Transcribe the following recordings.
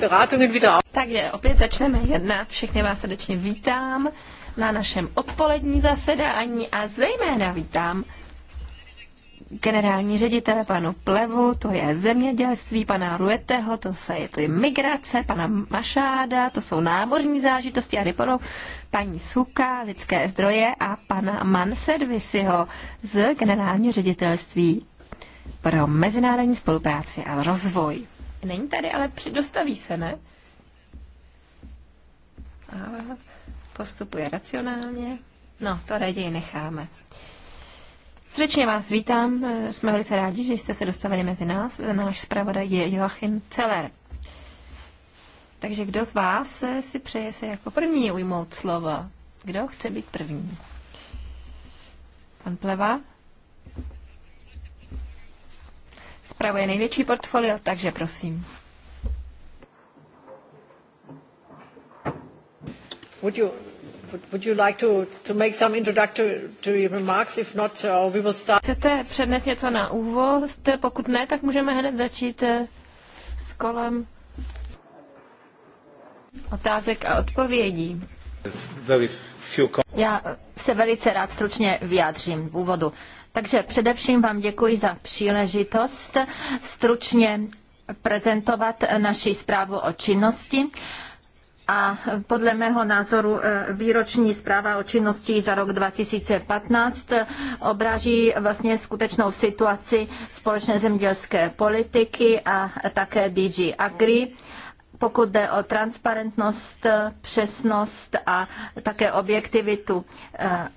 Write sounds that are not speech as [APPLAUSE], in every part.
Beratungen wieder auf. Takže opět začneme jednat. Všechny vás srdečně vítám na našem odpolední zasedání a zejména vítám generální ředitele panu Plevu, to je zemědělství, pana Rueteho, to se je, to je migrace, pana Mašáda, to jsou námořní zážitosti a rybolov, paní Suka, lidské zdroje a pana Manservisiho z generálního ředitelství pro mezinárodní spolupráci a rozvoj. Není tady, ale dostaví se, ne? A postupuje racionálně. No, to raději necháme. Srdečně vás vítám, eh, jsme velice rádi, že jste se dostavili mezi nás. Náš zpravodaj je Joachim Celer. Takže kdo z vás eh, si přeje se jako první ujmout slova? Kdo chce být první? Pan Pleva? spravuje největší portfolio, takže prosím. Would you, would you like to, to make some introductory remarks? If not, uh, we will start. Chcete přednes něco na úvod? Pokud ne, tak můžeme hned začít eh, s kolem otázek a odpovědí. Já se velice rád stručně vyjádřím v úvodu. Takže především vám děkuji za příležitost stručně prezentovat naši zprávu o činnosti. A podle mého názoru e, výroční zpráva o činnosti za rok 2015 obráží vlastně skutečnou situaci společné zemědělské politiky a také DG Agri pokud jde o transparentnost, přesnost a také objektivitu e,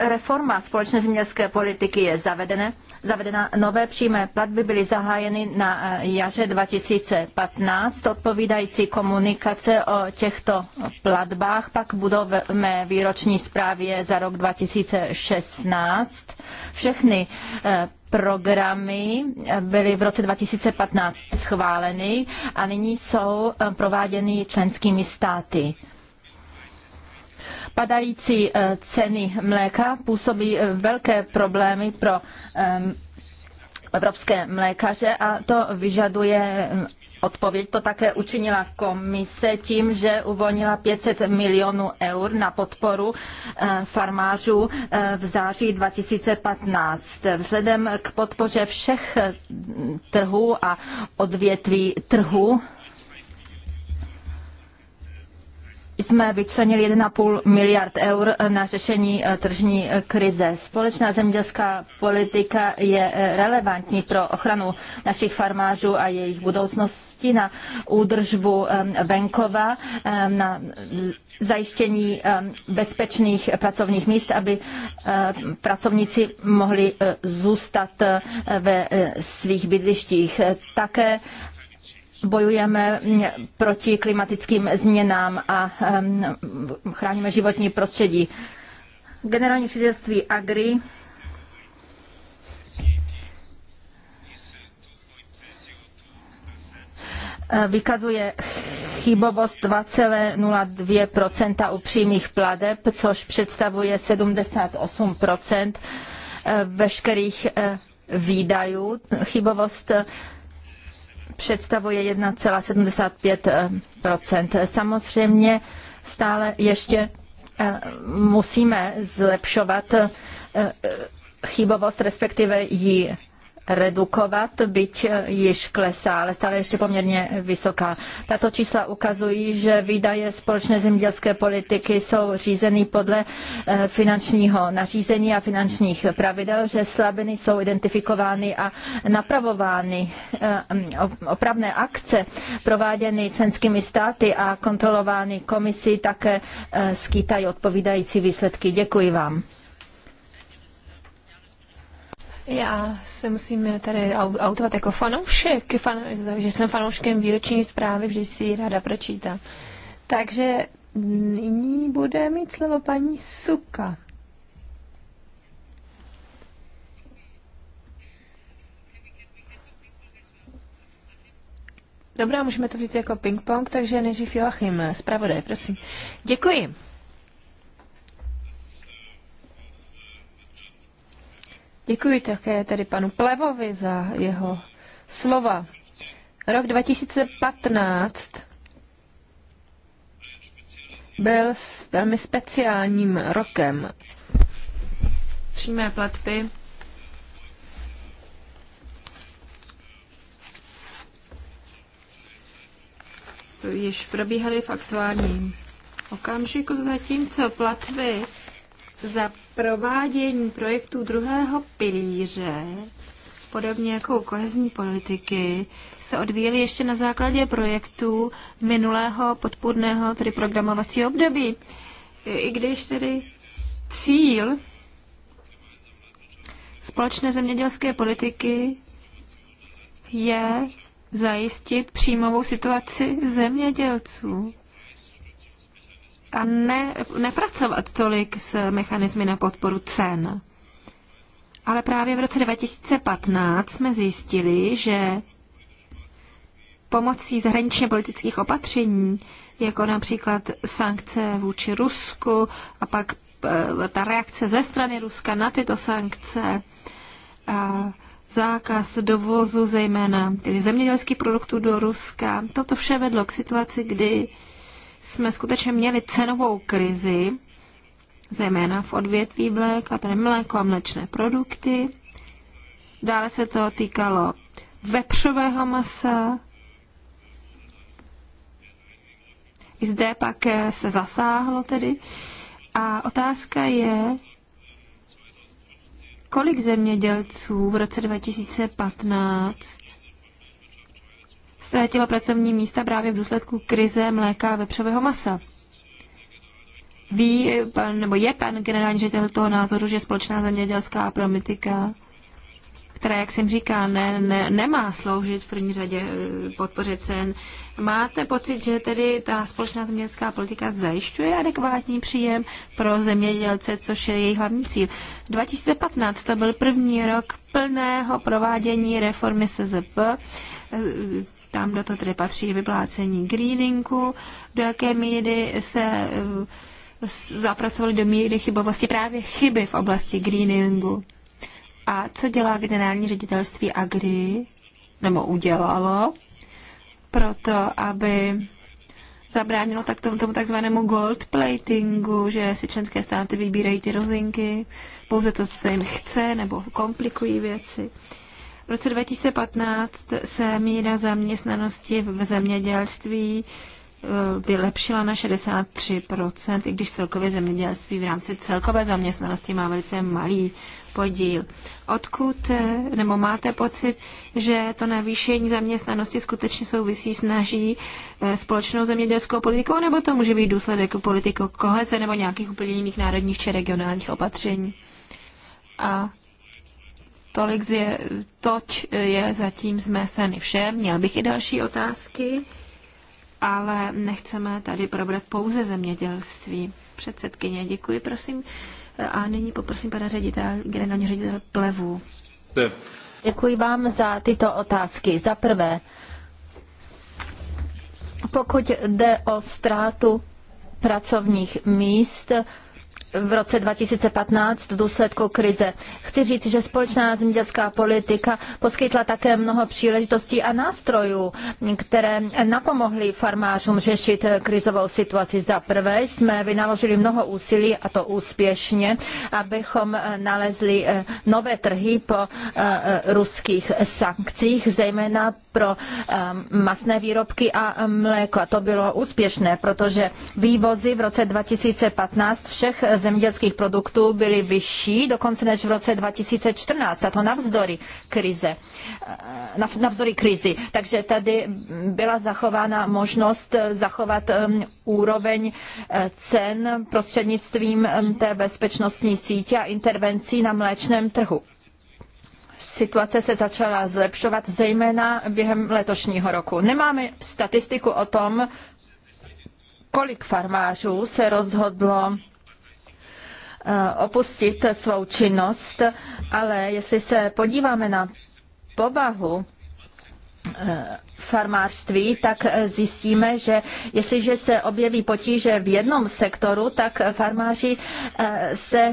reforma společné zemědělské politiky je zavedena. Zavedena nové přímé platby byly zahájeny na eh, jaře 2015. Odpovídající komunikace o těchto platbách pak budou mé výroční zprávě za rok 2016. Všechny eh, programy eh, byly v roce 2015 schváleny a nyní jsou prováděny členskými státy. Padající eh, ceny mléka působí eh, velké problémy pro ehm, evropské mlékaře a to vyžaduje ehm, odpověď. To také učinila komise tím, že uvolnila 500 milionů eur na podporu eh, farmářů v září 2015. Vzhledem k podpoře všech trhů a odvětví trhu jsme vyčlenili 1,5 miliard eur na řešení eh, tržní eh, krize. Společná zemědělská politika je eh, relevantní pro ochranu našich farmářů a jejich budoucnosti na údržbu venkova, na zajištění bezpečných pracovních míst, aby pracovníci mohli zůstat ve svých bydlištích. Také bojujeme mm, proti klimatickým změnám a mm, chráníme životní prostředí. Generální ředitelství Agri vykazuje chybovost 2,02 u přímých pladeb, což představuje 78 eh, veškerých eh, výdajů. Chybovost představuje 1,75 Samozřejmě stále ještě eh, musíme zlepšovat eh, eh, chybovost, respektive ji redukovat, byť eh, již klesá, ale stále ještě poměrně vysoká. Tato čísla ukazují, že výdaje společné zemědělské politiky jsou řízeny podle eh, finančního nařízení a finančních pravidel, že slabiny jsou identifikovány a napravovány eh, mm, opravné akce prováděny členskými státy a kontrolovány komisí také skýtají odpovídající výsledky. Děkuji vám. Já se musím tady autovat jako fanoušek, fan, že jsem fanouškem výroční zprávy, vždy si ji ráda pročítám. Takže nyní bude mít slovo paní Suka. Dobrá, můžeme to vzít jako ping-pong, takže nejdřív Joachim, zpravodaj, prosím. Děkuji. Děkuji také tedy panu Plevovi za jeho slova. Rok 2015 byl velmi speciálním rokem. Přímé platby již probíhaly v aktuálním okamžiku, zatímco platby za provádění projektů druhého pilíře, podobně jako u kohezní politiky, se odvíjely ještě na základě projektů minulého podpůrného, tedy programovacího období. I když tedy cíl společné zemědělské politiky je zajistit příjmovou situaci zemědělců a ne, nepracovat tolik s mechanismy na podporu cen. Ale právě v roce 2015 jsme zjistili, že pomocí zahraničně politických opatření, jako například sankce vůči Rusku a pak e, ta reakce ze strany Ruska na tyto sankce, a zákaz dovozu zejména tedy zemědělských produktů do Ruska, toto vše vedlo k situaci, kdy jsme skutečně měli cenovou krizi, zejména v odvětví mléka, tedy mléko a mlečné produkty. Dále se to týkalo vepřového masa. I zde pak eh, se zasáhlo tedy. A otázka je, kolik zemědělců v roce 2015 ztratila pracovní místa právě v důsledku krize mléka a vepřového masa. Ví, pan, nebo je pan generální ředitel toho názoru, že společná zemědělská politika, která, jak jsem říká, ne, ne, nemá sloužit v první řadě eh, podpořit cen, máte pocit, že tedy ta společná zemědělská politika zajišťuje adekvátní příjem pro zemědělce, což je její hlavní cíl. 2015 to byl první rok plného provádění reformy SZP eh, tam, do to tedy patří vyplácení greeningu, do jaké míry se eh, zapracovali do míry chybovosti právě chyby v oblasti greeningu. A co dělá generální ředitelství Agri, nebo udělalo, proto aby zabránilo tak tomu, tomu takzvanému gold platingu, že si členské státy vybírají ty rozinky, pouze to, co se jim chce, nebo komplikují věci. V roce 2015 se míra zaměstnanosti v zemědělství eh, vylepšila na 63%, i když celkově zemědělství v rámci celkové zaměstnanosti má velice malý podíl. Odkud, eh, nebo máte pocit, že to navýšení zaměstnanosti skutečně souvisí s naší eh, společnou zemědělskou politikou, nebo to může být důsledek politiku koheze nebo nějakých úplně jiných národních či regionálních opatření? A Tolik je, toť e, je zatím z mé strany vše. Měl bych i další otázky, ale nechceme tady probrat pouze zemědělství. Předsedkyně, děkuji, prosím. E, a nyní poprosím pana ředitel, generální ředitel Plevu. Děkuji vám za tyto otázky. Za prvé, pokud jde o ztrátu pracovních míst, v roce 2015 v důsledku krize. Chci říct, že společná zemědělská politika poskytla také mnoho příležitostí a nástrojů, které napomohly farmářům řešit krizovou situaci. Za prvé jsme vynaložili mnoho úsilí, a to úspěšně, abychom nalezli eh, nové trhy po eh, ruských sankcích, zejména pro eh, masné výrobky a mléko. A to bylo úspěšné, protože vývozy v roce 2015 všech zemědělských produktů byly vyšší, dokonce než v roce 2014, a to navzdory krize, eh, navzdory krizi. Takže tady byla zachována možnost eh, zachovat eh, úroveň cen prostřednictvím té bezpečnostní sítě a intervencí na mléčném trhu situace se začala zlepšovat, zejména během letošního roku. Nemáme statistiku o tom, kolik farmářů se rozhodlo Eh, opustit svou činnost, ale jestli se podíváme na povahu eh, farmářství, tak eh, zjistíme, že jestliže se objeví potíže v jednom sektoru, tak farmáři se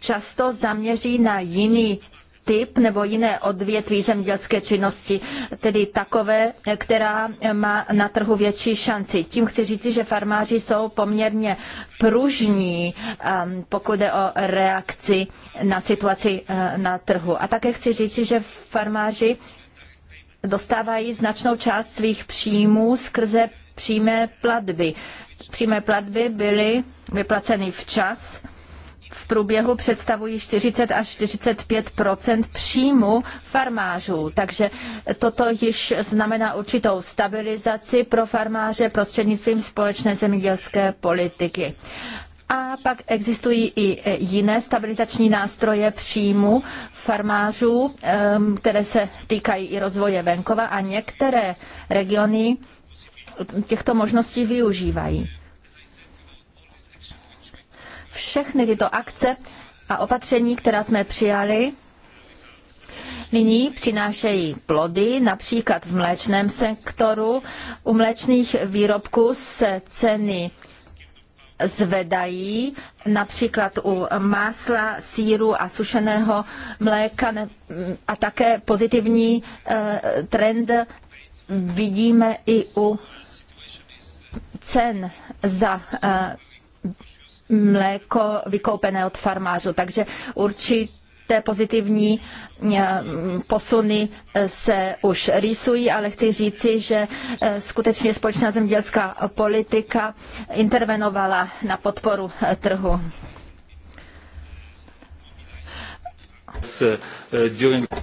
často zaměří na jiný typ nebo jiné odvětví zemědělské činnosti, tedy takové, která má na trhu větší šanci. Tím chci říci, že farmáři jsou poměrně pružní, um, pokud jde o reakci na situaci uh, na trhu. A také chci říci, že farmáři dostávají značnou část svých příjmů skrze přímé platby. Přímé platby byly vyplaceny včas v průběhu představují 40 až 45 příjmu farmářů. Takže toto již znamená určitou stabilizaci pro farmáře prostřednictvím společné zemědělské politiky. A pak existují i jiné stabilizační nástroje příjmu farmářů, které se týkají i rozvoje venkova a některé regiony těchto možností využívají všechny tyto akce a opatření, která jsme přijali, nyní přinášejí plody, například v mléčném sektoru. U mléčných výrobků se ceny zvedají, například u másla, síru a sušeného mléka a také pozitivní eh, trend vidíme i u cen za eh, mléko vykoupené od farmářů. Takže určitě té pozitivní eh, posuny eh, se už rýsují, ale chci říci, že eh, skutečně společná zemědělská politika intervenovala na podporu trhu.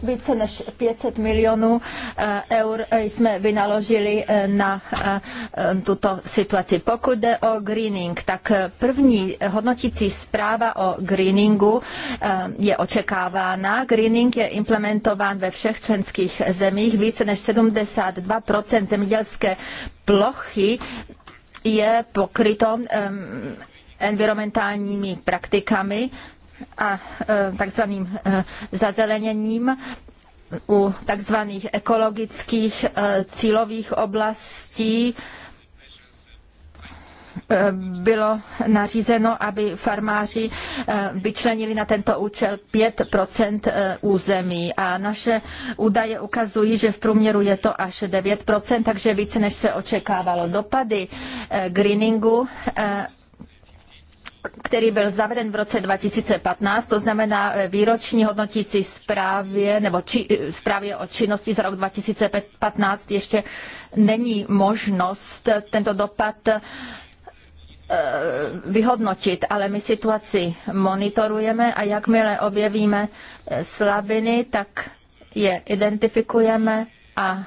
Více než 500 milionů eh, eur eh, jsme vynaložili eh, na tuto situaci. Pokud jde o greening, tak první hodnotící zpráva o greeningu je očekávána. Greening je implementován ve všech členských zemích. Více než 72% zemědělské plochy je pokryto environmentálními praktikami a e, takzvaným e, zazeleněním u takzvaných ekologických e, cílových oblastí bylo nařízeno, aby farmáři vyčlenili na tento účel 5 území a naše údaje ukazují, že v průměru je to až 9 takže více než se očekávalo. Dopady greeningu který byl zaveden v roce 2015, to znamená eh, výroční hodnotící zprávě nebo či, eh, zprávě o činnosti za rok 2015 ještě není možnost tento dopad eh, vyhodnotit, ale my situaci monitorujeme a jakmile objevíme slabiny, tak je identifikujeme a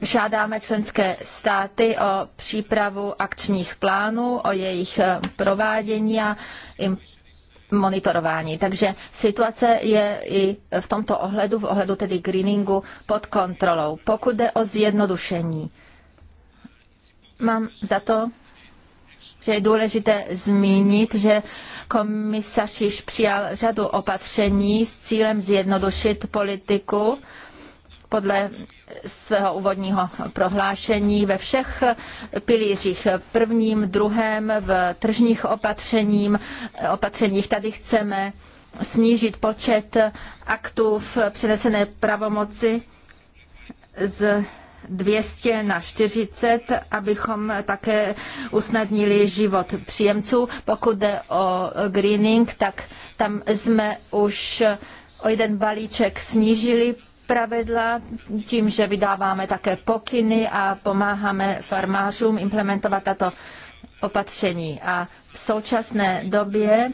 Žádáme členské státy o přípravu akčních plánů, o jejich eh, provádění a monitorování. Takže situace je i v tomto ohledu, v ohledu tedy greeningu, pod kontrolou. Pokud jde o zjednodušení, mám za to, že je důležité zmínit, že komisař již přijal řadu opatření s cílem zjednodušit politiku podle svého úvodního prohlášení ve všech pilířích, prvním, druhém, v tržních opatřením, opatřeních. Tady chceme snížit počet aktů v přenesené pravomoci z 200 na 40, abychom také usnadnili život příjemců. Pokud jde o greening, tak tam jsme už o jeden balíček snížili pravidla tím, že vydáváme také pokyny a pomáháme farmářům implementovat tato opatření. A v současné době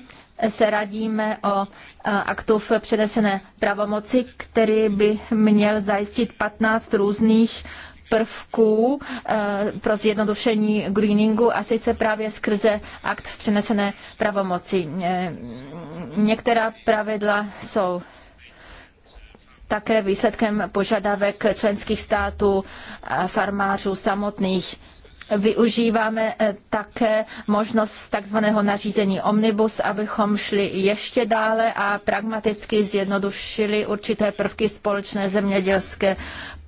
se radíme o aktu v přenesené pravomoci, který by měl zajistit 15 různých prvků e, pro zjednodušení greeningu a sice právě skrze akt v přenesené pravomoci. E, některá pravidla jsou také výsledkem požadavek členských států farmářů samotných. Využíváme eh, také možnost takzvaného nařízení Omnibus, abychom šli ještě dále a pragmaticky zjednodušili určité prvky společné zemědělské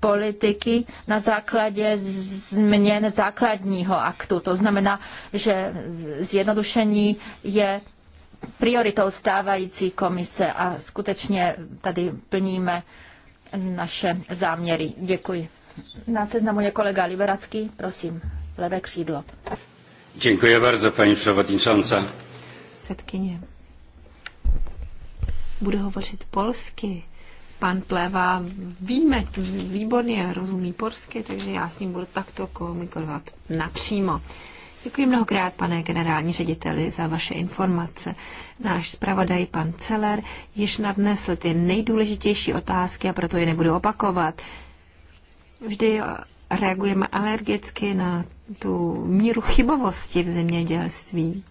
politiky na základě změn základního aktu. To znamená, že zjednodušení je prioritou stávající komise a skutečně tady plníme naše záměry. Děkuji. Na seznamu je kolega Liberacký, prosím, levé křídlo. Děkuji bardzo, paní przewodnicząca. Předkyně. Budu hovořit polsky. Pan Pleva víme, výborně rozumí polsky, takže já s ním budu takto komunikovat napřímo. Děkuji mnohokrát, pane generální řediteli, za vaše informace. Náš zpravodaj, pan Celer, již nadnesl ty nejdůležitější otázky a proto je nebudu opakovat. Vždy reagujeme alergicky na tu míru chybovosti v zemědělství.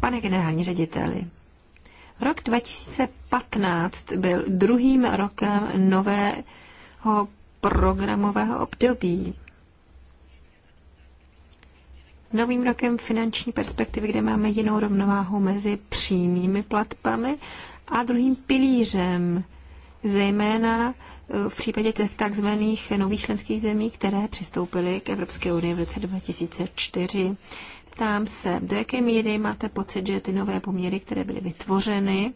Pane generální řediteli, rok 2015 byl druhým rokem nového programového období novým rokem finanční perspektivy, kde máme jinou rovnováhu mezi přímými platbami a druhým pilířem, zejména e, v případě těch takzvaných nových členských zemí, které přistoupily k Evropské unii v roce 2004. Ptám se, do jaké míry máte pocit, že ty nové poměry, které byly vytvořeny,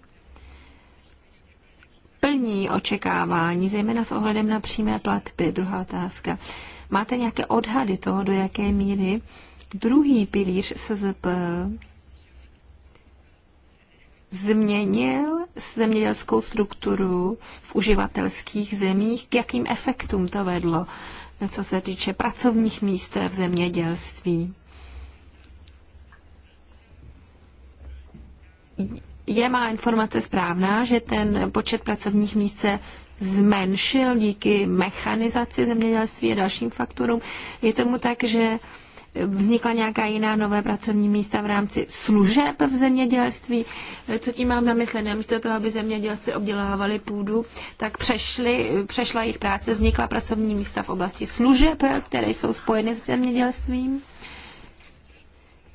plní očekávání, zejména s ohledem na přímé platby? Druhá otázka. Máte nějaké odhady toho, do jaké míry druhý pilíř SZP změnil zemědělskou strukturu v uživatelských zemích, k jakým efektům to vedlo, co se týče pracovních míst v zemědělství. Je má informace správná, že ten počet pracovních míst se zmenšil díky mechanizaci zemědělství a dalším faktorům. Je tomu tak, že vznikla nějaká jiná nové pracovní místa v rámci služeb v zemědělství. Co tím mám na mysli? Nemůžete to aby zemědělci obdělávali půdu, tak přešli, přešla jejich práce, vznikla pracovní místa v oblasti služeb, které jsou spojeny s zemědělstvím.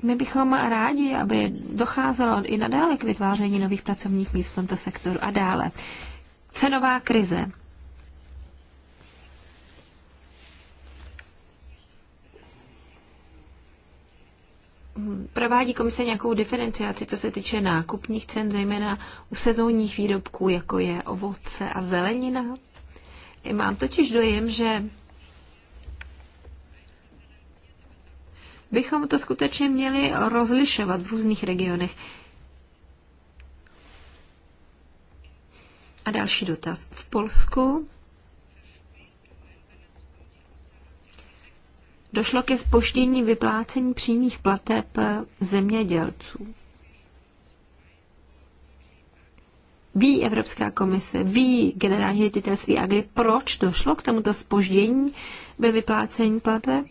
My bychom rádi, aby docházelo i nadále k vytváření nových pracovních míst v tomto sektoru a dále. Cenová krize. Hm, provádí komise nějakou diferenciaci, co se týče nákupních cen, zejména u sezónních výrobků, jako je ovoce a zelenina? Mám totiž dojem, že bychom to skutečně měli rozlišovat v různých regionech. A další dotaz. V Polsku došlo ke spoštění vyplácení přímých plateb eh, zemědělců. Ví Evropská komise, ví generální ředitelství Agri, proč došlo k tomuto spoždění ve vyplácení plateb?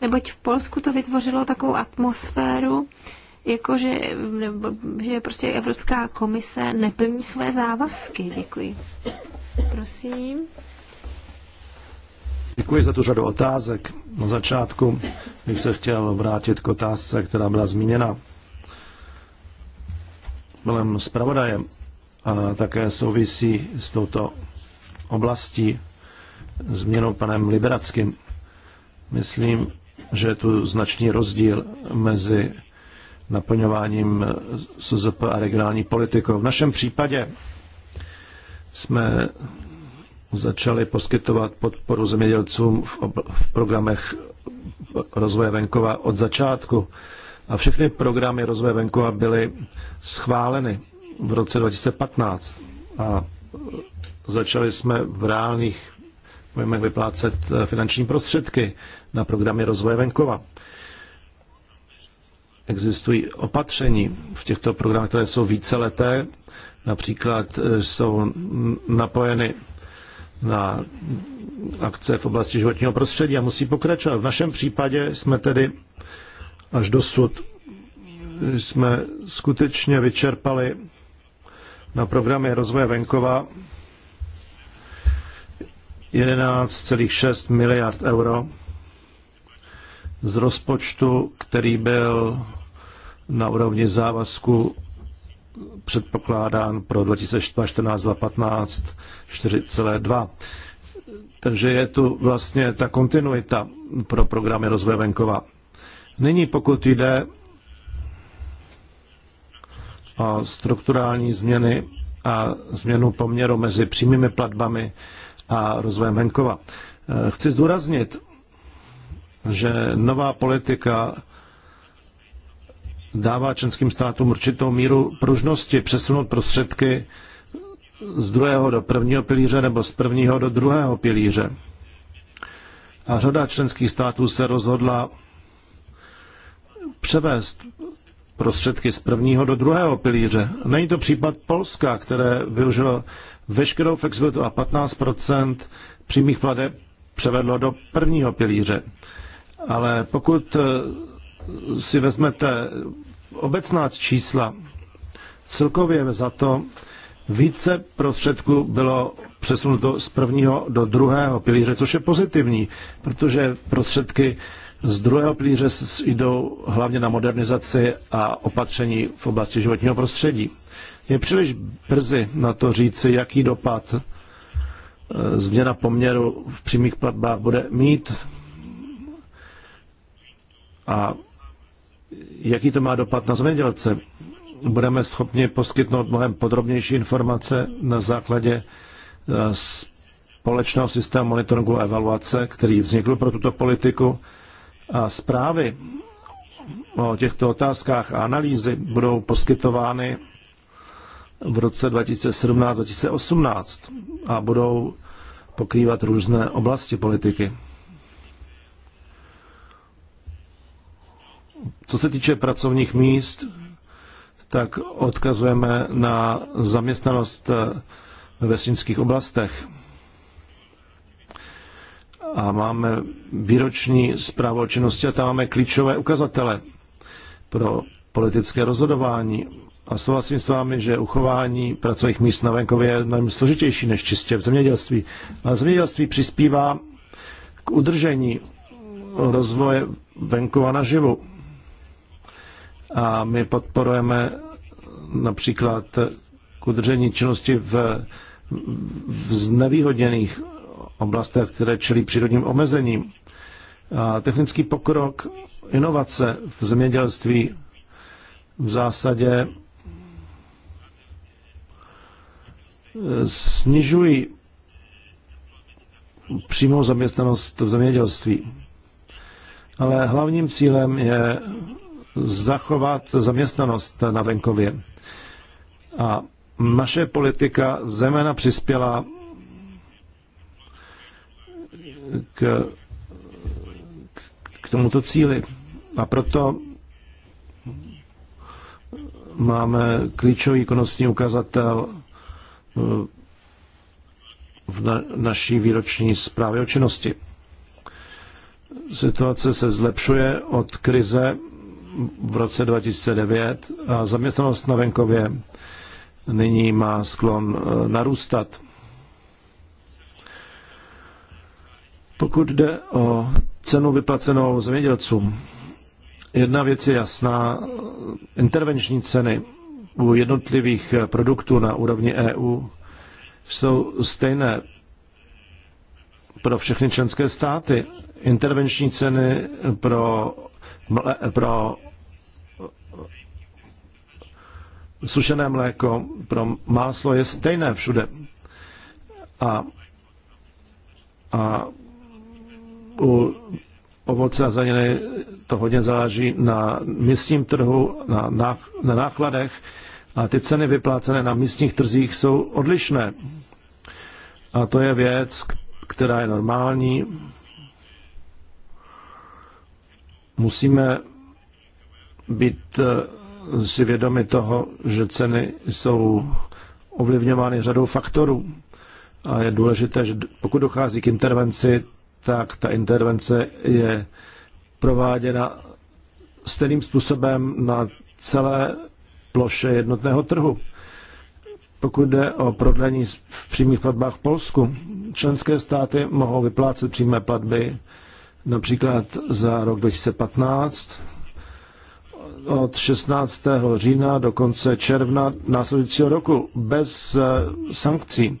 Neboť v Polsku to vytvořilo takovou atmosféru, jakože že prostě Evropská komise neplní své závazky. Děkuji. Prosím. Děkuji za tu řadu otázek. Na začátku bych se chtěl vrátit k otázce, která byla zmíněna panem zpravodajem a také souvisí s touto oblastí změnou panem Liberackým. Myslím, že je tu značný rozdíl mezi naplňováním SZP a regionální politikou. V našem případě jsme začali poskytovat podporu zemědělcům v, v programech rozvoje venkova od začátku. A všechny programy rozvoje venkova byly schváleny v roce 2015 a začali jsme v reálných pojmech vyplácet eh, finanční prostředky na programy rozvoje venkova. Existují opatření v těchto programech, které jsou víceleté, například eh, jsou napojeny na akce v oblasti životního prostředí a musí pokračovat. V našem případě jsme tedy až dosud jsme skutečně vyčerpali na programy rozvoje venkova 11,6 miliard euro z rozpočtu, který byl na úrovni závazku předpokládán pro 2014-2015 4,2. Takže je tu vlastně ta kontinuita pro programy rozvoje venkova. Nyní pokud jde o strukturální změny a změnu poměru mezi přímými platbami a rozvojem venkova. Eh, chci zdůraznit, že nová politika dává členským státům určitou míru pružnosti přesunout prostředky z druhého do prvního pilíře nebo z prvního do druhého pilíře. A řada členských států se rozhodla převést prostředky z prvního do druhého pilíře. Není to případ Polska, které využilo veškerou flexibilitu a 15 přímých plade převedlo do prvního pilíře. Ale pokud si vezmete obecná čísla, celkově za to více prostředků bylo přesunuto z prvního do druhého pilíře, což je pozitivní, protože prostředky z druhého pilíře jdou hlavně na modernizaci a opatření v oblasti životního prostředí. Je příliš brzy na to říci, jaký dopad e, změna poměru v přímých platbách bude mít a jaký to má dopad na zemědělce. Budeme schopni poskytnout mnohem podrobnější informace na základě eh, společného systému monitoringu a evaluace, který vznikl pro tuto politiku. A zprávy o těchto otázkách a analýzy budou poskytovány v roce 2017-2018 a budou pokrývat různé oblasti politiky. Co se týče pracovních míst, tak odkazujeme na zaměstnanost ve vesnických oblastech. A máme výroční zprávu o činnosti a tam máme klíčové ukazatele pro politické rozhodování. A souhlasím s vámi, že uchování pracovních míst na venkově je mnohem složitější než čistě v zemědělství. A zemědělství přispívá k udržení rozvoje venkova naživu. A my podporujeme například k udržení činnosti v, v znevýhodněných oblastech, které čelí přírodním omezením. A technický pokrok, inovace v zemědělství v zásadě e, snižují přímou zaměstnanost v zemědělství. Ale hlavním cílem je zachovat zaměstnanost na venkově. A naše politika zejména přispěla k, k, tomuto cíli. A proto máme klíčový konostní ukazatel eh, v na, naší výroční zprávě o činnosti. Situace se zlepšuje od krize v roce 2009 a zaměstnanost na venkově nyní má sklon eh, narůstat. Pokud jde o cenu vyplacenou zemědělcům, jedna věc je jasná, intervenční ceny u jednotlivých eh, produktů na úrovni EU jsou stejné pro všechny členské státy. Intervenční ceny pro pro sušené mléko, pro máslo je stejné všude. A, a u ovoce a zeleniny to hodně záleží na místním trhu, na, na, na nákladech a ty ceny vyplácené na místních trzích jsou odlišné. A to je věc, která je normální Musíme být eh, si vědomi toho, že ceny jsou ovlivňovány řadou faktorů. A je důležité, že pokud dochází k intervenci, tak ta intervence je prováděna stejným způsobem na celé ploše jednotného trhu. Pokud jde o prodlení v přímých platbách v Polsku, členské státy mohou vyplácet přímé platby například za rok 2015 od 16. října do konce června následujícího roku bez eh, sankcí.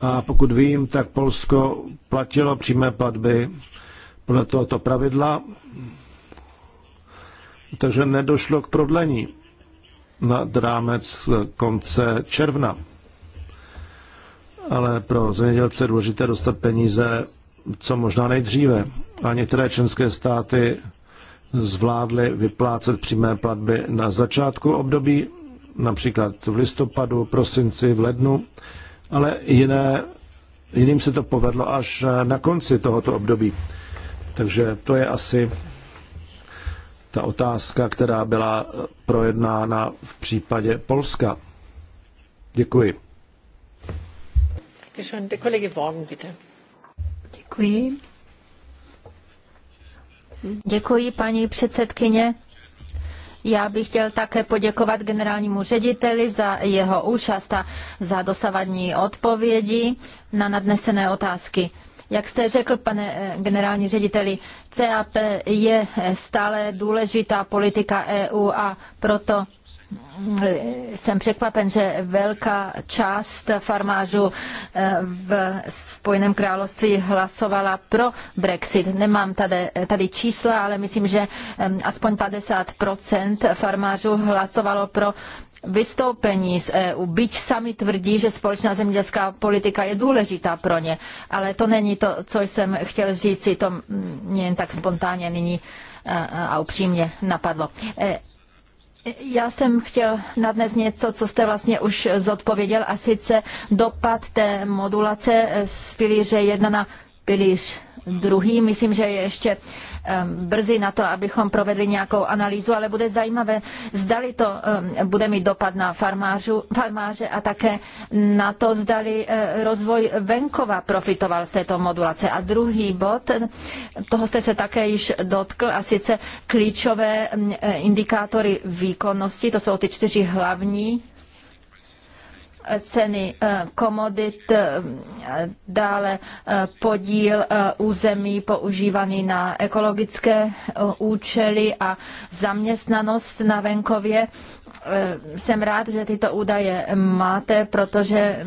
A pokud vím, tak Polsko platilo přímé platby podle tohoto pravidla, takže nedošlo k prodlení na drámec konce června. Ale pro zemědělce je důležité dostat peníze co možná nejdříve. A některé členské státy zvládly vyplácet přímé platby na začátku období, například v listopadu, prosinci, v lednu, ale jiné, jiným se to povedlo až na konci tohoto období. Takže to je asi ta otázka, která byla projednána v případě Polska. Děkuji. Děkuji. Děkuji. Děkuji, paní předsedkyně. Já bych chtěl také poděkovat generálnímu řediteli za jeho účast a za dosavadní odpovědi na nadnesené otázky. Jak jste řekl, pane eh, generální řediteli, CAP je stále důležitá politika EU a proto jsem překvapen, že velká část farmářů eh, v Spojeném království hlasovala pro Brexit. Nemám tady, tady čísla, ale myslím, že eh, aspoň 50% farmářů hlasovalo pro vystoupení z EU, byť sami tvrdí, že společná zemědělská politika je důležitá pro ně, ale to není to, co jsem chtěl říct, to mě jen tak spontánně nyní eh, a upřímně napadlo. Já jsem chtěl nadnes něco, co jste vlastně už zodpověděl, a sice dopad té modulace z pilíře 1 na pilíř druhý. Myslím, že je ještě uh, Um, brzy na to, abychom provedli nějakou analýzu, ale bude zajímavé, zdali to um, bude mít dopad na farmářu, farmáře a také na to, zdali uh, rozvoj venkova profitoval z této modulace. A druhý bod, toho jste se také již dotkl, a sice klíčové um, indikátory výkonnosti, to jsou ty čtyři hlavní ceny eh, komodit, eh, dále eh, podíl území používaný na ekologické účely a zaměstnanost na venkově. Jsem rád, že tyto údaje máte, protože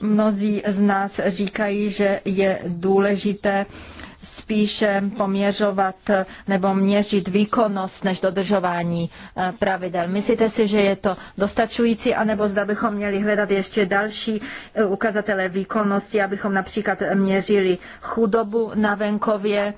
mnozí z nás říkají, že je důležité spíše poměřovat nebo měřit výkonnost než dodržování eh, pravidel. Myslíte si, že je to dostačující, anebo zda bychom měli hledat ještě další eh, ukazatele výkonnosti, abychom například měřili chudobu na venkově,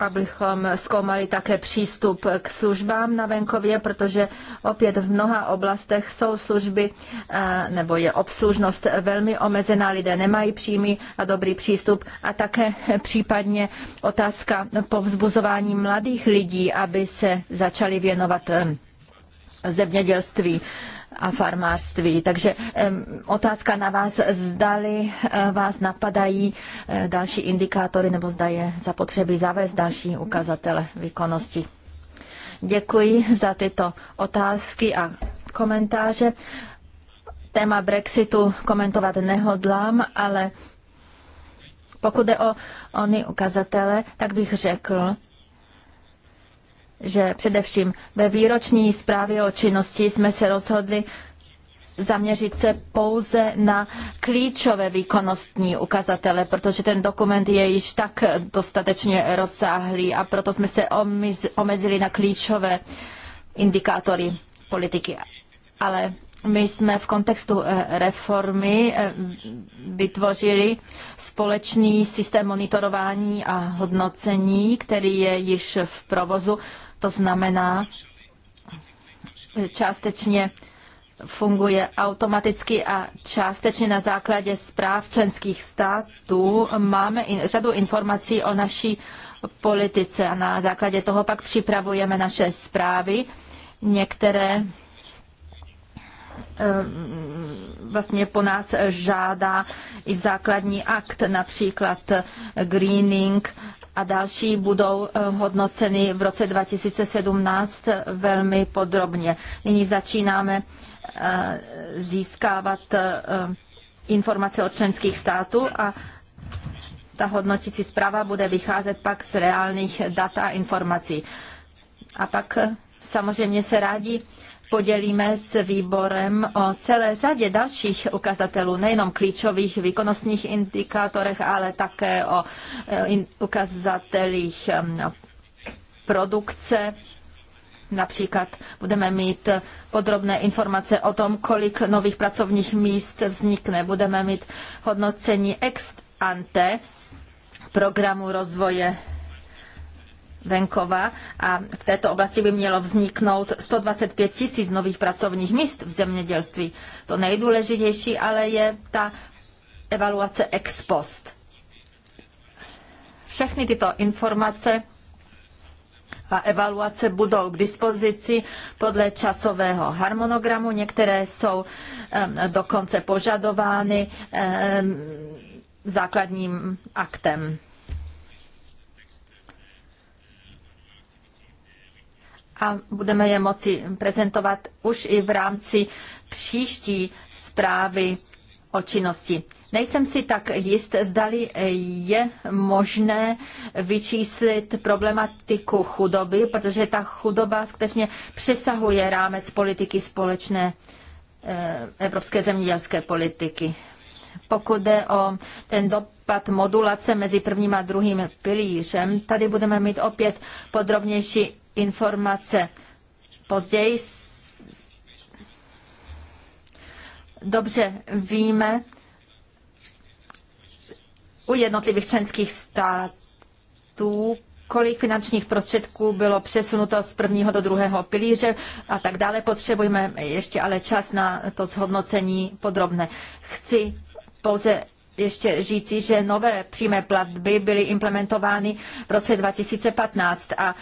abychom zkoumali také přístup k službám na venkově, protože opět v mnoha oblastech jsou služby eh, nebo je obslužnost velmi omezená, lidé nemají příjmy a dobrý přístup a také případně otázka povzbuzování mladých lidí, aby se začali věnovat eh, zemědělství a farmářství. Takže otázka na vás, zdali eh, vás napadají eh, další indikátory nebo zda je zapotřebí zavést další ukazatele výkonnosti. Děkuji za tyto otázky a komentáře. Téma Brexitu komentovat nehodlám, ale pokud jde o ony ukazatele, tak bych řekl, že především ve výroční zprávě o činnosti jsme se rozhodli zaměřit se pouze na klíčové výkonnostní ukazatele, protože ten dokument je již tak dostatečně rozsáhlý a proto jsme se omezili na klíčové indikátory politiky. Ale my jsme v kontextu eh, reformy eh, vytvořili společný systém monitorování a hodnocení, který je již v provozu. To znamená, částečně funguje automaticky a částečně na základě zpráv členských států máme in, řadu informací o naší politice a na základě toho pak připravujeme naše zprávy. Některé Ehm, vlastně po nás žádá i základní akt, například greening a další budou ehm, hodnoceny v roce 2017 velmi podrobně. Nyní začínáme ehm, získávat informace od členských států a ta hodnotící zpráva bude vycházet pak z reálných dat a informací. A pak samozřejmě se rádi podělíme s výborem o celé řadě dalších ukazatelů, nejenom klíčových výkonnostních indikátorech, ale také o eh, ukazatelích eh, no, produkce. Například budeme mít podrobné informace o tom, kolik nových pracovních míst vznikne. Budeme mít hodnocení ex ante programu rozvoje venkova a v této oblasti by mělo vzniknout 125 tisíc nových pracovních míst v zemědělství. To nejdůležitější ale je ta evaluace ex post. Všechny tyto informace a evaluace budou k dispozici podle časového harmonogramu. Některé jsou dokonce požadovány základním aktem. a budeme je moci prezentovat už i v rámci příští zprávy o činnosti. Nejsem si tak jist, zdali je možné vyčíslit problematiku chudoby, protože ta chudoba skutečně přesahuje rámec politiky společné eh, evropské zemědělské politiky. Pokud jde o ten dopad modulace mezi prvním a druhým pilířem, tady budeme mít opět podrobnější informace. Později dobře víme u jednotlivých členských států, kolik finančních prostředků bylo přesunuto z prvního do druhého pilíře a tak dále. Potřebujeme ještě ale čas na to zhodnocení podrobné. Chci pouze ještě říci, že nové přímé platby byly implementovány v roce 2015 a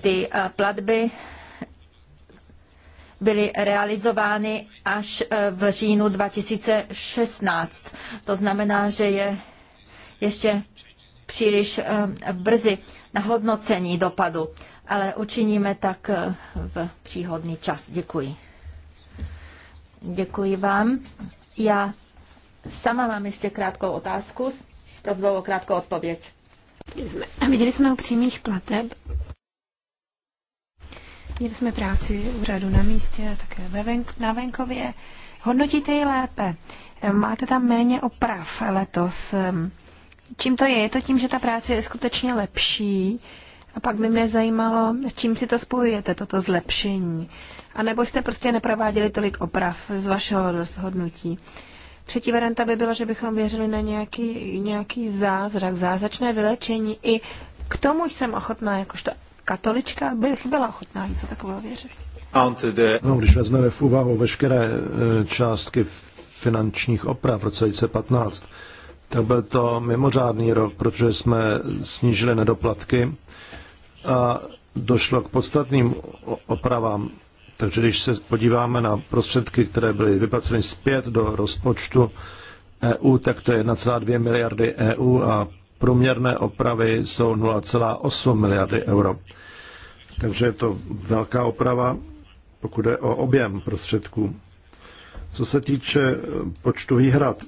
ty eh, platby byly realizovány až eh, v říjnu 2016. To znamená, že je ještě příliš eh, brzy na hodnocení dopadu, ale učiníme tak v příhodný čas. Děkuji. Děkuji vám. Já Sama mám ještě krátkou otázku s prozbou o krátkou odpověď. A Viděli jsme u přímých plateb. Měli jsme práci v řadu na místě, také ve venk- na venkově. Hodnotíte ji lépe. Máte tam méně oprav letos. Čím to je? Je to tím, že ta práce je skutečně lepší? A pak by mě zajímalo, s čím si to spojujete, toto zlepšení. A nebo jste prostě neprováděli tolik oprav z vašeho rozhodnutí. Třetí varianta by byla, že bychom věřili na nějaký, nějaký zázrak, zázračné vylečení. I k tomu jsem ochotná, jakožto katolička, bych byla ochotná něco takového věřit. No, když vezmeme v úvahu veškeré e, částky finančních oprav v roce 2015, tak byl to mimořádný rok, protože jsme snížili nedoplatky a došlo k podstatným opravám takže když se podíváme na prostředky, které byly vyplaceny zpět do rozpočtu EU, tak to je 1,2 miliardy EU a průměrné opravy jsou 0,8 miliardy euro. Takže je to velká oprava, pokud je o objem prostředků. Co se týče počtu výhrad,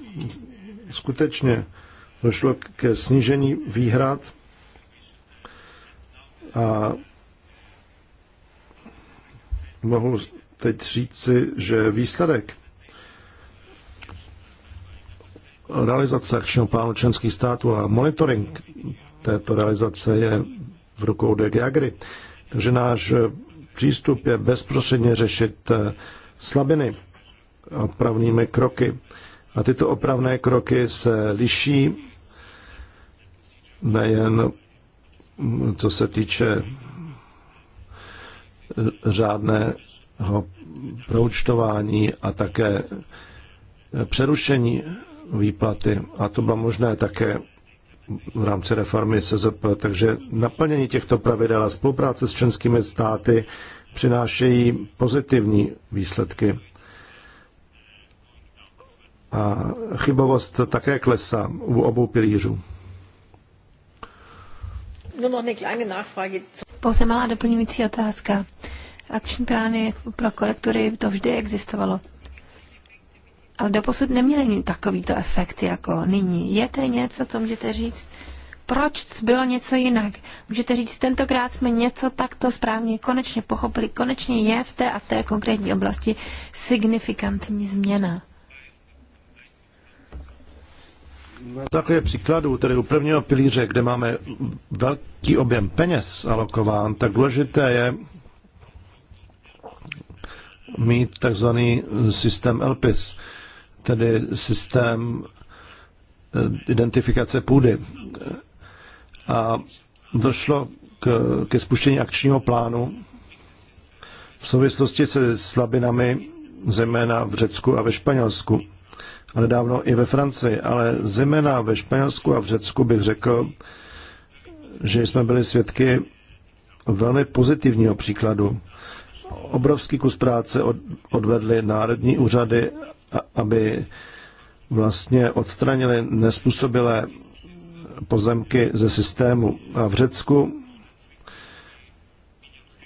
skutečně došlo ke snížení výhrad a mohu teď říci, že výsledek realizace akčního plánu členských států a monitoring této realizace je v rukou DG Agri. Takže náš přístup je bezprostředně řešit eh, slabiny opravnými kroky. A tyto opravné kroky se liší nejen co se týče řádného proučtování a také přerušení výplaty. A to bylo možné také v rámci reformy SZP. Takže naplnění těchto pravidel a spolupráce s členskými státy přinášejí pozitivní výsledky. A chybovost také klesá u obou pilířů. Pouze malá doplňující otázka. Akční plány pro kolektory, to vždy existovalo. Ale doposud neměli takovýto efekt jako nyní. Je to něco, co můžete říct? Proč bylo něco jinak? Můžete říct, tentokrát jsme něco takto správně konečně pochopili, konečně je v té a té konkrétní oblasti signifikantní změna. Na základě příkladů, tedy u prvního pilíře, kde máme velký objem peněz alokován, tak důležité je mít takzvaný systém LPIS, tedy systém eh, identifikace půdy. A došlo k, ke spuštění akčního plánu v souvislosti se slabinami, zejména v Řecku a ve Španělsku a nedávno i ve Francii, ale zejména ve Španělsku a v Řecku bych řekl, že jsme byli svědky velmi pozitivního příkladu. Obrovský kus práce odvedly národní úřady, aby vlastně odstranili nespůsobilé pozemky ze systému. A v Řecku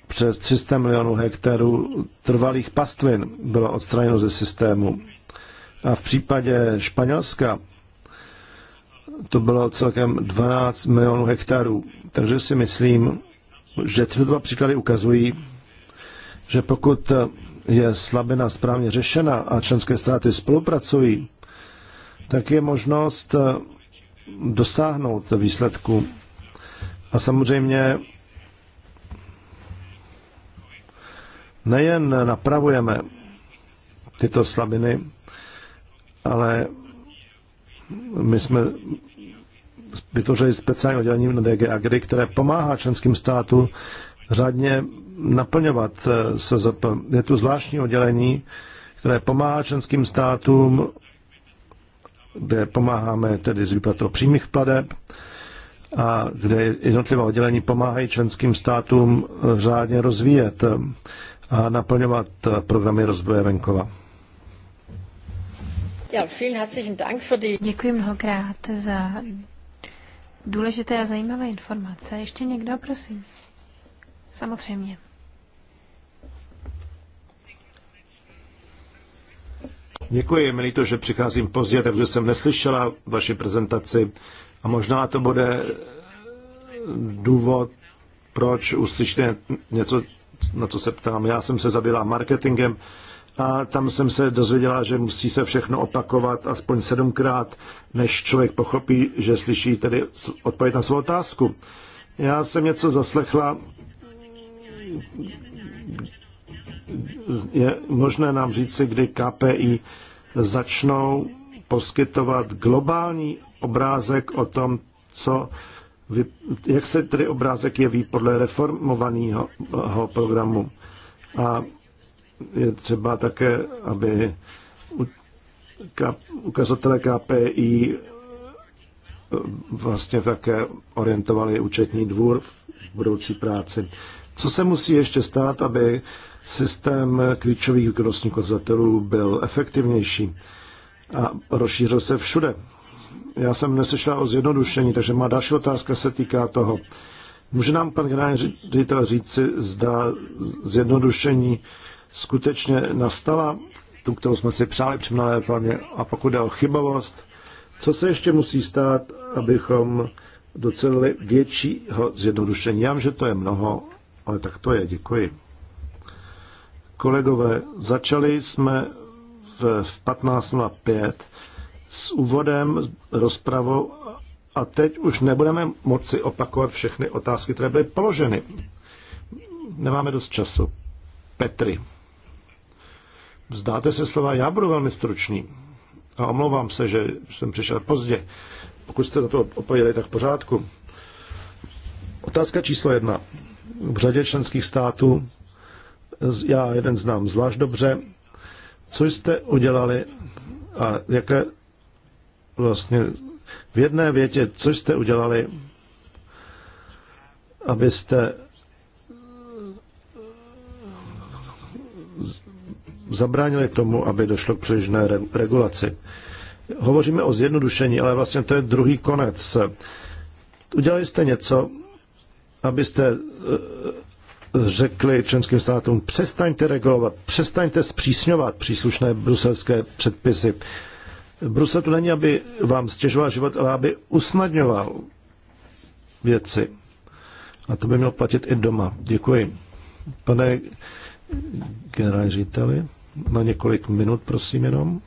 přes 300 milionů hektarů trvalých pastvin bylo odstraněno ze systému. A v případě Španělska to bylo celkem 12 milionů hektarů. Takže si myslím, že tyto dva příklady ukazují, že pokud je slabina správně řešena a členské státy spolupracují, tak je možnost dosáhnout výsledku. A samozřejmě nejen napravujeme tyto slabiny, ale my jsme vytvořili speciální oddělení na DG Agri, které pomáhá členským státu řádně naplňovat eh, SZP. Je tu zvláštní oddělení, které pomáhá členským státům, kde pomáháme tedy s výplatou přímých pladeb a kde jednotlivá oddělení pomáhají členským státům řádně rozvíjet eh, a naplňovat eh, programy rozvoje venkova. Děkuji mnohokrát za důležité a zajímavé informace. Ještě někdo, prosím? Samozřejmě. Děkuji, milí to, že přicházím pozdě, takže jsem neslyšela vaši prezentaci a možná to bude důvod, proč uslyšte něco, na co se ptám. Já jsem se zabývala marketingem a tam jsem se dozvěděla, že musí se všechno opakovat aspoň sedmkrát, než člověk pochopí, že slyší tedy odpověď na svou otázku. Já jsem něco zaslechla, je možné nám říct, si, kdy KPI začnou poskytovat globální obrázek o tom, co, jak se tedy obrázek jeví podle reformovaného programu. A je třeba také, aby ukazatele KPI eh, vlastně také orientovali účetní dvůr v budoucí práci. Co se musí ještě stát, aby systém klíčových výkonnostních ukazatelů byl efektivnější a rozšířil se všude? Já jsem nesešla o zjednodušení, takže má další otázka se týká toho. Může nám pan generální ředitel říci, zda zjednodušení skutečně nastala, tu, kterou jsme si přáli při mnohé plně, a pokud jde o chybovost, co se ještě musí stát, abychom docelili většího zjednodušení? Já vím, že to je mnoho, ale tak to je. Děkuji. Kolegové, začali jsme v, 15.05 s úvodem, rozpravou a teď už nebudeme moci opakovat všechny otázky, které byly položeny. Nemáme dost času. Petri. Vzdáte se slova, já budu velmi stručný. A omlouvám se, že jsem přišel pozdě. Pokud jste na to odpověděli, tak v pořádku. Otázka číslo jedna. V řadě členských států, já jeden znám zvlášť dobře, co jste udělali a jaké vlastně v jedné větě, co jste udělali, abyste zabránili tomu, aby došlo k přežné regulaci. Hovoříme o zjednodušení, ale vlastně to je druhý konec. Udělali jste něco, abyste eh, řekli členským státům, přestaňte regulovat, přestaňte zpřísňovat příslušné bruselské předpisy. Brusel tu není, aby vám stěžoval život, ale aby usnadňoval věci. A to by mělo platit i doma. Děkuji. Pane generální řediteli na několik minut, prosím jenom.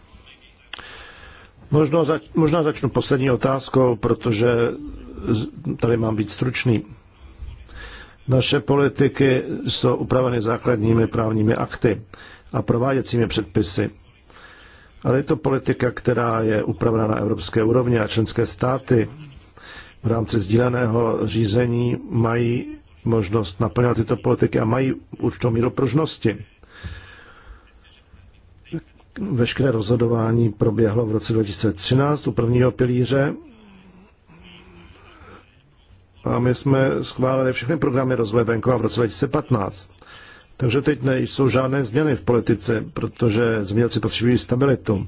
Možno zač- možná začnu poslední otázkou, protože tady mám být stručný. Naše politiky jsou upraveny základními právními akty a prováděcími předpisy. Ale je to politika, která je upravena na evropské úrovni a členské státy v rámci sdíleného řízení mají možnost naplňovat tyto politiky a mají určitou míru pružnosti. Veškeré rozhodování proběhlo v roce 2013 u prvního pilíře a my jsme schválili všechny programy rozvoje venkova v roce 2015. Takže teď nejsou žádné změny v politice, protože změnci potřebují stabilitu.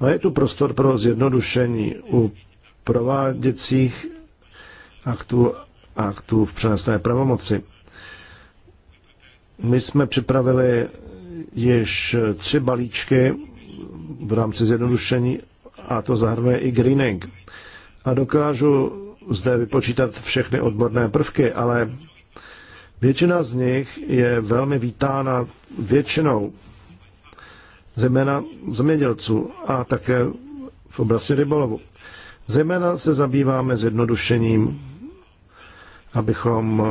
Ale je tu prostor pro zjednodušení u prováděcích aktů aktů v přenesné pravomoci. My jsme připravili jež tři balíčky v rámci zjednodušení a to zahrnuje i greening. A dokážu zde vypočítat všechny odborné prvky, ale většina z nich je velmi vítána většinou zejména zemědělců a také v oblasti rybolovu. Zejména se zabýváme zjednodušením, abychom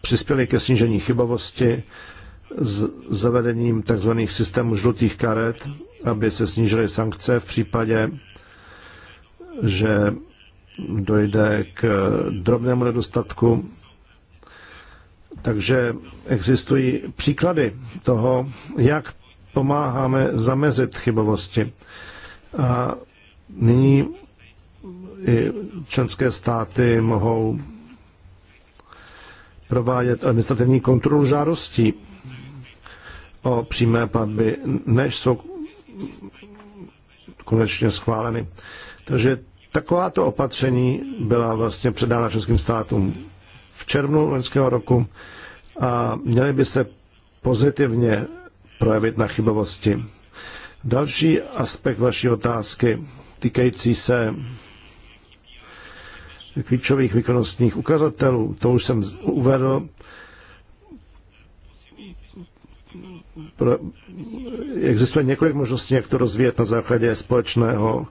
přispěli ke snížení chybovosti s zavedením tzv. systémů žlutých karet, aby se snížily sankce v případě, že dojde k drobnému nedostatku. Takže existují příklady toho, jak pomáháme zamezit chybovosti. A nyní i členské státy mohou provádět administrativní kontrolu žádostí o přímé platby, než jsou konečně schváleny. Takže takováto opatření byla vlastně předána českým státům v červnu loňského roku a měly by se pozitivně projevit na chybovosti. Další aspekt vaší otázky týkající se klíčových výkonnostních ukazatelů, to už jsem uvedl, existuje několik možností, jak to rozvíjet na základě společného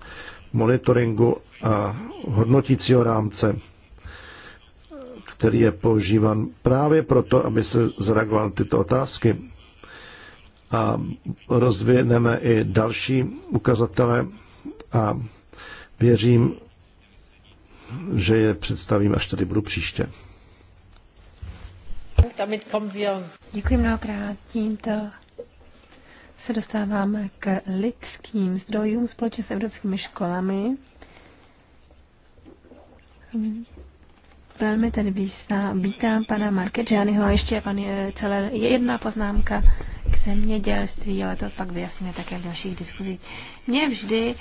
monitoringu a hodnotícího rámce, který je používán právě proto, aby se zareagovaly tyto otázky. A rozvineme i další ukazatele a věřím, že je představím, až tady budu příště. Děkuji mnohokrát. Tímto se dostáváme k lidským zdrojům společně s evropskými školami. Velmi tedy vítá, vítám pana Marke Gianniho a ještě pan je celé jedna poznámka k zemědělství, ale to pak vyjasníme také v dalších diskuzích. Mě vždy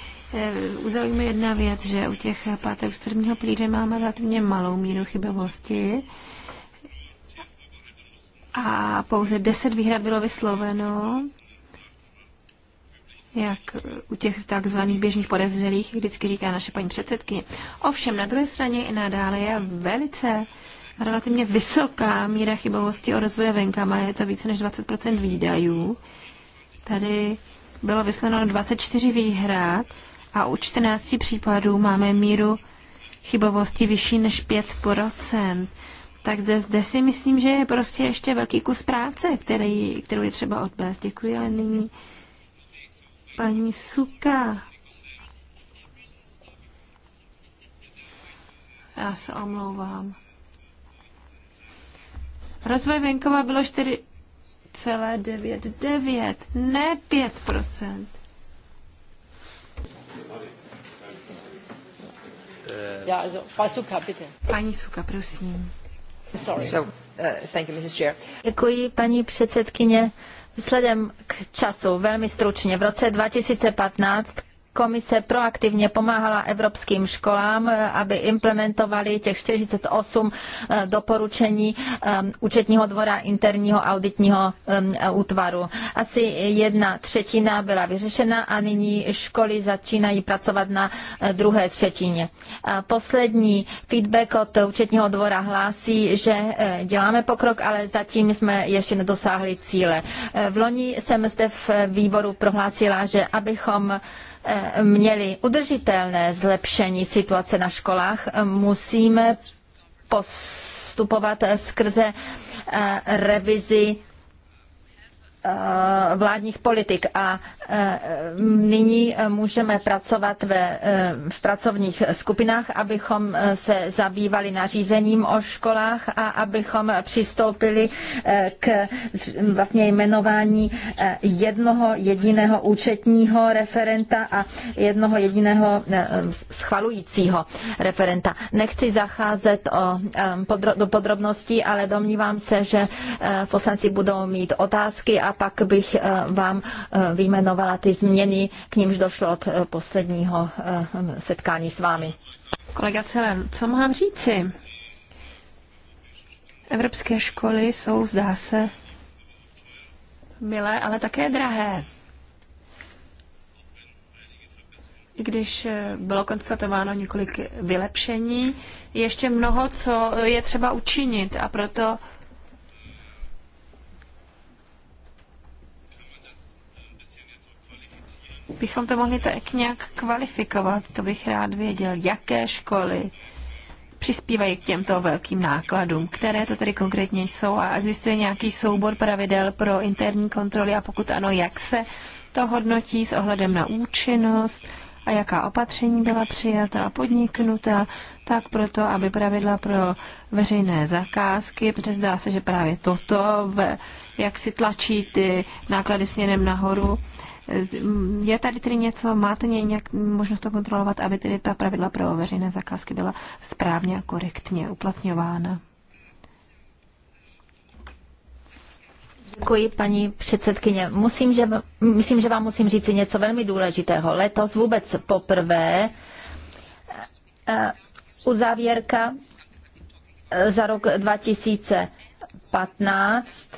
uzajímá eh, jedna věc, že u těch pátek z prvního plíře máme relativně malou míru chybovosti, a pouze deset výhrad bylo vysloveno, jak u těch takzvaných běžných podezřelých, vždycky říká naše paní předsedkyně. Ovšem, na druhé straně i nadále je velice relativně vysoká míra chybovosti o rozvoje má je to více než 20% výdajů. Tady bylo vysleno 24 výhrad a u 14 případů máme míru chybovosti vyšší než 5% tak zde, zde si myslím, že je prostě ještě velký kus práce, který, kterou je třeba odvést. Děkuji, ale nyní paní Suka. Já se omlouvám. Rozvoj venkova bylo 4,99, ne 5%. Ja, also, Frau Suka, bitte. Paní Suka, prosím. Uh, Děkuji, paní předsedkyně. Vzhledem k času, velmi stručně, v roce 2015 komise proaktivně pomáhala evropským školám, aby implementovali těch 48 eh, doporučení eh, účetního dvora interního auditního eh, útvaru. Asi jedna třetina byla vyřešena a nyní školy začínají pracovat na druhé třetině. Poslední feedback od účetního dvora hlásí, že děláme pokrok, ale zatím jsme ještě nedosáhli cíle. V loni jsem zde v výboru prohlásila, že abychom Eh, měli udržitelné zlepšení situace na školách, musíme postupovat skrze eh, revizi Eh, vládních politik a eh, nyní eh, můžeme pracovat ve, v pracovních skupinách, abychom se zabývali nařízením o školách a abychom přistoupili k vlastně jmenování jednoho jediného účetního referenta a jednoho jediného schvalujícího referenta. Nechci zacházet o, do podrobností, ale domnívám se, že poslanci budou mít otázky a a pak bych eh, vám eh, vyjmenovala ty změny, k nímž došlo od eh, posledního setkání s vámi. Kolega Celer, co mám říci? Evropské školy jsou, zdá se, milé, ale také drahé. I když bylo konstatováno několik vylepšení, ještě mnoho, co je třeba učinit a proto bychom to mohli tak nějak kvalifikovat. To bych rád věděl, jaké školy přispívají k těmto velkým nákladům, které to tedy konkrétně jsou a existuje nějaký soubor pravidel pro interní kontroly a pokud ano, jak se to hodnotí s ohledem na účinnost a jaká opatření byla přijata a podniknuta, tak proto, aby pravidla pro veřejné zakázky, protože zdá se, že právě toto, v, jak si tlačí ty náklady směrem nahoru, je tady tedy něco, máte nějak možnost to kontrolovat, aby tedy ta pravidla pro veřejné zakázky byla správně a korektně uplatňována? Děkuji, paní předsedkyně. Musím, že, myslím, že vám musím říct něco velmi důležitého. Letos vůbec poprvé e, e, uzávěrka e, za rok 2015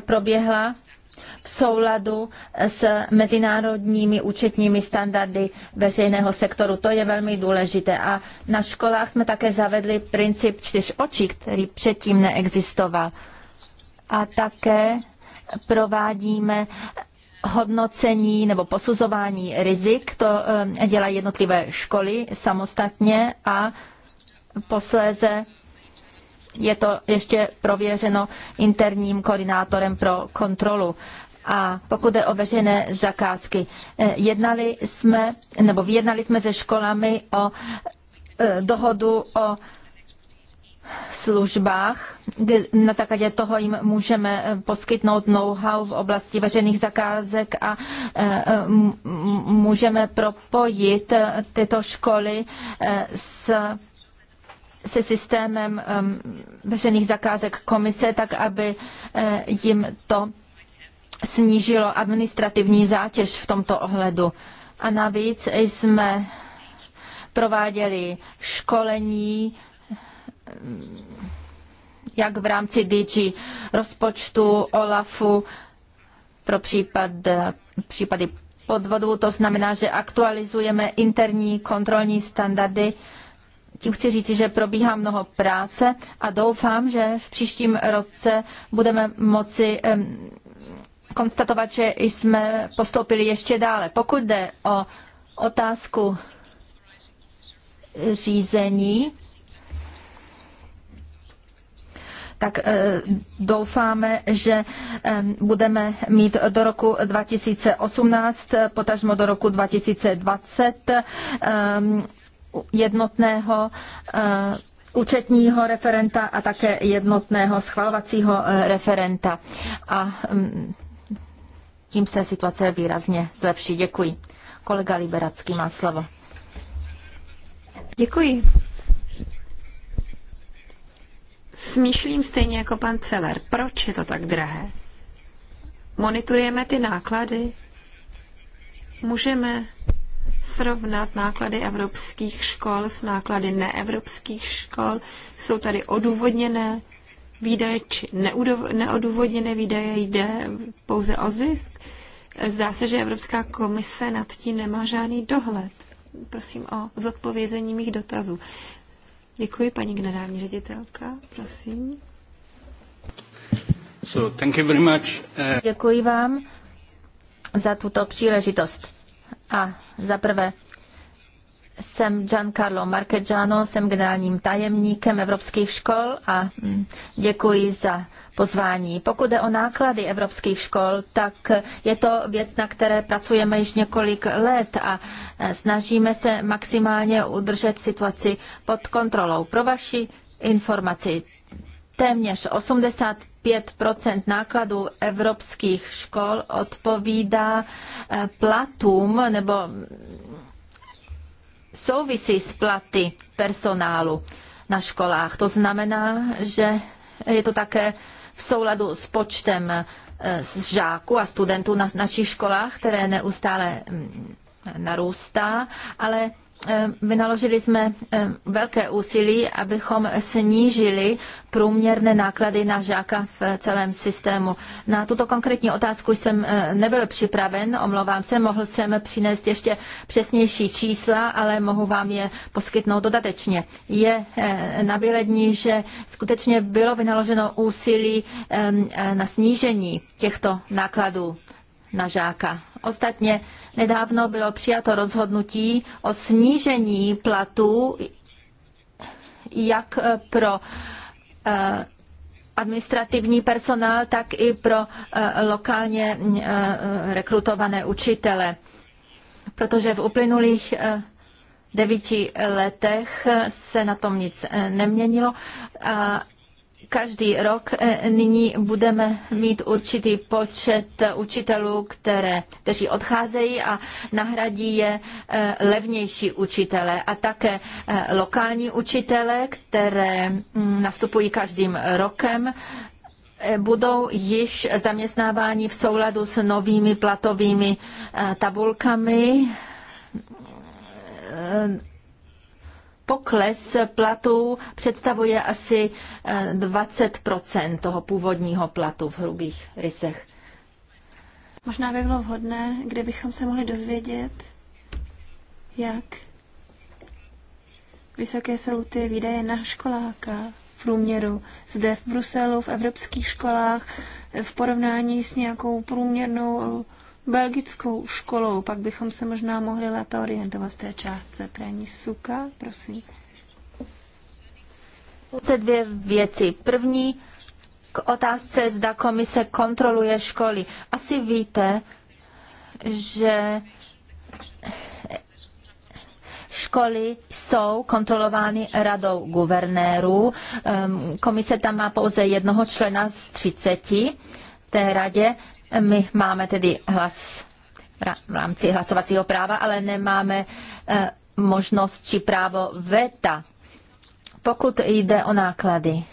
proběhla v souladu s mezinárodními účetními standardy veřejného sektoru. To je velmi důležité. A na školách jsme také zavedli princip čtyř očí, který předtím neexistoval. A také provádíme hodnocení nebo posuzování rizik. To eh, dělají jednotlivé školy samostatně a posléze je to ještě prověřeno interním koordinátorem pro kontrolu. A pokud jde o veřejné zakázky, eh, jednali jsme, nebo vyjednali jsme se školami o eh, dohodu o službách. Na základě toho jim můžeme eh, poskytnout know-how v oblasti veřejných zakázek a můžeme propojit tyto školy s se systémem ehm, veřejných zakázek komise, tak aby jim to snížilo administrativní zátěž v tomto ohledu. A navíc jsme prováděli školení jak v rámci DG rozpočtu, OLAFu pro případ, případy podvodů. To znamená, že aktualizujeme interní kontrolní standardy. Tím chci říci, že probíhá mnoho práce a doufám, že v příštím roce budeme moci konstatovat, že jsme postoupili ještě dále. Pokud jde o otázku řízení, tak eh, doufáme, že eh, budeme mít do roku 2018, potažmo do roku 2020 eh, jednotného účetního referenta a také jednotného schvalovacího referenta. A mm, tím se situace výrazně zlepší. Děkuji. Kolega Liberacký má slovo. Děkuji. Smýšlím stejně jako pan Celer. Proč je to tak drahé? Monitorujeme ty náklady. Můžeme srovnat náklady evropských škol s náklady neevropských škol. Jsou tady odůvodněné výdaje či neodůvodněné výdaje, jde pouze o zisk. Zdá se, že Evropská komise nad tím nemá žádný dohled. Prosím o zodpovězení mých dotazů. Děkuji, paní generální ředitelka. Prosím. So, thank you very much. Děkuji vám za tuto příležitost. A za prvé jsem Giancarlo Marchegiano, jsem generálním tajemníkem evropských škol a mm, děkuji za pozvání. Pokud je o náklady evropských škol, tak je to věc, na které pracujeme již několik let a e, snažíme se maximálně udržet situaci pod kontrolou. Pro vaši informaci, téměř 80 5 nákladů evropských škol odpovídá e, platům nebo souvisí s platy personálu na školách. To znamená, že je to také v souladu s počtem eh, žáků a studentů na našich školách, které neustále mm, narůstá, ale Eh, vynaložili jsme eh, velké úsilí, abychom snížili průměrné náklady na žáka v celém systému. Na tuto konkrétní otázku jsem eh, nebyl připraven, omlouvám se, mohl jsem přinést ještě přesnější čísla, ale mohu vám je poskytnout dodatečně. Je na že skutečně bylo vynaloženo úsilí na snížení těchto nákladů na žáka Ostatně nedávno bylo přijato rozhodnutí o snížení platů jak pro eh, administrativní personál, tak i pro eh, lokálně eh, rekrutované učitele. Protože v uplynulých devíti letech se na tom nic neměnilo. A každý rok eh, nyní budeme mít určitý počet eh, učitelů, které, kteří odcházejí a nahradí je eh, levnější učitele a také lokální učitele, které mm, nastupují každým rokem, budou již zaměstnávání v souladu s novými platovými tabulkami pokles platů představuje asi 20 eh, toho původního platu v hrubých rysech. Možná by bylo vhodné, kdybychom se mohli dozvědět, jak vysoké jsou ty výdaje na školáka v průměru zde v Bruselu, v evropských školách, v porovnání s nějakou průměrnou belgickou školou, pak bychom se možná mohli lépe orientovat v té částce. Prémí suka, prosím. Se dvě věci. První k otázce, zda komise kontroluje školy. Asi víte, že školy jsou kontrolovány radou guvernérů. Ehm, komise tam má pouze jednoho člena z 30 té radě my máme tedy hlas v rámci hlasovacího práva, ale nemáme eh, možnost či právo veta, pokud jde o náklady.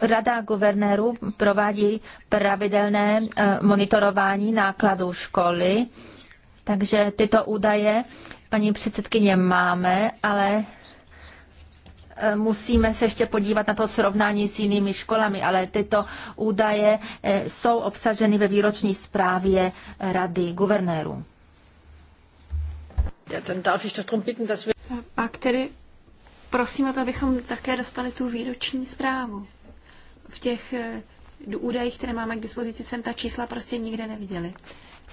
Rada guvernérů provádí pravidelné eh, monitorování nákladů školy, takže tyto údaje, paní předsedkyně, máme, ale Eh, musíme se ještě podívat na to srovnání s jinými školami, ale tyto údaje eh, jsou obsaženy ve výroční zprávě eh, Rady guvernérů. Pak tedy prosím o to, abychom také dostali tu výroční zprávu. V těch údajích, které máme k dispozici, jsem ta čísla prostě nikde neviděli.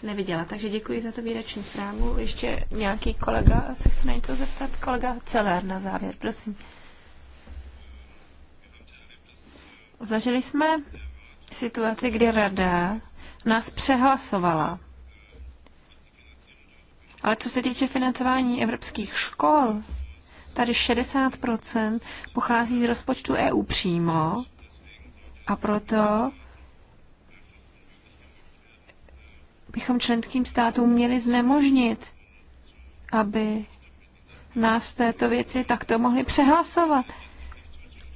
Neviděla, takže děkuji za tu výroční zprávu. Ještě nějaký kolega se chce na něco zeptat? Kolega Celer na závěr, prosím. Zažili jsme situaci, kdy rada nás přehlasovala. Ale co se týče financování evropských škol, tady 60% pochází z rozpočtu EU přímo a proto bychom členským státům měli znemožnit, aby nás v této věci takto mohli přehlasovat.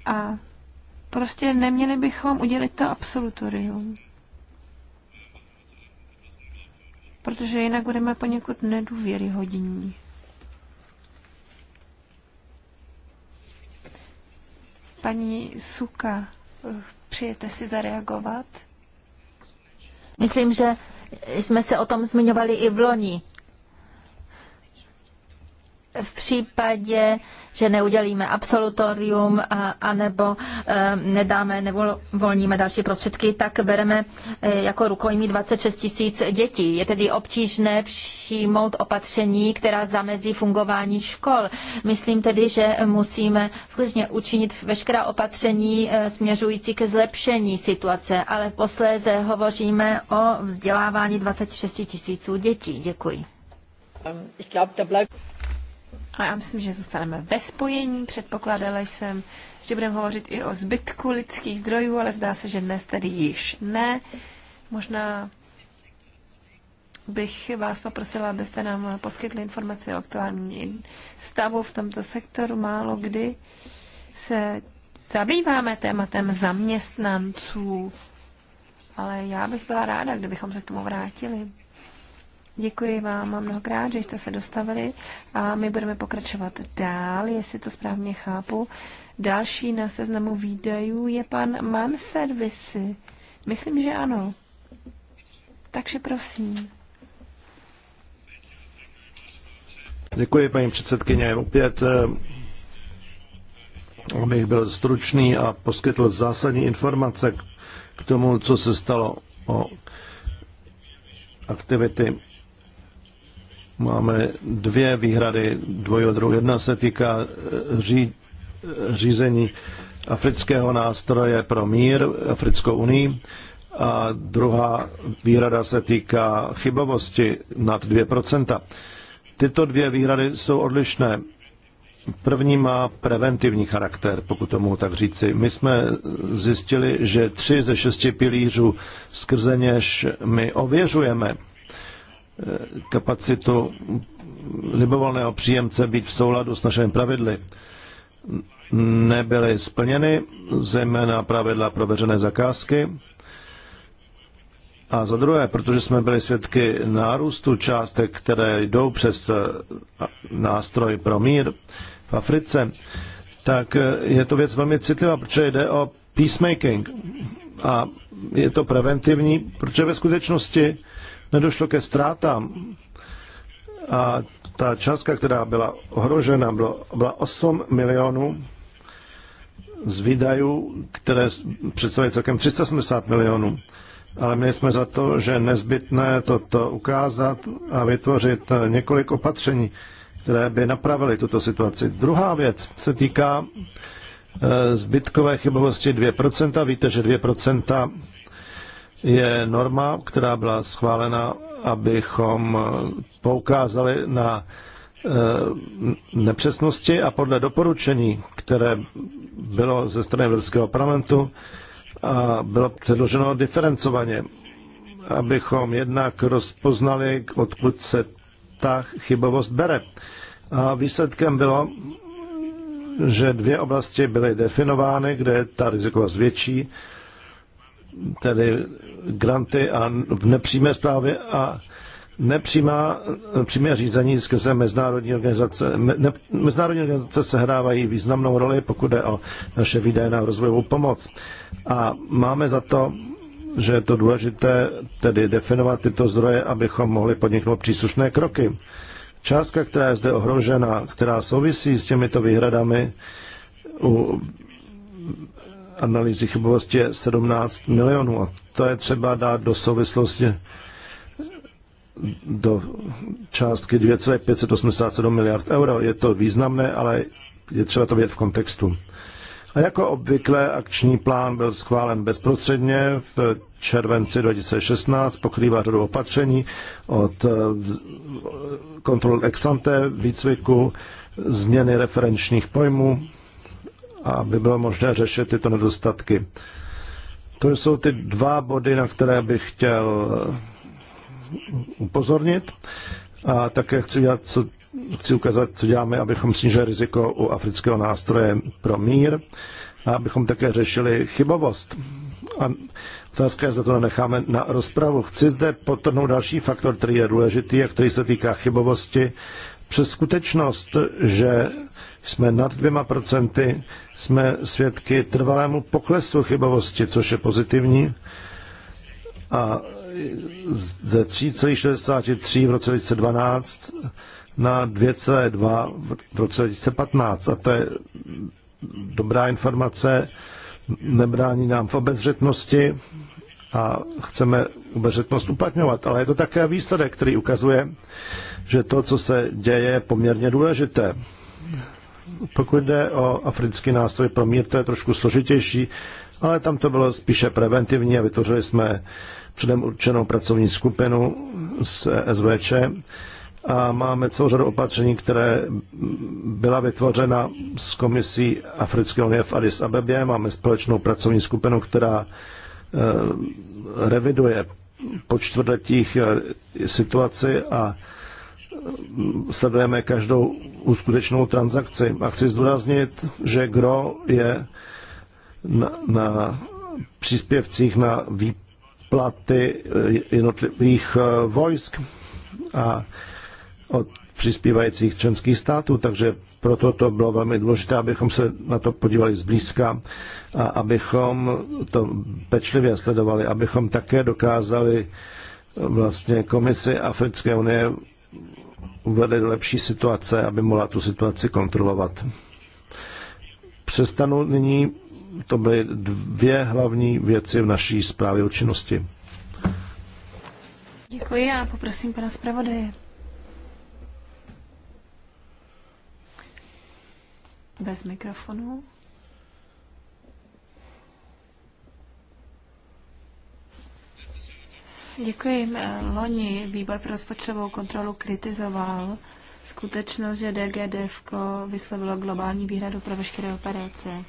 A Prostě neměli bychom udělit to absolutorium. Protože jinak budeme poněkud nedůvěryhodní. Paní Suka, přijete si zareagovat? Myslím, že jsme se o tom zmiňovali i v loni v případě, že neudělíme absolutorium a, anebo e, nedáme, nebo volníme další prostředky, tak bereme e, jako rukojmí 26 tisíc dětí. Je tedy obtížné přijmout opatření, která zamezí fungování škol. Myslím tedy, že musíme skutečně učinit veškerá opatření e, směřující ke zlepšení situace, ale posléze hovoříme o vzdělávání 26 tisíců dětí. Děkuji. Um, a já myslím, že zůstaneme ve spojení. Předpokládala jsem, že budeme hovořit i o zbytku lidských zdrojů, ale zdá se, že dnes tedy již ne. Možná bych vás poprosila, abyste nám poskytli informace o aktuálním stavu v tomto sektoru. Málo kdy se zabýváme tématem zaměstnanců, ale já bych byla ráda, kdybychom se k tomu vrátili. Děkuji vám mnohokrát, že jste se dostavili a my budeme pokračovat dál, jestli to správně chápu. Další na seznamu výdajů je pan Man Servisy. Myslím, že ano. Takže prosím. Děkuji, paní předsedkyně. Opět, eh, abych byl stručný a poskytl zásadní informace k tomu, co se stalo o aktivity Máme dvě výhrady dvojodru. Jedna se týká eh, ří, eh, řízení afrického nástroje pro mír, Africkou unii, a druhá výhrada se týká chybovosti nad 2%. Tyto dvě výhrady jsou odlišné. První má preventivní charakter, pokud tomu tak říci. My jsme zjistili, že tři ze šesti pilířů, skrze něž my ověřujeme kapacitu libovolného příjemce být v souladu s našimi pravidly. Nebyly splněny zejména pravidla pro veřejné zakázky. A za druhé, protože jsme byli svědky nárůstu částek, které jdou přes eh, nástroj pro mír v Africe, tak eh, je to věc velmi citlivá, protože jde o peacemaking. A je to preventivní, protože ve skutečnosti nedošlo ke ztrátám. A ta částka, která byla ohrožena, bylo, byla 8 milionů z výdajů, které představují celkem 370 milionů. Ale měli jsme za to, že je nezbytné toto ukázat a vytvořit několik opatření, které by napravily tuto situaci. Druhá věc se týká eh, zbytkové chybovosti 2%. Víte, že 2% je norma, která byla schválena, abychom poukázali na eh, nepřesnosti a podle doporučení, které bylo ze strany Evropského parlamentu a bylo předloženo diferencovaně, abychom jednak rozpoznali, odkud se ta chybovost bere. A výsledkem bylo, že dvě oblasti byly definovány, kde je ta rizikovost větší tedy granty a v nepřímé zprávě a nepřímá, nepřímé řízení skrze mezinárodní organizace. Me, ne, mezinárodní organizace sehrávají významnou roli, pokud jde o naše výdaje na rozvojovou pomoc. A máme za to, že je to důležité tedy definovat tyto zdroje, abychom mohli podniknout příslušné kroky. Částka, která je zde ohrožena, která souvisí s těmito výhradami u analýzy chybovosti je 17 milionů a to je třeba dát do souvislosti do částky 2,587 miliard euro. Je to významné, ale je třeba to vědět v kontextu. A jako obvykle akční plán byl schválen bezprostředně v červenci 2016, pokrývá řadu opatření od eh, kontrol ex ante, výcviku, změny referenčních pojmů, a aby bylo možné řešit tyto nedostatky. To jsou ty dva body, na které bych chtěl eh, upozornit. A také chci, dělat, co, chci ukázat, co děláme, abychom snížili riziko u afrického nástroje pro mír a abychom také řešili chybovost. A otázka je, zda to necháme na rozpravu. Chci zde potrhnout další faktor, který je důležitý a který se týká chybovosti přes skutečnost, že jsme nad dvěma procenty, jsme svědky trvalému poklesu chybovosti, což je pozitivní. A ze 3,63 v roce 2012 na 2,2 v roce 2015. A to je dobrá informace, nebrání nám v obezřetnosti a chceme obezřetnost uplatňovat, ale je to také výsledek, který ukazuje, že to, co se děje, je poměrně důležité. Pokud jde o africký nástroj pro mír, to je trošku složitější, ale tam to bylo spíše preventivní a vytvořili jsme předem určenou pracovní skupinu s SVČ a máme celou řadu opatření, které byla vytvořena s komisí Africké unie v Addis Abebě. Máme společnou pracovní skupinu, která eh, reviduje po čtvrtletích eh, situaci a mm, sledujeme každou uskutečnou transakci. A chci zdůraznit, že GRO je na, na příspěvcích na výplaty eh, jednotlivých eh, vojsk a od přispívajících členských států, takže proto to bylo velmi důležité, abychom se na to podívali zblízka a abychom to pečlivě sledovali, abychom také dokázali vlastně komisi Africké unie uvedli do lepší situace, aby mohla tu situaci kontrolovat. Přestanu nyní, to byly dvě hlavní věci v naší zprávě o činnosti. Děkuji a poprosím pana zpravodaje. Bez mikrofonu. Děkuji. Loni výbor pro rozpočtovou kontrolu kritizoval skutečnost, že DGDF vyslovilo globální výhradu pro veškeré operace.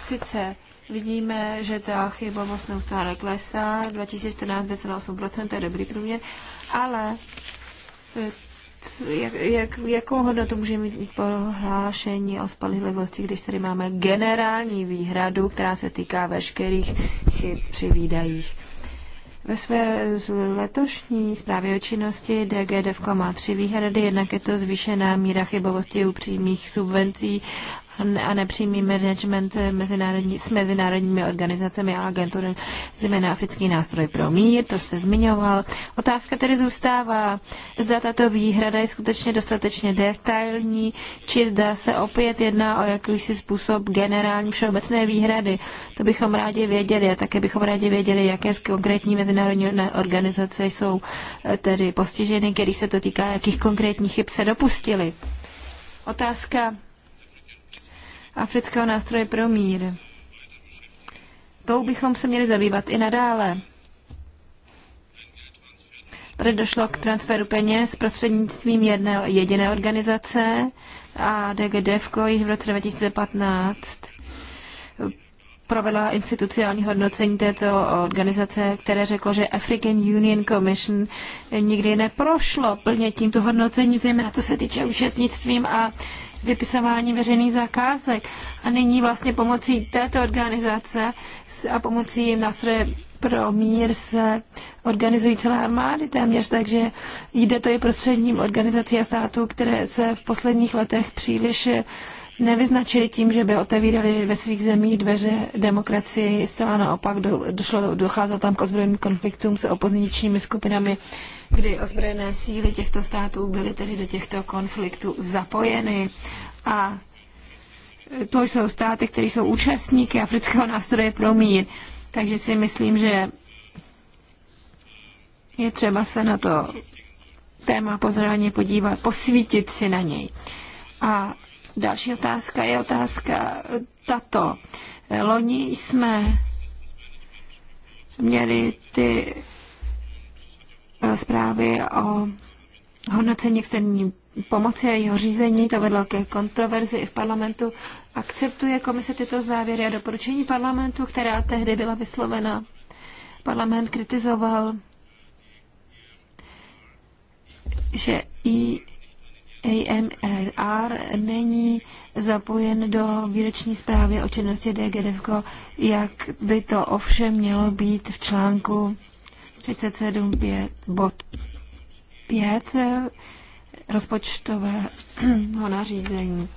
Sice vidíme, že ta chybovost neustále klesá, 2014 2,8%, to je dobrý průměr, ale eh, jak, jak, jakou hodnotu může mít prohlášení o spolehlivosti, když tady máme generální výhradu, která se týká veškerých chyb při výdajích? Ve své letošní zprávě o činnosti DGDFK má tři výhrady. Jednak je to zvýšená míra chybovosti u přímých subvencí a nepřímý management mezinárodní, s mezinárodními organizacemi a agentury, zejména Africký nástroj pro mír, to jste zmiňoval. Otázka tedy zůstává, zda tato výhrada je skutečně dostatečně detailní, či zda se opět jedná o jakýsi způsob generální všeobecné výhrady. To bychom rádi věděli a také bychom rádi věděli, jaké konkrétní mezinárodní organizace jsou eh, tedy postiženy, když se to týká, jakých konkrétních chyb se dopustili. Otázka afrického nástroje pro mír. Tou bychom se měli zabývat i nadále. Tady došlo k transferu peněz prostřednictvím jedné jediné organizace a DGDFko jich v roce 2015 provedla institucionální hodnocení této organizace, které řeklo, že African Union Commission nikdy neprošlo plně tímto hodnocením, zejména co se týče účastnictvím a vypisování veřejných zakázek. A nyní vlastně pomocí této organizace a pomocí nástroje pro mír se organizují celé armády téměř, takže jde to i prostředním organizací a států, které se v posledních letech příliš nevyznačili tím, že by otevírali ve svých zemích dveře demokracii. Zcela naopak do, došlo, docházelo tam k ozbrojeným konfliktům s opozičními skupinami, kdy ozbrojené síly těchto států byly tedy do těchto konfliktů zapojeny. A to jsou státy, které jsou účastníky afrického nástroje pro mír. Takže si myslím, že je třeba se na to téma pozorně podívat, posvítit si na něj. A Další otázka je otázka tato. Loni jsme měli ty eh, zprávy o hodnocení externí pomoci a jeho řízení. To vedlo ke kontroverzi i v parlamentu. Akceptuje komise tyto závěry a doporučení parlamentu, která tehdy byla vyslovena. Parlament kritizoval, že i AMRR není zapojen do výroční zprávy o činnosti DGDFko, jak by to ovšem mělo být v článku 37.5 bod 5 eh, rozpočtového [CLEARS THROAT] nařízení.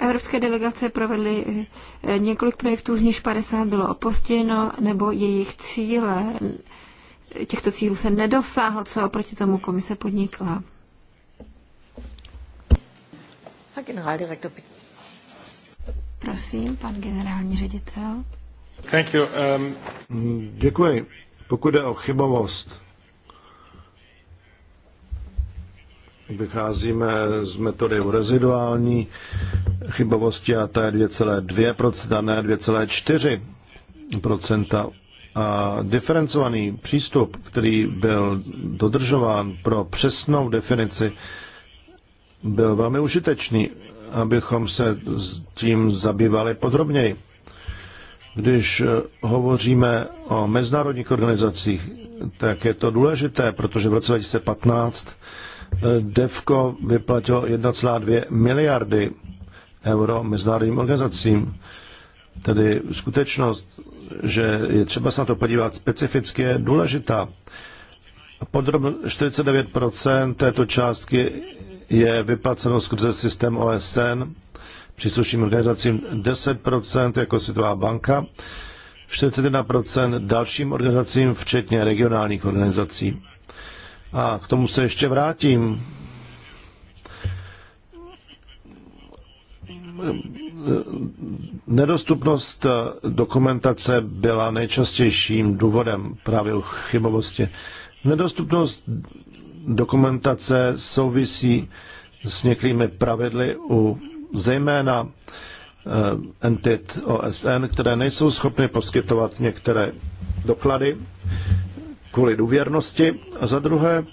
Evropské delegace provedly eh, několik projektů, z nich 50 bylo opostěno, nebo jejich cíle, eh, těchto cílů se nedosáhlo, co oproti tomu komise podnikla. Herr Generaldirektor, Prosím, pan generální ředitel. Thank you. Um... Děkuji. Pokud jde o chybovost, vycházíme z metody u reziduální chybovosti a to je 2,2%, a ne 2,4%. A diferencovaný přístup, který byl dodržován pro přesnou definici byl velmi užitečný, abychom se s tím zabývali podrobněji. Když eh, hovoříme o mezinárodních organizacích, tak je to důležité, protože v roce 2015 eh, DEVKO vyplatilo 1,2 miliardy euro mezinárodním organizacím. Tedy skutečnost, že je třeba se na to podívat specificky, je důležitá. Podrobně 49% této částky je vyplaceno skrze systém OSN příslušným organizacím 10% jako Světová banka, 41% dalším organizacím, včetně regionálních organizací. A k tomu se ještě vrátím. Nedostupnost dokumentace byla nejčastějším důvodem právě u chybovosti. Nedostupnost dokumentace souvisí s některými pravidly u zejména eh, entit OSN, které nejsou schopny poskytovat některé doklady kvůli důvěrnosti. A za druhé,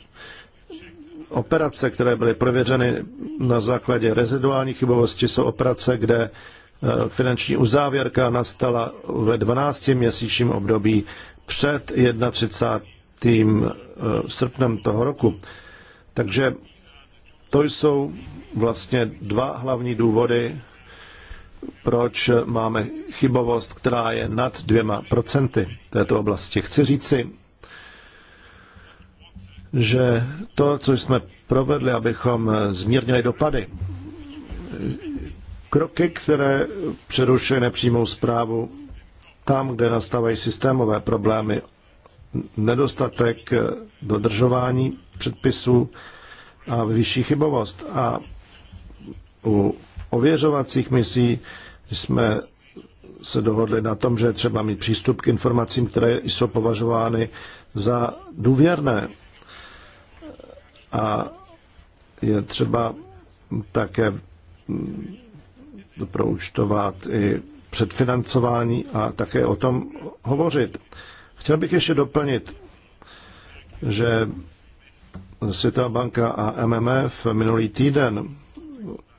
operace, které byly prověřeny na základě reziduální chybovosti, jsou operace, kde eh, finanční uzávěrka nastala ve 12-měsíčním období před 31 tým eh, srpnem toho roku. Takže to jsou vlastně dva hlavní důvody, proč máme chybovost, která je nad dvěma procenty této oblasti. Chci říci, že to, co jsme provedli, abychom zmírnili dopady, kroky, které přerušují nepřímou zprávu tam, kde nastávají systémové problémy, nedostatek dodržování předpisů a vyšší chybovost. A u ověřovacích misí jsme se dohodli na tom, že třeba mít přístup k informacím, které jsou považovány za důvěrné. A je třeba také proučtovat i předfinancování a také o tom hovořit. Chtěl bych ještě doplnit, že Světová banka a MMF minulý týden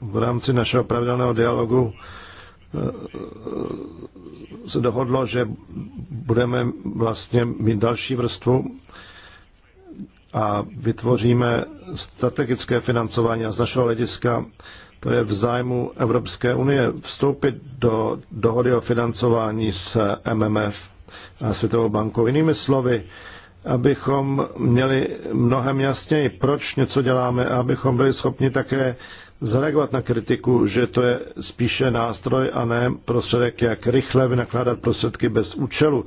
v rámci našeho pravidelného dialogu eh, se dohodlo, že budeme vlastně mít další vrstvu a vytvoříme strategické financování a z našeho hlediska to je v zájmu Evropské unie vstoupit do dohody o financování s MMF a Světovou bankou. Jinými slovy, abychom měli mnohem jasněji, proč něco děláme a abychom byli schopni také zareagovat na kritiku, že to je spíše nástroj a ne prostředek, jak rychle vynakládat prostředky bez účelu.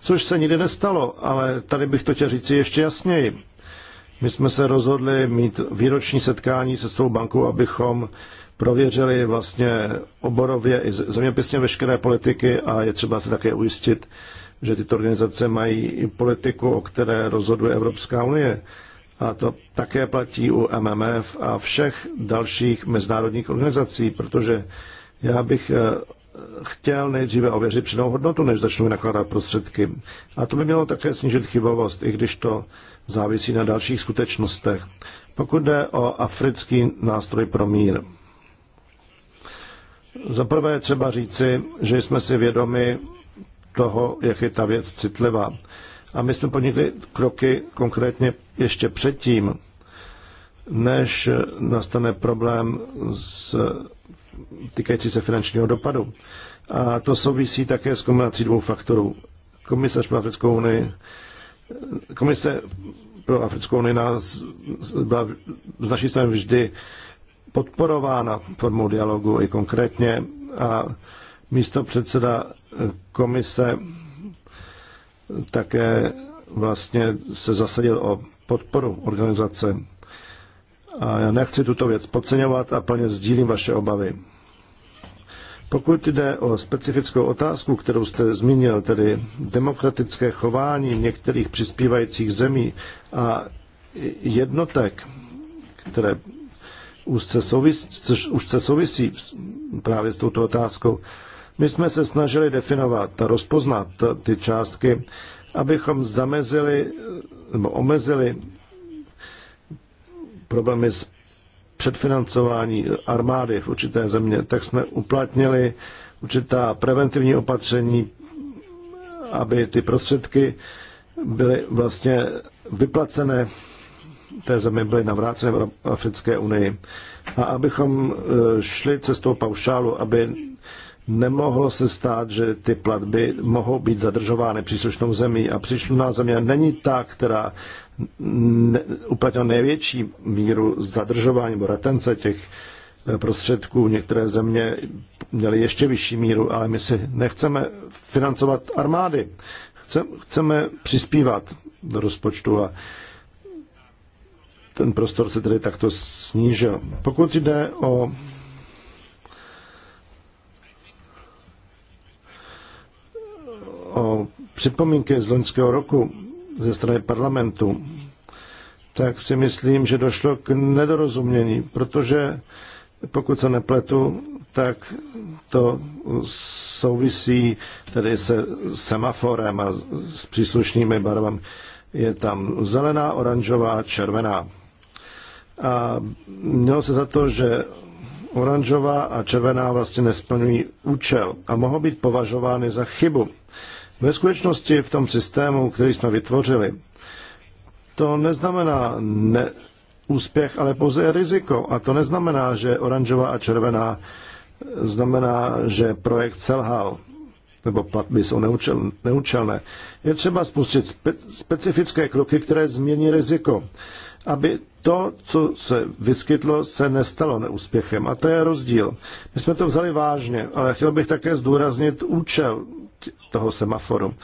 Což se nikdy nestalo, ale tady bych to chtěl říci ještě jasněji. My jsme se rozhodli mít výroční setkání se svou bankou, abychom prověřili vlastně oborově i zeměpisně veškeré politiky a je třeba se také ujistit, že tyto organizace mají politiku, o které rozhoduje Evropská unie. A to také platí u MMF a všech dalších mezinárodních organizací, protože já bych eh, chtěl nejdříve ověřit přidanou hodnotu, než začnu nakládat prostředky. A to by mělo také snížit chybovost, i když to závisí na dalších skutečnostech. Pokud jde o africký nástroj pro mír. Za prvé je třeba říci, že jsme si vědomi toho, jak je ta věc citlivá. A my jsme podnikli kroky konkrétně ještě předtím, než nastane problém s týkající se finančního dopadu. A to souvisí také s kombinací dvou faktorů. Komisař pro Africkou unii, komise pro Africkou unii nás byla z naší strany vždy podporována formou dialogu i konkrétně a místo předseda komise také vlastně se zasadil o podporu organizace. A já nechci tuto věc podceňovat a plně sdílím vaše obavy. Pokud jde o specifickou otázku, kterou jste zmínil, tedy demokratické chování některých přispívajících zemí a jednotek, které se souvisí, což se souvisí právě s touto otázkou, my jsme se snažili definovat a rozpoznat ty částky, abychom zamezili nebo omezili problémy s předfinancování armády v určité země, tak jsme uplatnili určitá preventivní opatření, aby ty prostředky byly vlastně vyplacené té zemi, byly navráceny v Africké unii. A abychom e, šli cestou paušálu, aby nemohlo se stát, že ty platby mohou být zadržovány příslušnou zemí a příslušná země není ta, která ne, uplatnila největší míru zadržování nebo retence těch eh, prostředků. Některé země měly ještě vyšší míru, ale my si nechceme financovat armády. Chceme, chceme přispívat do rozpočtu a ten prostor se tedy takto snížil. Pokud jde o o připomínky z loňského roku ze strany parlamentu, tak si myslím, že došlo k nedorozumění, protože pokud se nepletu, tak to souvisí tedy se semaforem a s příslušnými barvami. Je tam zelená, oranžová, červená. A mělo se za to, že oranžová a červená vlastně nesplňují účel a mohou být považovány za chybu. Ve skutečnosti v tom systému, který jsme vytvořili, to neznamená ne, úspěch, ale pouze riziko. A to neznamená, že oranžová a červená znamená, že projekt selhal nebo platby jsou neúčel, neúčelné. Je třeba spustit spe, specifické kroky, které změní riziko, aby to, co se vyskytlo, se nestalo neúspěchem. A to je rozdíl. My jsme to vzali vážně, ale chtěl bych také zdůraznit účel toho semaforu.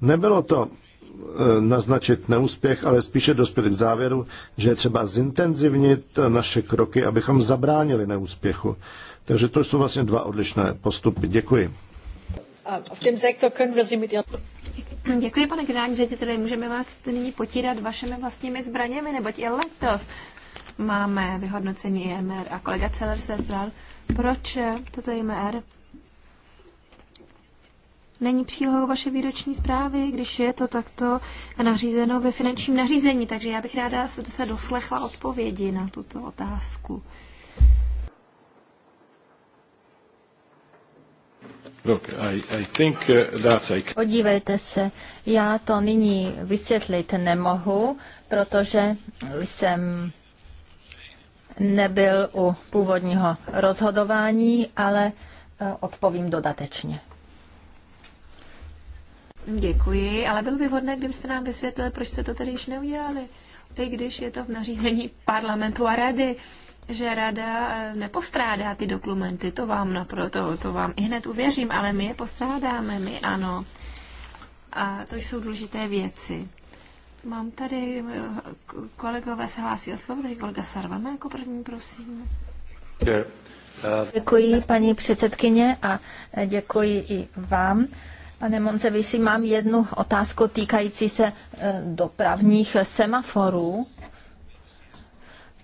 Nebylo to e, naznačit neúspěch, ale spíše dospět k závěru, že je třeba zintenzivnit naše kroky, abychom zabránili neúspěchu. Takže to jsou vlastně dva odlišné postupy. Děkuji. Děkuji, pane že tedy Můžeme vás nyní potírat vašimi vlastními zbraněmi, neboť i letos máme vyhodnocení IMR e a kolega Celer se ptal, proč toto IMR e Není přílohou vaše výroční zprávy, když je to takto nařízeno ve finančním nařízení, takže já bych ráda se doslechla odpovědi na tuto otázku. Look, I, I think uh, that I... Podívejte se, já to nyní vysvětlit nemohu, protože jsem nebyl u původního rozhodování, ale eh, odpovím dodatečně. Děkuji, ale bylo by vhodné, kdybyste nám vysvětlili, proč jste to tedy již neudělali. I když je to v nařízení parlamentu a rady, že rada eh, nepostrádá ty dokumenty, to vám naproto, to, to vám i hned uvěřím, ale my je postrádáme, my ano. A to jsou důležité věci. Mám tady, eh, kolegové se hlásí o slovo, takže kolega Sarvama jako první, prosím. Děkuji, eh, paní předsedkyně, a děkuji i vám Pane si mám jednu otázku týkající se e, dopravních semaforů.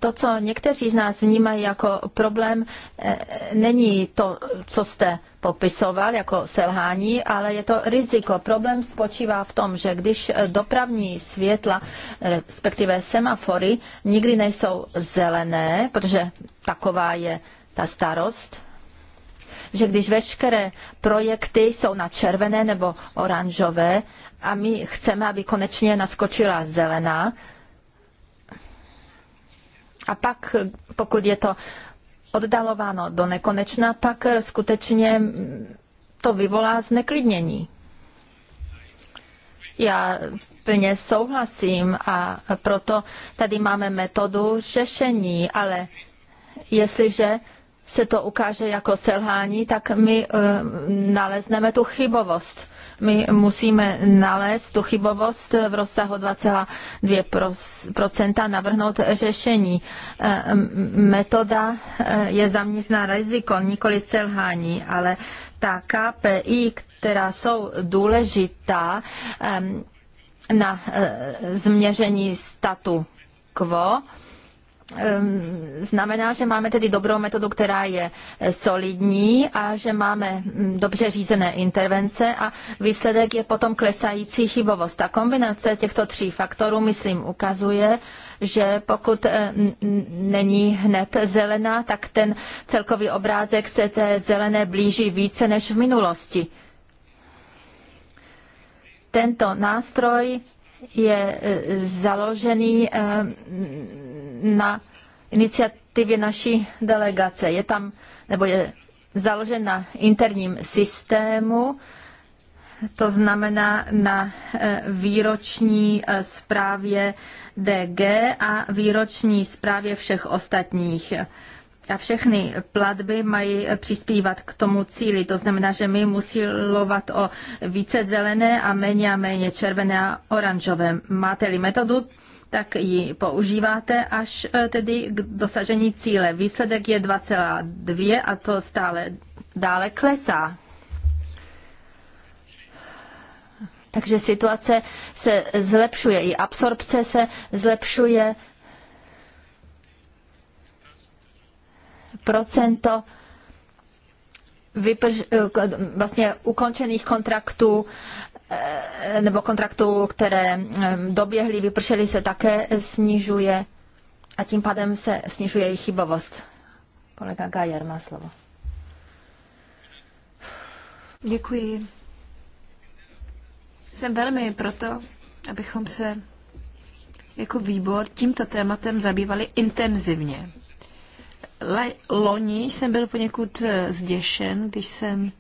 To, co někteří z nás vnímají jako problém, e, není to, co jste popisoval jako selhání, ale je to riziko. Problém spočívá v tom, že když dopravní světla, respektive semafory, nikdy nejsou zelené, protože taková je ta starost, že když veškeré projekty jsou na červené nebo oranžové a my chceme, aby konečně naskočila zelená, a pak, pokud je to oddalováno do nekonečna, pak skutečně to vyvolá zneklidnění. Já plně souhlasím a proto tady máme metodu řešení, ale jestliže se to ukáže jako selhání, tak my eh, nalezneme tu chybovost. My musíme nalézt tu chybovost v rozsahu 2,2 navrhnout řešení. Eh, metoda eh, je zaměřená riziko, nikoli selhání, ale ta KPI, která jsou důležitá na změření statu quo, Ehm, znamená, že máme tedy dobrou metodu, která je eh, solidní a že máme mm, dobře řízené intervence a výsledek je potom klesající chybovost. A kombinace těchto tří faktorů, myslím, ukazuje, že pokud eh, není hned zelená, tak ten celkový obrázek se té zelené blíží více než v minulosti. Tento nástroj je eh, založený na iniciativě naší delegace. Je tam, nebo je založen na interním systému, to znamená na eh, výroční eh, zprávě DG a výroční zprávě všech ostatních. A všechny platby mají přispívat k tomu cíli. To znamená, že my musí lovat o více zelené a méně a méně červené a oranžové. Máte-li metodu, tak ji používáte až e, tedy k dosažení cíle. Výsledek je 2,2 a to stále dále klesá. Takže situace se zlepšuje, i absorpce se zlepšuje. Procento vlastně ukončených kontraktů Eh, nebo kontraktů, které eh, doběhly, vypršely, se také snižuje a tím pádem se snižuje i chybovost. Kolega Gajer má slovo. Děkuji. Jsem velmi proto, abychom se jako výbor tímto tématem zabývali intenzivně. loni jsem byl poněkud eh, zděšen, když jsem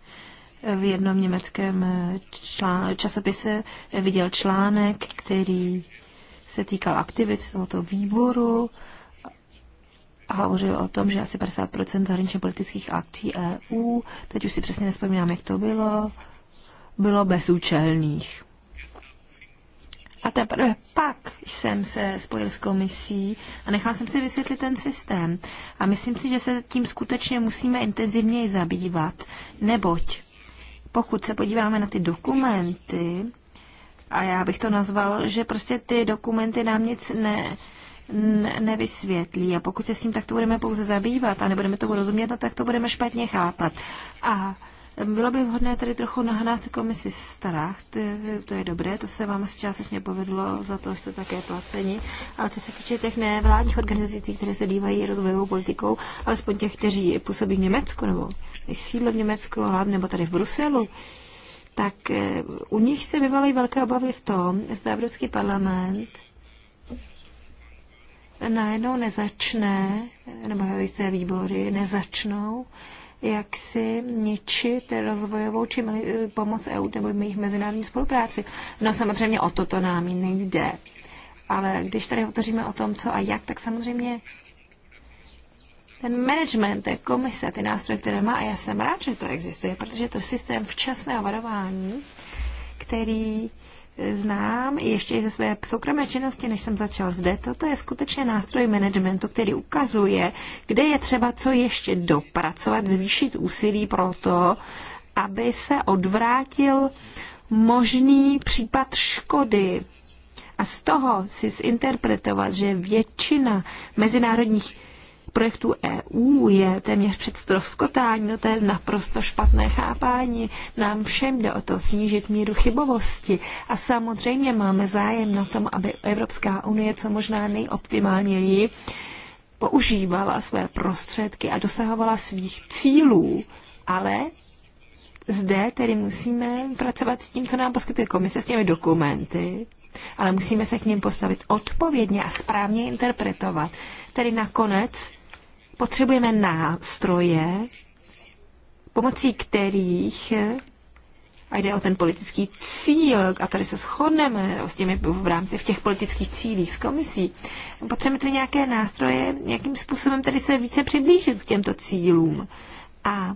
v jednom německém člán, časopise viděl článek, který se týkal aktivit tohoto výboru a hovořil o tom, že asi 50% zahraničně politických akcí EU, teď už si přesně nespomínám, jak to bylo, bylo bezúčelných. A teprve pak jsem se spojil s komisí a nechal jsem si vysvětlit ten systém. A myslím si, že se tím skutečně musíme intenzivněji zabývat, neboť pokud se podíváme na ty dokumenty, a já bych to nazval, že prostě ty dokumenty nám nic ne, ne, nevysvětlí. A pokud se s tím takto budeme pouze zabývat a nebudeme tomu rozumět, no tak to budeme špatně chápat. A bylo by vhodné tady trochu nahnat komisi strach, to je dobré, to se vám částečně povedlo, za to jste také placeni. A co se týče těch nevládních organizací, které se dívají rozvojovou politikou, alespoň těch, kteří působí v Německu nebo sídlo v Německu nebo tady v Bruselu, tak eh, u nich se vyvalají velké obavy v tom, zda Evropský parlament najednou nezačne, nebo jisté výbory nezačnou, jak si ničit rozvojovou či eh, pomoc EU nebo jejich mezinárodní spolupráci. No samozřejmě o toto nám nejde. Ale když tady hovoříme o tom, co a jak, tak samozřejmě ten management ten komise, ty nástroje, které má, a já jsem rád, že to existuje, protože to systém včasného varování, který eh, znám ještě i ze své soukromé činnosti, než jsem začal zde. Toto je skutečně nástroj managementu, který ukazuje, kde je třeba co ještě dopracovat, zvýšit úsilí pro to, aby se odvrátil možný případ škody. A z toho si zinterpretovat, že většina mezinárodních projektu EU je téměř před stroskotání, no to je naprosto špatné chápání. Nám všem jde o to snížit míru chybovosti a samozřejmě máme zájem na tom, aby Evropská unie co možná nejoptimálněji používala své prostředky a dosahovala svých cílů, ale zde tedy musíme pracovat s tím, co nám poskytuje komise, s těmi dokumenty, ale musíme se k ním postavit odpovědně a správně interpretovat. Tedy nakonec Potřebujeme nástroje, pomocí kterých a jde o ten politický cíl, a tady se shodneme s těmi v rámci v těch politických cílích s komisí, potřebujeme tedy nějaké nástroje, jakým způsobem tedy se více přiblížit k těmto cílům. A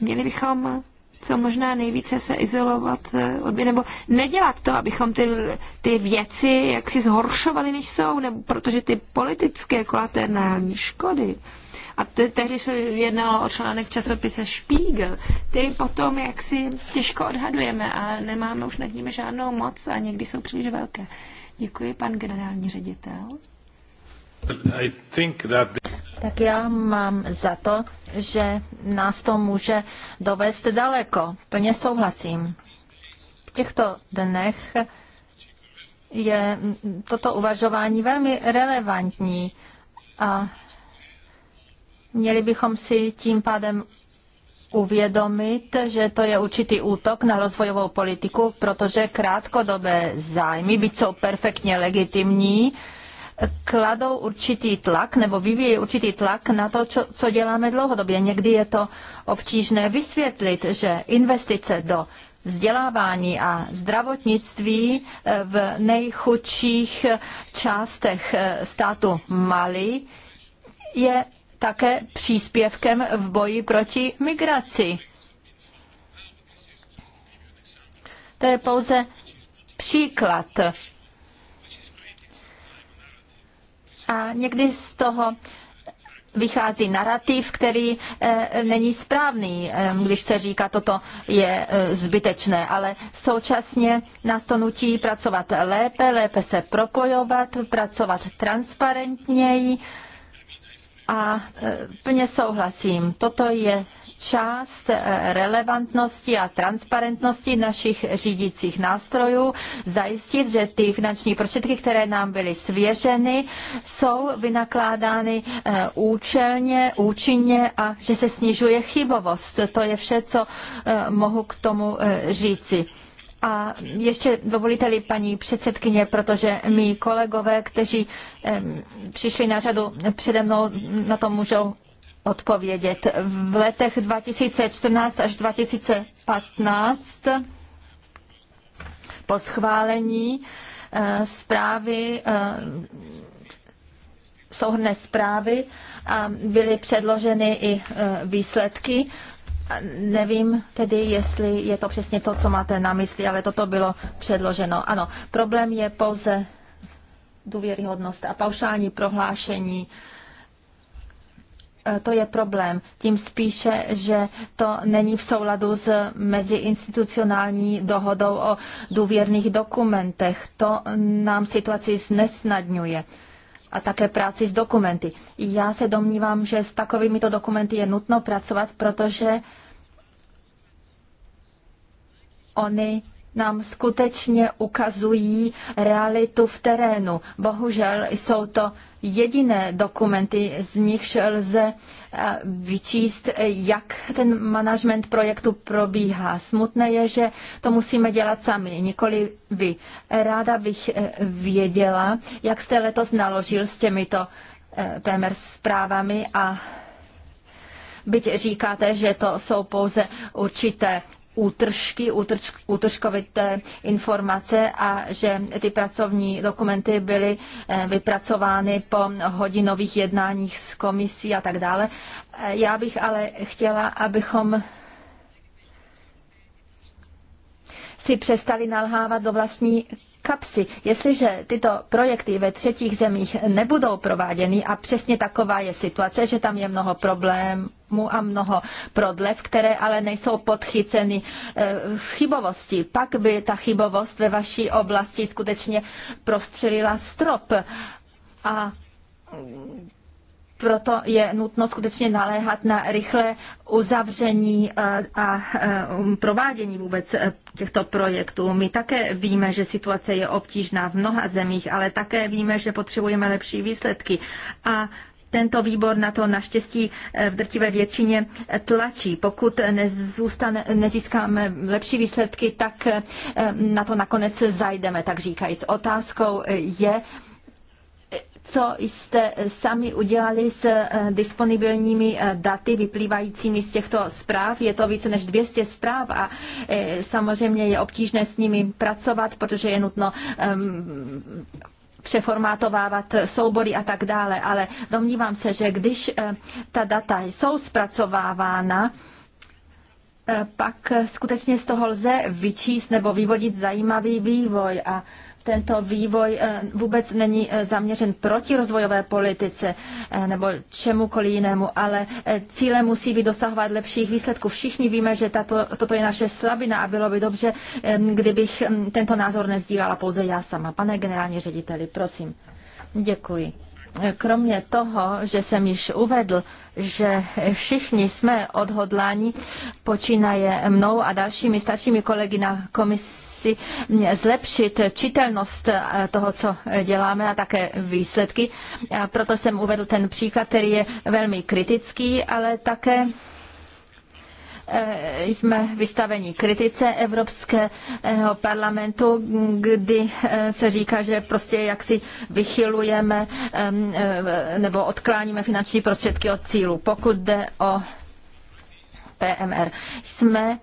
měli bychom co možná nejvíce se izolovat eh, od nebo nedělat to, abychom ty, ty věci jaksi zhoršovali, než jsou, nebo protože ty politické kolaterální škody, a te, tehdy se jednalo o článek časopise Spiegel. ty potom jaksi těžko odhadujeme a nemáme už nad nimi žádnou moc a někdy jsou příliš velké. Děkuji, pan generální ředitel tak já mám za to, že nás to může dovést daleko. Plně souhlasím. V těchto dnech je toto uvažování velmi relevantní a měli bychom si tím pádem uvědomit, že to je určitý útok na rozvojovou politiku, protože krátkodobé zájmy, byť jsou perfektně legitimní, kladou určitý tlak nebo vyvíjí určitý tlak na to, čo, co děláme dlouhodobě. Někdy je to obtížné vysvětlit, že investice do vzdělávání a zdravotnictví eh, v nejchudších eh, částech eh, státu Mali je také příspěvkem v boji proti migraci. To je pouze příklad A někdy z toho vychází narrativ, který eh, není správný, eh, když se říká, toto je eh, zbytečné, ale současně nás to nutí pracovat lépe, lépe se propojovat, pracovat transparentněji, a e, plně souhlasím, toto je část e, relevantnosti a transparentnosti našich řídících nástrojů, zajistit, že ty finanční prostředky, které nám byly svěřeny, jsou vynakládány e, účelně, účinně a že se snižuje chybovost. To je vše, co mohu k tomu říci. A ještě dovolíte-li paní předsedkyně, protože mý kolegové, kteří přišli na řadu přede mnou, na to můžou odpovědět. V letech 2014 až 2015 po schválení eh, zprávy eh, souhrné zprávy a byly předloženy i eh, výsledky. Nevím tedy, jestli je to přesně to, co máte na mysli, ale toto bylo předloženo. Ano, problém je pouze důvěryhodnost a paušální prohlášení e, to je problém. Tím spíše, že to není v souladu s meziinstitucionální dohodou o důvěrných dokumentech. To nám situaci znesnadňuje a také práci s dokumenty. Já se domnívám, že s takovýmito dokumenty je nutno pracovat, protože oni nám skutečně ukazují realitu v terénu. Bohužel jsou to jediné dokumenty, z nichž lze eh, vyčíst, jak ten management projektu probíhá. Smutné je, že to musíme dělat sami, nikoli vy. Ráda bych eh, věděla, jak jste letos naložil s těmito eh, PMR zprávami a byť říkáte, že to jsou pouze určité útržky, útrž, útržkovité informace a že ty pracovní dokumenty byly eh, vypracovány po hodinových jednáních s komisí a tak dále. Eh, já bych ale chtěla, abychom si přestali nalhávat do vlastní kapsy. Jestliže tyto projekty ve třetích zemích nebudou prováděny a přesně taková je situace, že tam je mnoho problémů mu a mnoho prodlev, které ale nejsou podchyceny eh, v chybovosti. Pak by ta chybovost ve vaší oblasti skutečně prostřelila strop. A proto je nutno skutečně naléhat na rychlé uzavření eh, a eh, um, provádění vůbec těchto projektů. My také víme, že situace je obtížná v mnoha zemích, ale také víme, že potřebujeme lepší výsledky. A tento výbor na to naštěstí eh, v drtivé většině eh, tlačí. Pokud nezůstane, nezískáme lepší výsledky, tak eh, na to nakonec zajdeme, tak říkajíc. Otázkou je, co jste sami udělali s disponibilními daty vyplývajícími z těchto zpráv. Je to více než 200 zpráv a samozřejmě je obtížné s nimi pracovat, protože je nutno ehm, přeformátovávat soubory a tak dále, ale domnívám se, že když eh, ta data jsou zpracovávána, eh, pak skutečně z toho lze vyčíst nebo vyvodit zajímavý vývoj a tento vývoj eh, vůbec není eh, zaměřen proti rozvojové politice eh, nebo čemukoliv jinému, ale cílem musí být dosahovat lepších výsledků. Všichni víme, že tato, toto je naše slabina a bylo by dobře, kdybych tento názor nezdílala pouze já sama. Pane generální řediteli, prosím. Děkuji kromě toho, že jsem již uvedl, že všichni jsme odhodláni, počínaje mnou a dalšími staršími kolegy na komisi, si zlepšit čitelnost eh, toho, co děláme a také výsledky. A proto jsem uvedl ten příklad, který je velmi kritický, ale také eh, jsme vystaveni kritice Evropského parlamentu, kdy eh, se říká, že prostě jak si vychylujeme nebo odkláníme finanční prostředky od cílu. Pokud jde o PMR, jsme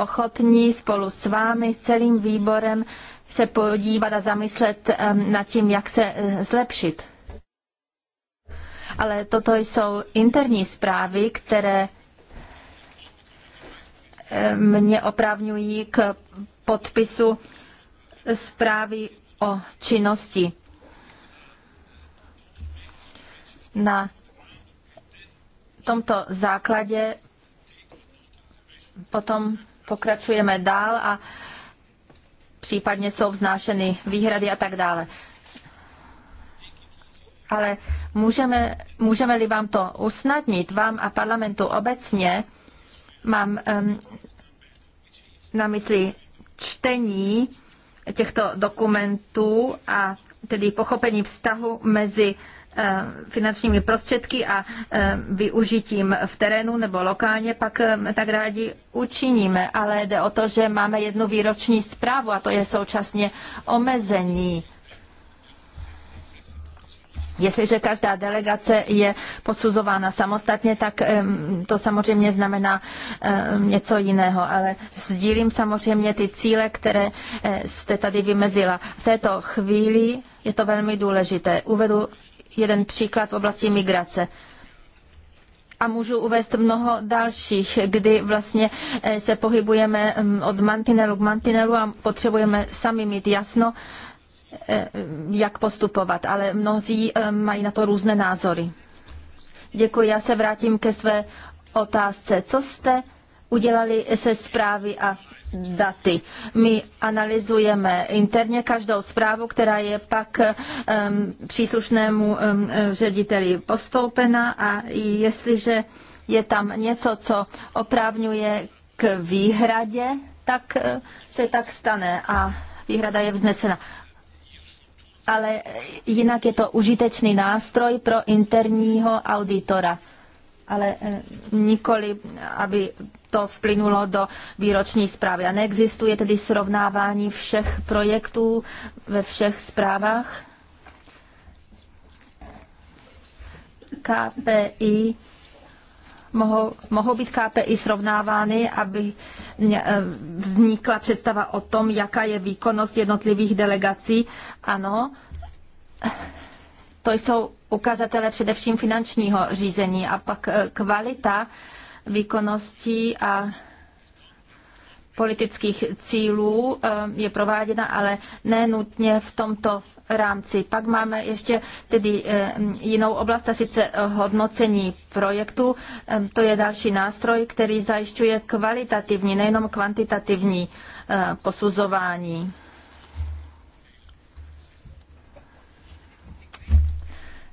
ochotní spolu s vámi, s celým výborem se podívat a zamyslet nad tím, jak se eh, zlepšit. Ale toto jsou interní zprávy, které mě opravňují k podpisu zprávy o činnosti. Na tomto základě potom pokračujeme dál a případně jsou vznášeny výhrady a tak dále. Ale můžeme, můžeme-li vám to usnadnit, vám a parlamentu obecně, mám um, na mysli čtení těchto dokumentů a tedy pochopení vztahu mezi uh, Eh, finančními prostředky a eh, využitím v terénu nebo lokálně, pak eh, tak rádi učiníme. Ale jde o to, že máme jednu výroční zprávu a to je současně omezení. Jestliže každá delegace je posuzována samostatně, tak to samozřejmě znamená něco jiného, ale sdílím samozřejmě ty cíle, které jste tady vymezila. V této chvíli je to velmi důležité. Uvedu jeden příklad v oblasti migrace a můžu uvést mnoho dalších, kdy vlastně eh, se pohybujeme mm, od mantinelu k mantinelu a potřebujeme sami mít jasno, eh, jak postupovat, ale mnozí eh, mají na to různé názory. Děkuji, já se vrátím ke své otázce. Co jste udělali se zprávy a daty. My analyzujeme interně každou zprávu, která je pak um, příslušnému um, řediteli postoupena a jestliže je tam něco, co oprávňuje k výhradě, tak eh, se tak stane a výhrada je vznesena ale jinak je to užitečný nástroj pro interního auditora. Ale eh, nikoli, aby to vplynulo do výroční zprávy. A neexistuje tedy srovnávání všech projektů ve všech zprávách? KPI mohou, mohou být KPI srovnávány, aby e, vznikla představa o tom, jaká je výkonnost jednotlivých delegací. Ano, to jsou ukazatele především finančního řízení a pak e, kvalita výkonností a politických cílů eh, je prováděna, ale ne nutně v tomto rámci. Pak máme ještě tedy eh, jinou oblast, a sice hodnocení projektu. Eh, to je další nástroj, který zajišťuje kvalitativní, nejenom kvantitativní posuzování.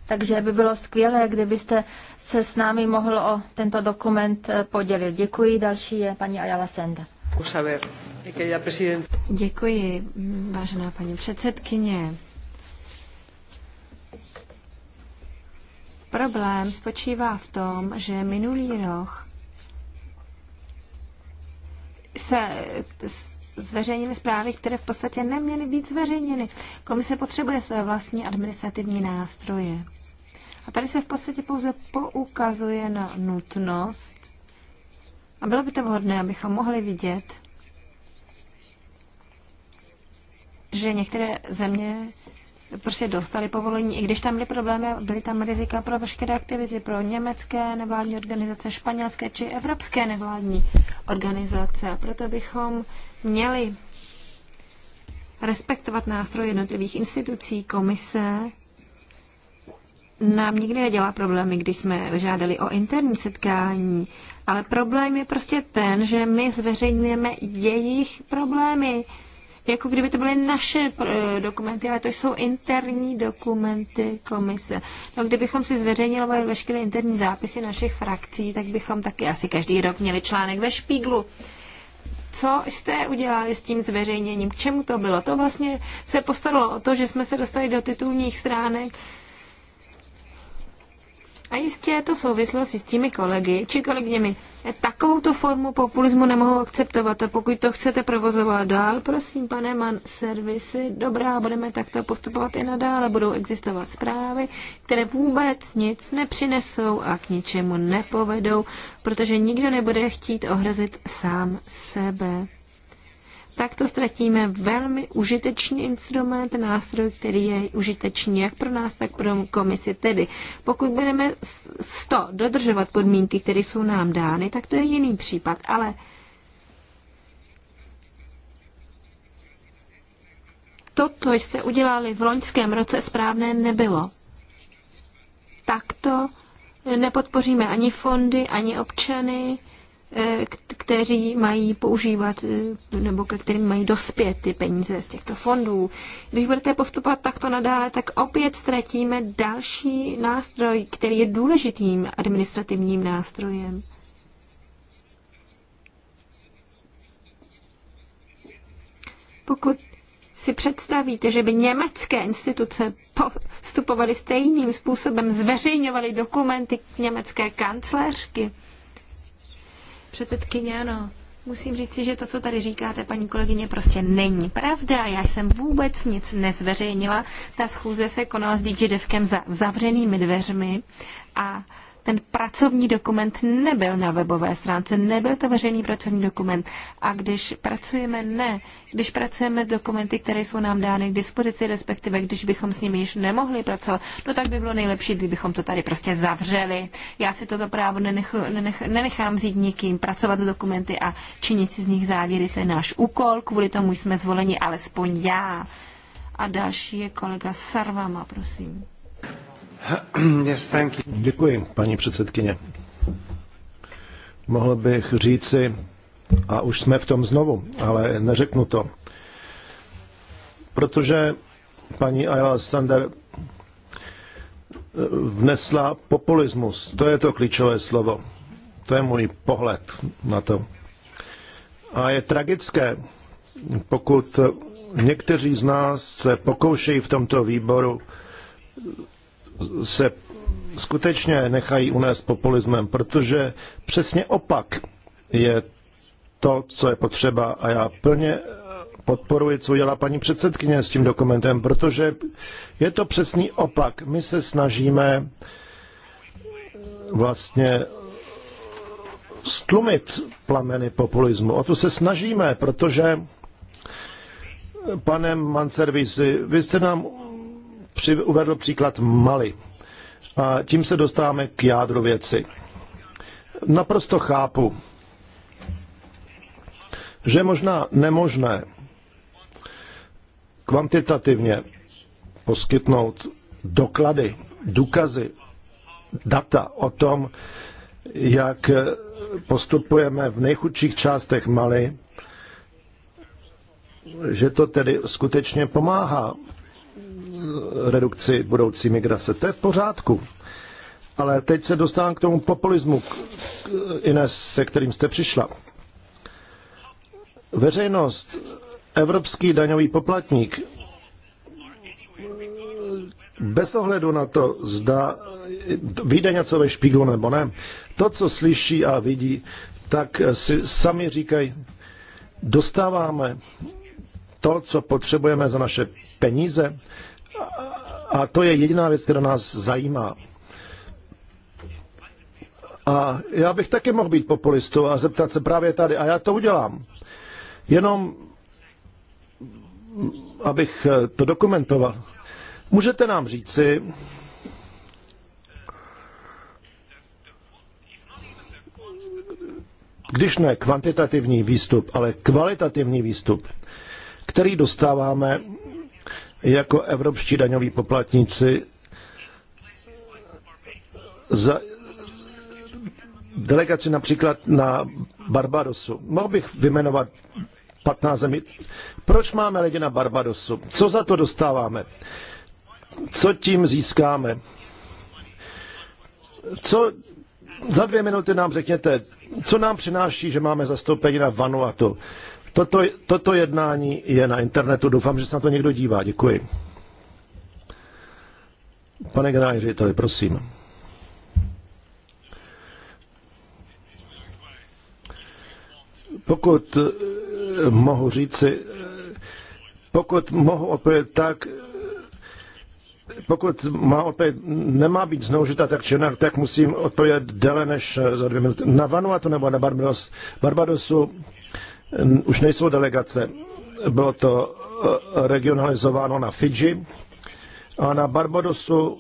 Takže by bylo skvělé, kdybyste se s námi mohl o tento dokument eh, podělit. Děkuji. Další je paní Ayala Senda. Děkuji, vážená paní předsedkyně. Problém spočívá v tom, že minulý rok se zveřejnily zprávy, které v podstatě neměly být zveřejněny. Komise potřebuje své vlastní administrativní nástroje. A tady se v podstatě pouze poukazuje na nutnost a bylo by to vhodné, abychom mohli vidět, že některé země prostě dostali povolení, i když tam byly problémy, byly tam rizika pro veškeré aktivity, pro německé nevládní organizace, španělské či evropské nevládní organizace. A proto bychom měli respektovat nástroje jednotlivých institucí, komise nám nikdy nedělá problémy, když jsme žádali o interní setkání, ale problém je prostě ten, že my zveřejňujeme jejich problémy. Jako kdyby to byly naše eh, dokumenty, ale to jsou interní dokumenty komise. No, kdybychom si zveřejnili veškeré interní zápisy našich frakcí, tak bychom taky asi každý rok měli článek ve špíglu co jste udělali s tím zveřejněním, k čemu to bylo. To vlastně se postaralo o to, že jsme se dostali do titulních stránek a jistě je to souvislosti s těmi kolegy či kolegyněmi. E, Takovou tu formu populismu nemohu akceptovat a pokud to chcete provozovat dál, prosím, pane man, servisy, dobrá, budeme takto postupovat i nadále, budou existovat zprávy, které vůbec nic nepřinesou a k ničemu nepovedou, protože nikdo nebude chtít ohrozit sám sebe takto ztratíme velmi užitečný instrument, nástroj, který je užitečný jak pro nás, tak pro komisi. Tedy pokud budeme 100 dodržovat podmínky, které jsou nám dány, tak to je jiný případ, ale to, co jste udělali v loňském roce, správné nebylo. Takto nepodpoříme ani fondy, ani občany, Eh, kteří mají používat eh, nebo ke kterým mají dospět ty peníze z těchto fondů. Když budete postupovat takto nadále, tak opět ztratíme další nástroj, který je důležitým administrativním nástrojem. Pokud si představíte, že by německé instituce postupovaly stejným způsobem, zveřejňovaly dokumenty německé kancléřky, Předsedkyně, ano. Musím říci, že to, co tady říkáte, paní kolegyně, prostě není pravda. Já jsem vůbec nic nezveřejnila. Ta schůze se konala s Devkem za zavřenými dveřmi a ten pracovní dokument nebyl na webové stránce, nebyl to veřejný pracovní dokument. A když pracujeme, ne, když pracujeme s dokumenty, které jsou nám dány k dispozici, respektive když bychom s nimi již nemohli pracovat, no tak by bylo nejlepší, kdybychom to tady prostě zavřeli. Já si toto právo nenech, nenech, nenechám vzít nikým, pracovat s dokumenty a činit si z nich závěry, to je náš úkol, kvůli tomu jsme zvoleni, alespoň já. A další je kolega Sarvama, prosím. [CLEARS THROAT] Děkuji, paní předsedkyně. Mohl bych říci, a už jsme v tom znovu, ale neřeknu to, protože paní Ayla Sander vnesla populismus. To je to klíčové slovo. To je můj pohled na to. A je tragické, pokud někteří z nás se pokoušejí v tomto výboru se skutečně nechají unést populismem, protože přesně opak je to, co je potřeba a já plně podporuji, co udělá paní předsedkyně s tím dokumentem, protože je to přesný opak. My se snažíme vlastně stlumit plameny populismu. O to se snažíme, protože panem Manservisi, vy jste nám při, uvedl příklad Mali. A tím se dostáváme k jádru věci. Naprosto chápu, že je možná nemožné kvantitativně poskytnout doklady, důkazy, data o tom, jak postupujeme v nejchudších částech Mali, že to tedy skutečně pomáhá redukci budoucí migrace. To je v pořádku. Ale teď se dostávám k tomu populismu, k, Ines, se kterým jste přišla. Veřejnost, evropský daňový poplatník, bez ohledu na to, zda vyjde něco ve špíglu nebo ne, to, co slyší a vidí, tak si sami říkají, dostáváme to, co potřebujeme za naše peníze. A to je jediná věc, která nás zajímá. A já bych taky mohl být populistou a zeptat se právě tady. A já to udělám. Jenom, abych to dokumentoval. Můžete nám říci, když ne kvantitativní výstup, ale kvalitativní výstup, který dostáváme jako evropští daňoví poplatníci za delegaci například na Barbadosu. Mohl bych vyjmenovat 15 zemí. Proč máme lidi na Barbadosu? Co za to dostáváme? Co tím získáme? Co za dvě minuty nám řekněte, co nám přináší, že máme zastoupení na Vanuatu? Toto, toto jednání je na internetu, doufám, že se na to někdo dívá. Děkuji. Pane generální řediteli, prosím. Pokud eh, mohu říci, eh, pokud mohu opět tak, eh, pokud má opět, nemá být zneužita tak či jinak, tak musím odpovědět déle než za dvě minuty. Na Vanuatu nebo na Barbados, Barbadosu už nejsou delegace. Bylo to eh, regionalizováno na Fidži a na Barbadosu.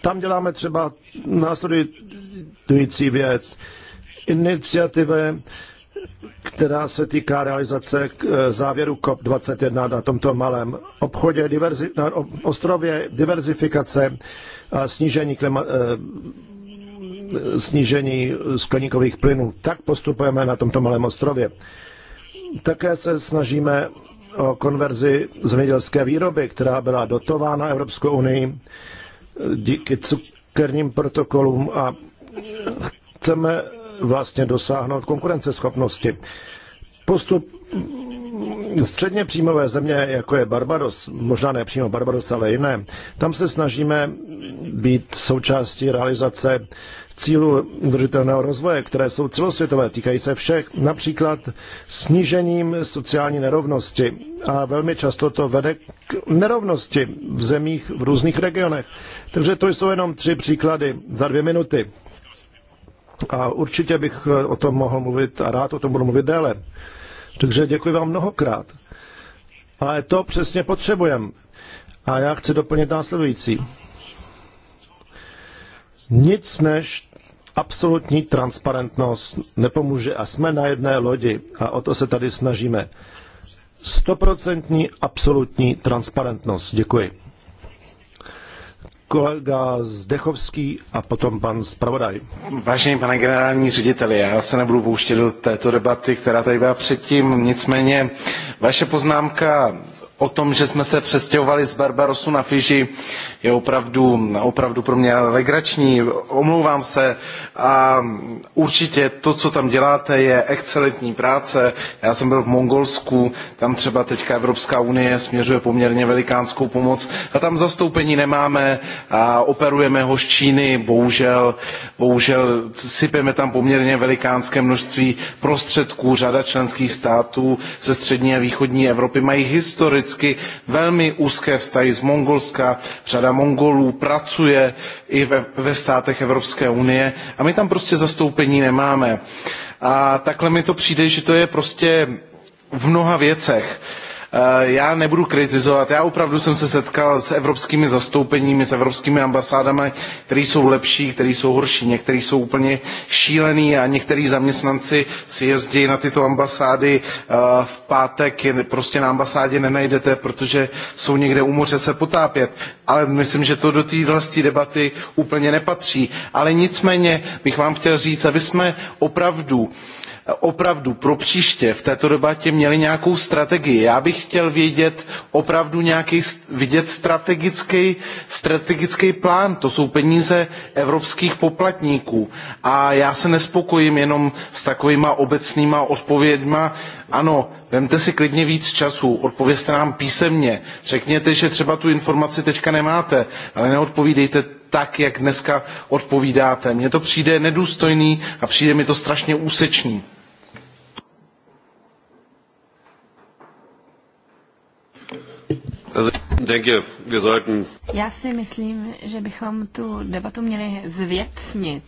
Tam děláme třeba následující věc. Iniciativy, která se týká realizace eh, závěru COP21 na tomto malém obchodě, diverzi, na ostrově diverzifikace a snížení klima, eh, snížení skleníkových plynů. Tak postupujeme na tomto malém ostrově. Také se snažíme o konverzi zemědělské výroby, která byla dotována Evropskou unii díky cukerním protokolům a chceme vlastně dosáhnout konkurenceschopnosti. Postup středně příjmové země, jako je Barbados, možná ne přímo Barbados, ale jiné, tam se snažíme být součástí realizace cílů udržitelného rozvoje, které jsou celosvětové, týkají se všech, například snížením sociální nerovnosti. A velmi často to vede k nerovnosti v zemích v různých regionech. Takže to jsou jenom tři příklady za dvě minuty. A určitě bych eh, o tom mohl mluvit a rád o tom budu mluvit déle. Takže děkuji vám mnohokrát. Ale to přesně potřebujeme. A já chci doplnit následující. Nic než absolutní transparentnost nepomůže a jsme na jedné lodi a o to se tady snažíme. Stoprocentní absolutní transparentnost. Děkuji. Kolega Zdechovský a potom pan zpravodaj. Vážený pane generální řediteli, já se nebudu pouštět do této debaty, která tady byla předtím, nicméně vaše poznámka o tom, že jsme se přestěhovali z Barbarosu na Fiji, je opravdu, opravdu pro mě legrační. Omlouvám se a určitě to, co tam děláte, je excelentní práce. Já jsem byl v Mongolsku, tam třeba teďka Evropská unie směřuje poměrně velikánskou pomoc a tam zastoupení nemáme a operujeme ho z Číny, bohužel, bohužel sypeme tam poměrně velikánské množství prostředků, řada členských států ze střední a východní Evropy mají historicky historicky velmi úzké vztahy z Mongolska. Řada Mongolů pracuje i ve, ve státech Evropské unie a my tam prostě zastoupení nemáme. A takhle mi to přijde, že to je prostě v mnoha věcech. Uh, Eh, já nebudu kritizovat, já opravdu jsem se setkal s evropskými zastoupeními, s evropskými ambasádami, které jsou lepší, které jsou horší, některé jsou úplně šílený a některý zaměstnanci si jezdí na tyto ambasády eh, v pátek, je prostě na ambasádě nenajdete, protože jsou někde u moře se potápět. Ale myslím, že to do téhle debaty úplně nepatří. Ale nicméně bych vám chtěl říct, aby jsme opravdu opravdu pro příště v této debatě měli nějakou strategii. Já bych chtěl vědět opravdu nějaký, vidět strategický, strategický plán. To jsou peníze evropských poplatníků. A já se nespokojím jenom s takovýma obecnýma odpověďma. Ano, vemte si klidně víc času, odpovězte nám písemně. Řekněte, že třeba tu informaci teďka nemáte, ale neodpovídejte tak, jak dneska odpovídáte. Mně to přijde nedůstojný a přijde mi to strašně úsečný. Já si myslím, že bychom tu debatu měli zvěcnit.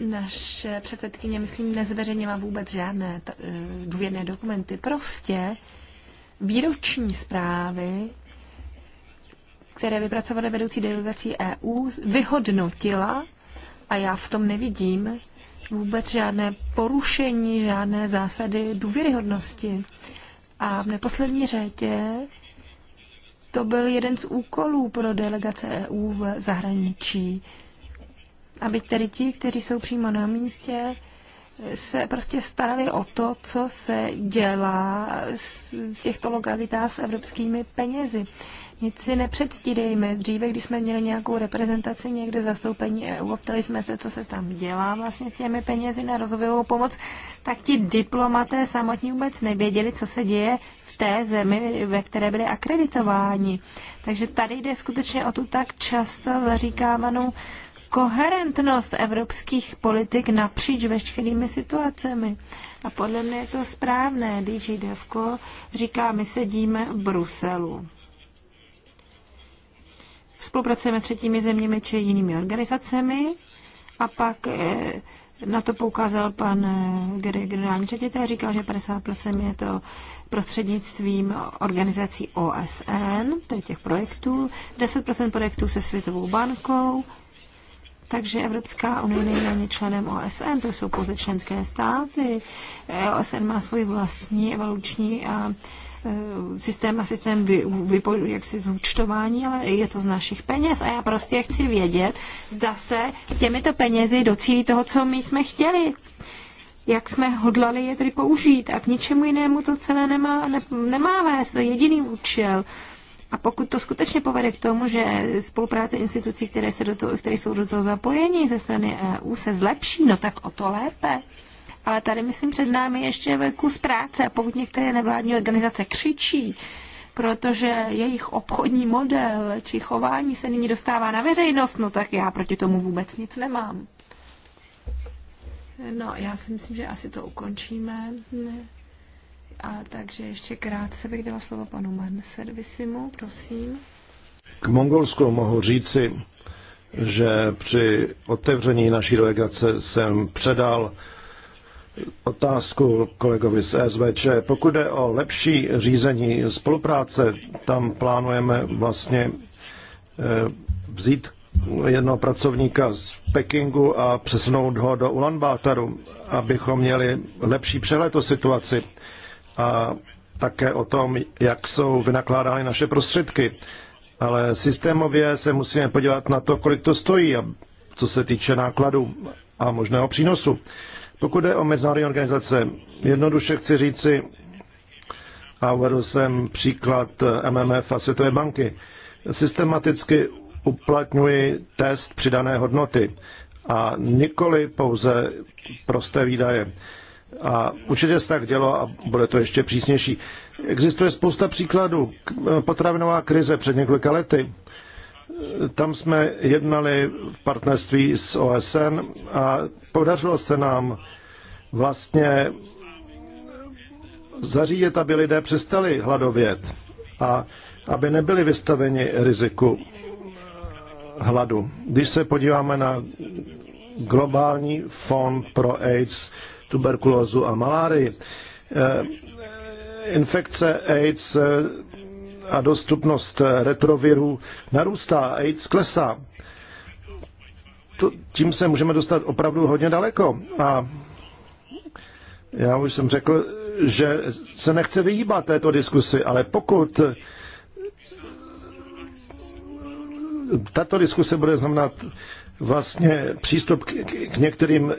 Naše předsedkyně, myslím, nezveřejnila vůbec žádné eh, důvěrné dokumenty. Prostě výroční zprávy, které vypracovaly vedoucí delegací EU, vyhodnotila a já v tom nevidím vůbec žádné porušení, žádné zásady důvěryhodnosti. A v neposlední řadě to byl jeden z úkolů pro delegace EU v zahraničí. Aby tedy ti, kteří jsou přímo na místě, se prostě starali o to, co se dělá v těchto lokalitách s evropskými penězi. Nic si nepředstídejme. Dříve, když jsme měli nějakou reprezentaci někde zastoupení EU, ptali jsme se, co se tam dělá vlastně s těmi penězi na rozvojovou pomoc, tak ti diplomaté samotní vůbec nevěděli, co se děje té zemi, ve které byli akreditováni. Takže tady jde skutečně o tu tak často zaříkávanou koherentnost evropských politik napříč veškerými situacemi. A podle mě je to správné. DJ Devko říká, my sedíme v Bruselu. Spolupracujeme třetími zeměmi či jinými organizacemi a pak eh, na to poukázal pan eh, generální ředitel, říkal, že 50% je to prostřednictvím organizací OSN, tedy těch projektů, 10% projektů se Světovou bankou, takže Evropská unie není členem OSN, to jsou pouze členské státy. OSN má svůj vlastní evoluční a e, systém a systém vy, vy, jak si zúčtování, ale je to z našich peněz a já prostě chci vědět, zda se těmito penězi docílí toho, co my jsme chtěli jak jsme hodlali je tedy použít a k ničemu jinému to celé nemá, ne, nemá vést, to je jediný účel. A pokud to skutečně povede k tomu, že spolupráce institucí, které, se do toho, které jsou do toho zapojení ze strany EU, se zlepší, no tak o to lépe. Ale tady, myslím, před námi ještě kus práce. A pokud některé nevládní organizace křičí, protože jejich obchodní model či chování se nyní dostává na veřejnost, no tak já proti tomu vůbec nic nemám. No, já si myslím, že asi to ukončíme. A takže ještě krátce bych dala slovo panu Manservisimu, prosím. K Mongolsku mohu říci, že při otevření naší delegace jsem předal otázku kolegovi z SVČ. Pokud jde o lepší řízení spolupráce, tam plánujeme vlastně eh, vzít jednoho pracovníka z Pekingu a přesunout ho do Ulanbátaru, abychom měli lepší přehled o situaci a také o tom, jak jsou vynakládány naše prostředky. Ale systémově se musíme podívat na to, kolik to stojí, a co se týče nákladů a možného přínosu. Pokud je o mezinárodní organizace, jednoduše chci říci, a uvedl jsem příklad MMF a Světové banky, systematicky uplatňuji test přidané hodnoty a nikoli pouze prosté výdaje. A určitě se tak dělo a bude to ještě přísnější. Existuje spousta příkladů. Potravinová krize před několika lety. Tam jsme jednali v partnerství s OSN a podařilo se nám vlastně zařídit, aby lidé přestali hladovět a aby nebyli vystaveni riziku hladu. Když se podíváme na globální fond pro AIDS, tuberkulózu a malárii, eh, infekce AIDS eh, a dostupnost retrovirů narůstá, AIDS klesá. To, tím se můžeme dostat opravdu hodně daleko. A já už jsem řekl, že se nechce vyhýbat této diskusi, ale pokud tato diskuse bude znamenat vlastně přístup k, k některým eh,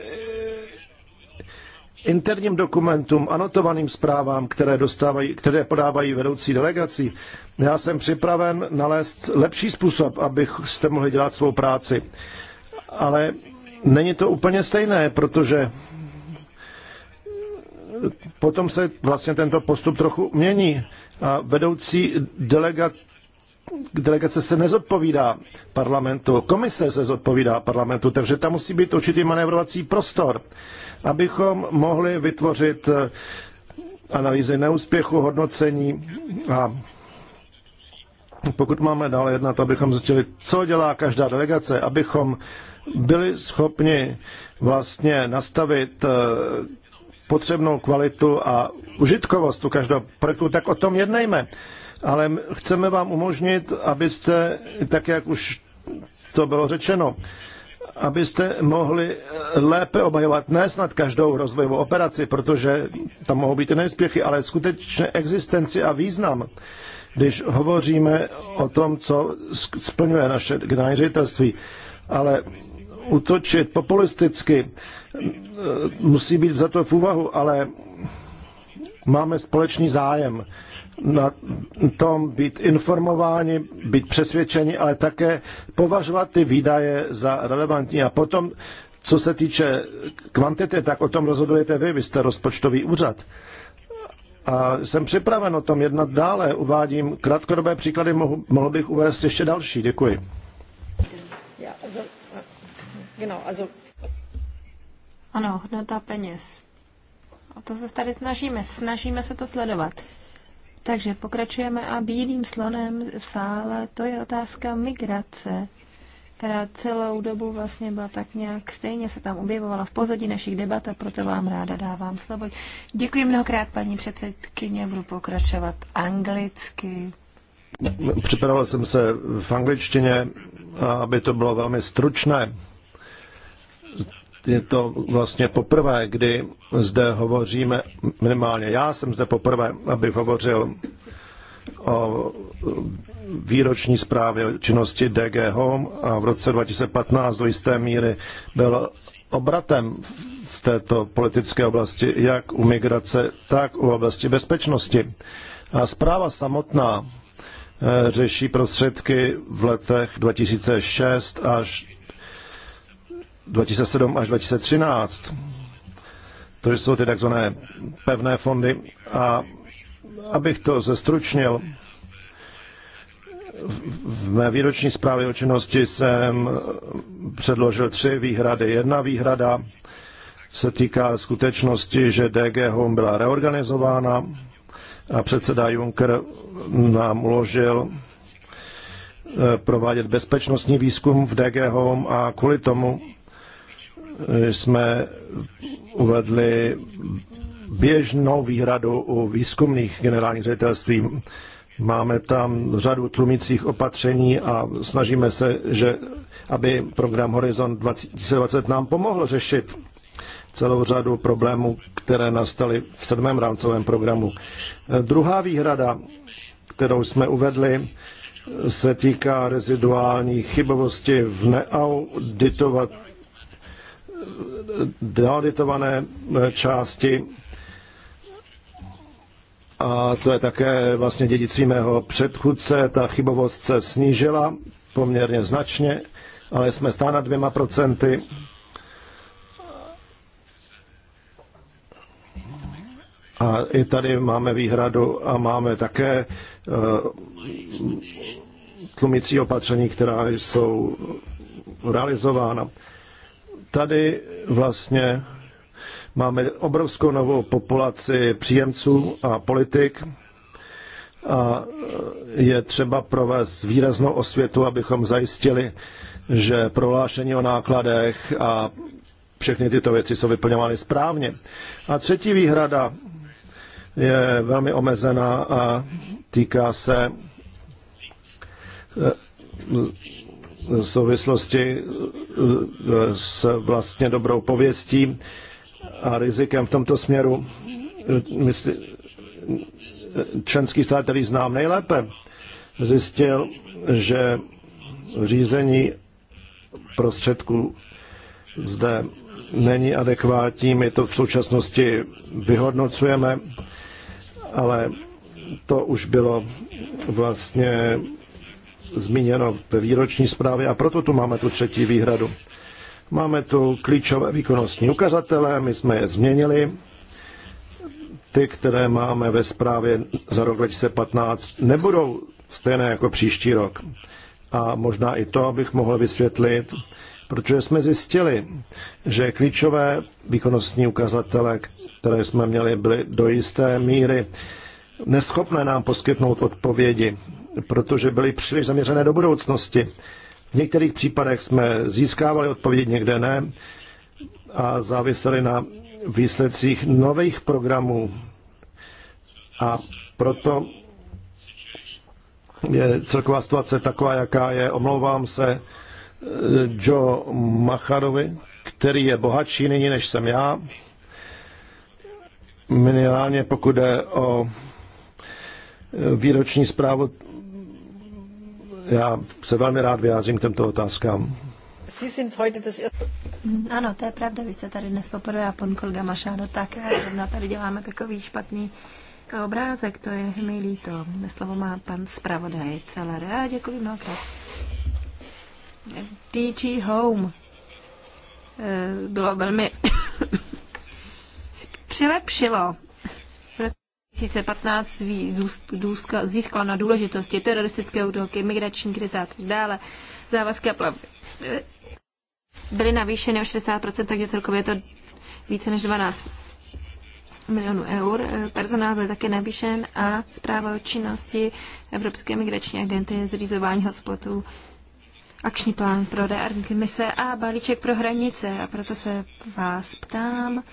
interním dokumentům, anotovaným zprávám, které, dostávají, které podávají vedoucí delegací. Já jsem připraven nalézt lepší způsob, abyste mohli dělat svou práci. Ale není to úplně stejné, protože potom se vlastně tento postup trochu mění. A vedoucí delegace delegace se nezodpovídá parlamentu, komise se zodpovídá parlamentu, takže tam musí být určitý manévrovací prostor, abychom mohli vytvořit eh, analýzy neúspěchu, hodnocení a pokud máme dále jednat, abychom zjistili, co dělá každá delegace, abychom byli schopni vlastně nastavit eh, potřebnou kvalitu a užitkovost u každého projektu, tak o tom jednejme ale chceme vám umožnit, abyste, tak jak už to bylo řečeno, abyste mohli lépe obhajovat ne snad každou rozvojovou operaci, protože tam mohou být i nejspěchy, ale skutečně existenci a význam. Když hovoříme o tom, co splňuje naše generální ředitelství, ale utočit populisticky eh, musí být za to v úvahu, ale máme společný zájem na tom být informováni, být přesvědčeni, ale také považovat ty výdaje za relevantní. A potom, co se týče kvantity, tak o tom rozhodujete vy, vy jste rozpočtový úřad. A jsem připraven o tom jednat dále. Uvádím krátkodobé příklady, mohu, mohl bych uvést ještě další. Děkuji. Ano, hodnota peněz. A to se tady snažíme. Snažíme se to sledovat. Takže pokračujeme a bílým slonem v sále, to je otázka migrace, která celou dobu vlastně byla tak nějak stejně se tam objevovala v pozadí našich debat a proto vám ráda dávám slovo. Děkuji mnohokrát, paní předsedkyně, budu pokračovat anglicky. Připravil jsem se v angličtině, aby to bylo velmi stručné je to vlastně poprvé, kdy zde hovoříme, minimálně já jsem zde poprvé, abych hovořil o výroční zprávě o činnosti DG Home a v roce 2015 do jisté míry byl obratem v této politické oblasti, jak u migrace, tak u oblasti bezpečnosti. A zpráva samotná eh, řeší prostředky v letech 2006 až 2007 až 2013. To jsou ty takzvané pevné fondy. A abych to zestručnil, v mé výroční zprávě o činnosti jsem předložil tři výhrady. Jedna výhrada se týká skutečnosti, že DG Home byla reorganizována a předseda Juncker nám uložil eh, provádět bezpečnostní výzkum v DG Home a kvůli tomu jsme uvedli běžnou výhradu u výzkumných generálních ředitelství. Máme tam řadu tlumicích opatření a snažíme se, že aby program Horizont 2020 nám pomohl řešit celou řadu problémů, které nastaly v sedmém rámcovém programu. Druhá výhrada, kterou jsme uvedli, se týká reziduální chybovosti v neauditovat deauditované eh, části. A to je také vlastně dědictví mého předchůdce. Ta chybovost se snížila poměrně značně, ale jsme stále na dvěma procenty. A i tady máme výhradu a máme také uh, eh, tlumící opatření, která jsou realizována. Tady vlastně máme obrovskou novou populaci příjemců a politik a je třeba provést výraznou osvětu, abychom zajistili, že prohlášení o nákladech a všechny tyto věci jsou vyplňovány správně. A třetí výhrada je velmi omezená a týká se souvislosti eh, s vlastně dobrou pověstí a rizikem v tomto směru. Eh, mysli, členský stát, který znám nejlépe, zjistil, že řízení prostředků zde není adekvátní. My to v současnosti vyhodnocujeme, ale to už bylo vlastně zmíněno ve výroční zprávě a proto tu máme tu třetí výhradu. Máme tu klíčové výkonnostní ukazatele, my jsme je změnili. Ty, které máme ve zprávě za rok 2015, nebudou stejné jako příští rok. A možná i to, abych mohl vysvětlit, protože jsme zjistili, že klíčové výkonnostní ukazatele, které jsme měli, byly do jisté míry neschopné nám poskytnout odpovědi protože byly příliš zaměřené do budoucnosti. V některých případech jsme získávali odpovědi, někde ne a záviseli na výsledcích nových programů. A proto je celková situace taková, jaká je. Omlouvám se eh, Joe Macharovi, který je bohatší nyní, než jsem já. Minimálně pokud jde o eh, výroční zprávu já se velmi rád vyjádřím k těmto otázkám. Mm, ano, to je pravda, vy jste tady dnes poprvé a pan kolega Mašáno také. Zrovna tady děláme takový špatný obrázek, to je mi líto. Slovo má pan zpravodaj celé. Já děkuji mnohokrát. DG Home eh, bylo velmi [COUGHS] přilepšilo 2015 získal na důležitosti teroristické útoky, migrační krize a tak dále. Závazky a plavby byly navýšeny o 60%, takže celkově je to více než 12 milionů eur. Personál byl také navýšen a zpráva o činnosti Evropské migrační agenty zřizování hotspotů akční plán pro readmise a balíček pro hranice. A proto se vás ptám,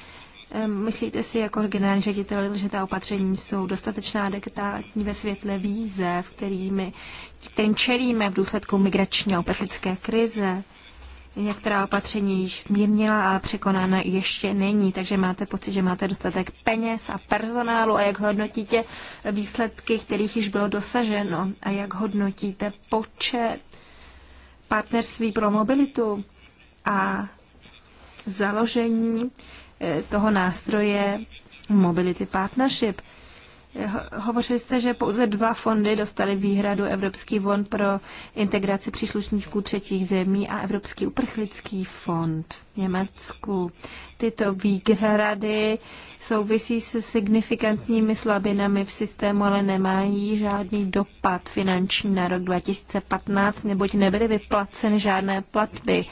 Myslíte si jako generální ředitel, že ta opatření jsou dostatečná adekvátní ve světle výzev, kterými, kterým čelíme v důsledku migrační a uprchlické krize? Některá opatření již mírnila, ale překonána ještě není, takže máte pocit, že máte dostatek peněz a personálu a jak hodnotíte výsledky, kterých již bylo dosaženo a jak hodnotíte počet partnerství pro mobilitu a založení Eh, toho nástroje Mobility Partnership. Eh, hovořili jste, že pouze dva fondy dostali výhradu Evropský fond pro integraci příslušníků třetích zemí a Evropský uprchlický fond v Německu. Tyto výhrady souvisí se signifikantními slabinami v systému, ale nemají žádný dopad finanční na rok 2015, neboť nebyly vyplaceny žádné platby.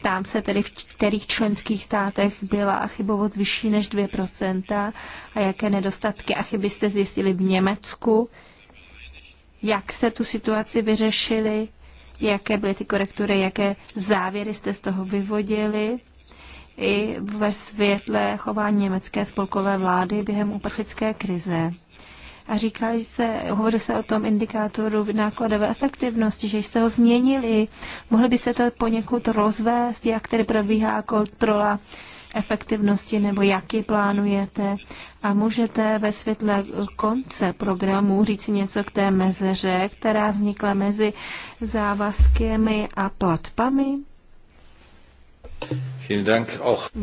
Ptám se tedy, v kterých členských státech byla chybovost vyšší než 2% a jaké nedostatky a chyby jste zjistili v Německu, jak jste tu situaci vyřešili, jaké byly ty korektury, jaké závěry jste z toho vyvodili i ve světle chování německé spolkové vlády během uprchlické krize a říkali se, hovořil se o tom indikátoru nákladové efektivnosti, že jste ho změnili. Mohli byste to poněkud rozvést, jak tedy probíhá kontrola efektivnosti nebo jak ji plánujete a můžete ve světle konce programu říct něco k té mezeře, která vznikla mezi závazkami a platbami?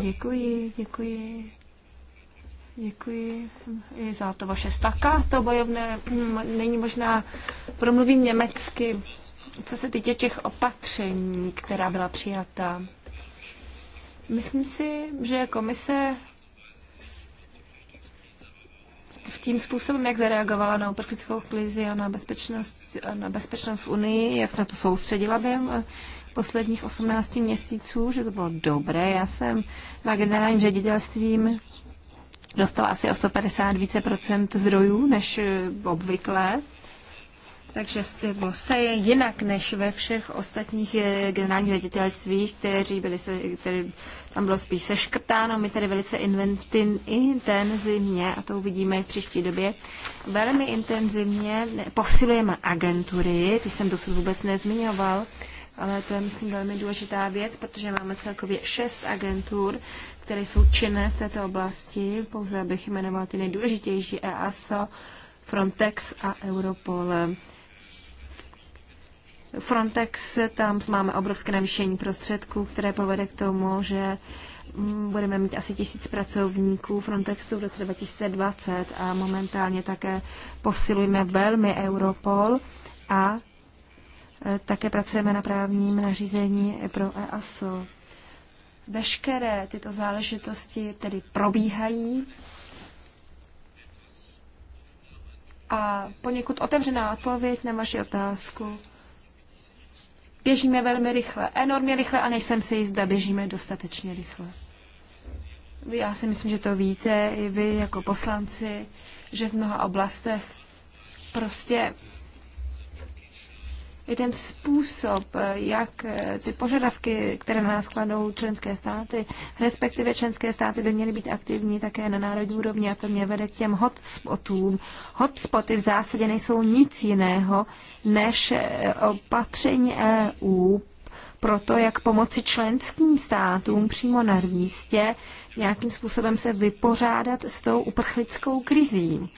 Děkuji, děkuji. Děkuji i za to vaše staka. To bojovné není možná, promluvím německy, co se týče těch opatření, která byla přijata. Myslím si, že komise v tím způsobem, jak zareagovala na uprchlickou krizi a na bezpečnost, na bezpečnost v Unii, jak se na to soustředila během eh, posledních 18 měsíců, že to bylo dobré. Já jsem na generálním ředitelstvím dostal asi o 150 více procent zdrojů než eh, obvykle. Takže se je jinak než ve všech ostatních eh, generálních ředitelstvích, kteří byli se, který tam bylo spíš seškrtáno. My tady velice inventin, intenzivně, a to uvidíme v příští době, velmi intenzivně posilujeme agentury, ty jsem dosud vůbec nezmiňoval, ale to je, myslím, velmi důležitá věc, protože máme celkově šest agentur, které jsou činné v této oblasti. Pouze abych jmenoval ty nejdůležitější EASO, Frontex a Europol. Frontex, tam máme obrovské navýšení prostředků, které povede k tomu, že mm, budeme mít asi tisíc pracovníků Frontexu v roce 2020 a momentálně také posilujeme velmi Europol a E, také pracujeme na právním nařízení pro EASO. Veškeré tyto záležitosti tedy probíhají a poněkud otevřená odpověď na vaši otázku. Běžíme velmi rychle, enormně rychle a nejsem si jistá, běžíme dostatečně rychle. Já si myslím, že to víte i vy jako poslanci, že v mnoha oblastech prostě i ten způsob, jak eh, ty požadavky, které na nás kladou členské státy, respektive členské státy by měly být aktivní také na národní úrovni a to mě vede k těm hotspotům. Hotspoty v zásadě nejsou nic jiného než eh, opatření EU pro to, jak pomoci členským státům přímo na místě nějakým způsobem se vypořádat s tou uprchlickou krizí.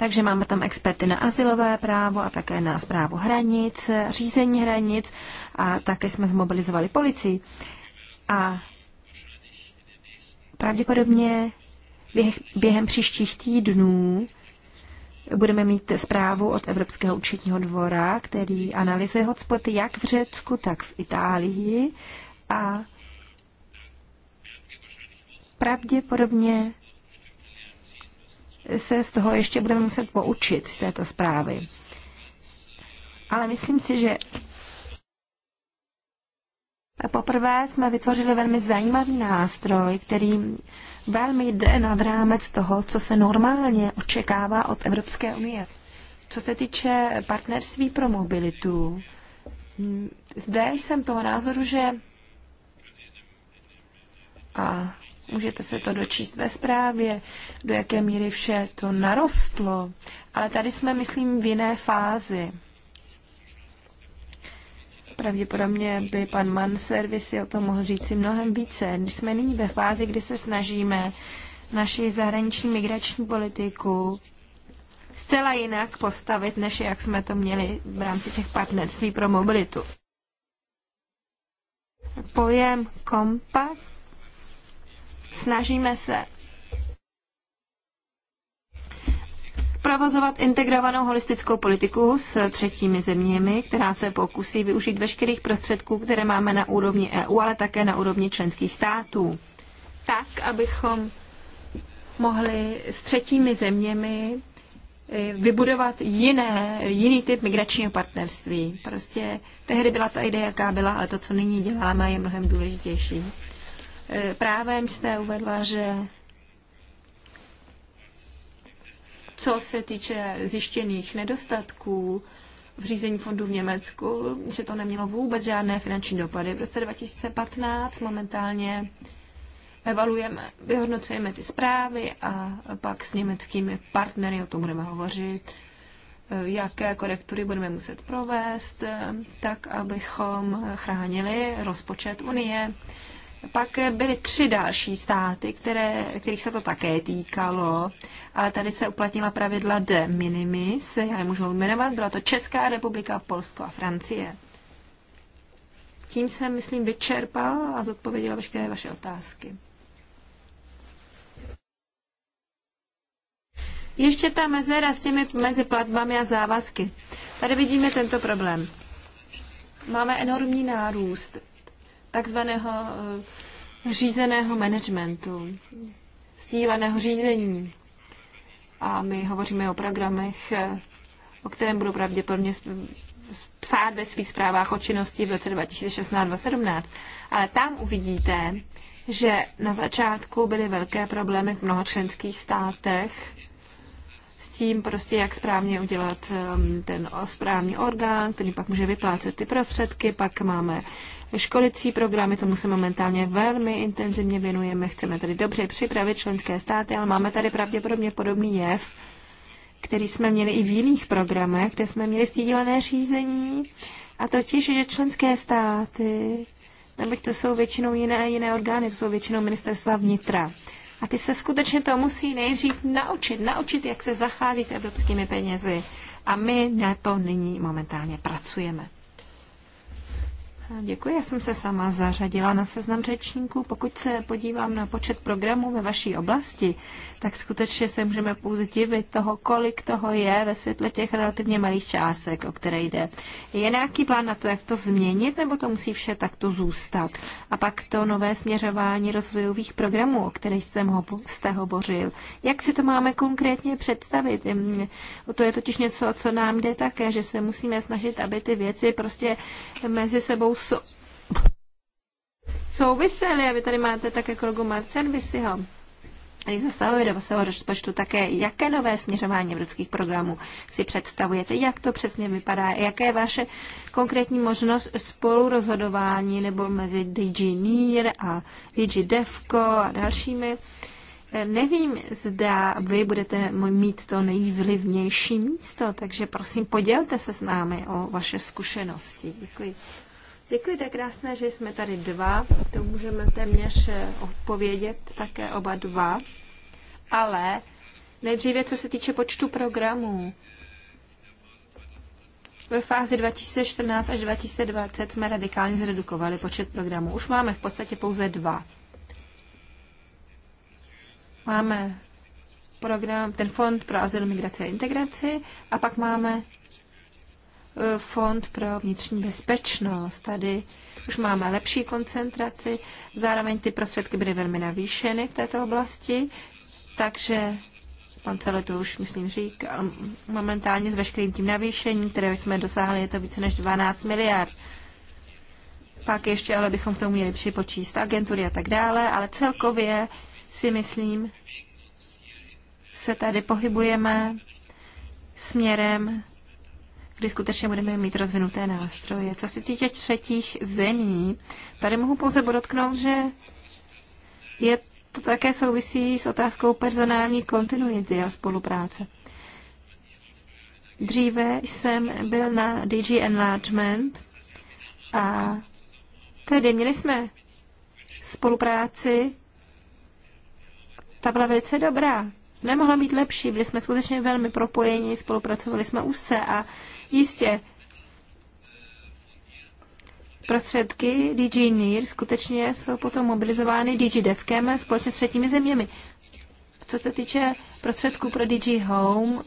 Takže máme tam experty na asilové právo a také na zprávu hranic, řízení hranic a také jsme zmobilizovali policii. A pravděpodobně během příštích týdnů budeme mít zprávu od Evropského účetního dvora, který analyzuje hotspoty jak v Řecku, tak v Itálii a pravděpodobně se z toho ještě budeme muset poučit z této zprávy. Ale myslím si, že poprvé jsme vytvořili velmi zajímavý nástroj, který velmi jde nad rámec toho, co se normálně očekává od Evropské unie. Co se týče partnerství pro mobilitu, zde jsem toho názoru, že a Můžete se to dočíst ve zprávě, do jaké míry vše to narostlo. Ale tady jsme, myslím, v jiné fázi. Pravděpodobně by pan Man Servisi o tom mohl si mnohem více. Když jsme nyní ve fázi, kdy se snažíme naši zahraniční migrační politiku zcela jinak postavit, než jak jsme to měli v rámci těch partnerství pro mobilitu. Pojem kompakt Snažíme se provozovat integrovanou holistickou politiku s třetími zeměmi, která se pokusí využít veškerých prostředků, které máme na úrovni EU, ale také na úrovni členských států. Tak, abychom mohli s třetími zeměmi eh, vybudovat jiné, jiný typ migračního partnerství. Prostě tehdy byla ta idea, jaká byla, ale to, co nyní děláme, je mnohem důležitější. Právem jste uvedla, že co se týče zjištěných nedostatků v řízení fondu v Německu, že to nemělo vůbec žádné finanční dopady. V roce 2015 momentálně evaluujeme, vyhodnocujeme ty zprávy a pak s německými partnery o tom budeme hovořit, jaké korektury budeme muset provést, tak abychom chránili rozpočet Unie. Pak byly tři další státy, které, kterých se to také týkalo, ale tady se uplatnila pravidla de minimis, já je můžu jmenovat, byla to Česká republika, Polsko a Francie. Tím se, myslím, vyčerpal a zodpověděla veškeré vaše otázky. Ještě ta mezera s těmi mezi platbami a závazky. Tady vidíme tento problém. Máme enormní nárůst takzvaného eh, řízeného managementu, stíleného řízení. A my hovoříme o programech, eh, o kterém budu pravděpodobně psát ve svých zprávách o činnosti v roce 2016-2017. Ale tam uvidíte, že na začátku byly velké problémy v mnoha členských státech s tím prostě, jak správně udělat ehm, ten správný orgán, který pak může vyplácet ty prostředky, pak máme školicí programy, tomu se momentálně velmi intenzivně věnujeme. Chceme tady dobře připravit členské státy, ale máme tady pravděpodobně podobný jev, který jsme měli i v jiných programech, kde jsme měli stílené řízení, a totiž, že členské státy, neboť to jsou většinou jiné, jiné orgány, to jsou většinou ministerstva vnitra, a ty se skutečně to musí nejdřív naučit, naučit, jak se zachází s evropskými penězi. A my na to nyní momentálně pracujeme. Děkuji, já jsem se sama zařadila na seznam řečníků. Pokud se podívám na počet programů ve vaší oblasti, tak skutečně se můžeme pouze divit toho, kolik toho je ve světle těch relativně malých částek, o které jde. Je nějaký plán na to, jak to změnit, nebo to musí vše takto zůstat? A pak to nové směřování rozvojových programů, o kterých jste, ho, jste hovořil. Jak si to máme konkrétně představit? To je totiž něco, co nám jde také, že se musíme snažit, aby ty věci prostě mezi sebou sou, souvisely. A vy tady máte také kolegu a když zasahuje do vašeho rozpočtu také, jaké nové směřování evropských programů si představujete, jak to přesně vypadá, jaké je vaše konkrétní možnost spolurozhodování nebo mezi NIR a DigiDevco a dalšími. Nevím, zda vy budete mít to nejvlivnější místo, takže prosím, podělte se s námi o vaše zkušenosti. Děkuji. Děkuji, tak je krásné, že jsme tady dva. To můžeme téměř eh, odpovědět také oba dva. Ale nejdříve, co se týče počtu programů. Ve fázi 2014 až 2020 jsme radikálně zredukovali počet programů. Už máme v podstatě pouze dva. Máme program, ten fond pro azyl, migraci a integraci a pak máme Fond pro vnitřní bezpečnost. Tady už máme lepší koncentraci, zároveň ty prostředky byly velmi navýšeny v této oblasti, takže pan Cele to už, myslím, říkal, momentálně s veškerým tím navýšením, které jsme dosáhli, je to více než 12 miliard. Pak ještě, ale bychom k tomu měli připočíst agentury a tak dále, ale celkově si myslím, se tady pohybujeme směrem kdy skutečně budeme mít rozvinuté nástroje. Co se týče třetích zemí, tady mohu pouze podotknout, že je to také souvisí s otázkou personální kontinuity a spolupráce. Dříve jsem byl na DG Enlargement a tedy měli jsme spolupráci. Ta byla velice dobrá. Nemohla být lepší, byli jsme skutečně velmi propojeni, spolupracovali jsme se a Jistě, prostředky DG NIR skutečně jsou potom mobilizovány DG Devkem společně s třetími zeměmi. Co se týče prostředků pro DG Home,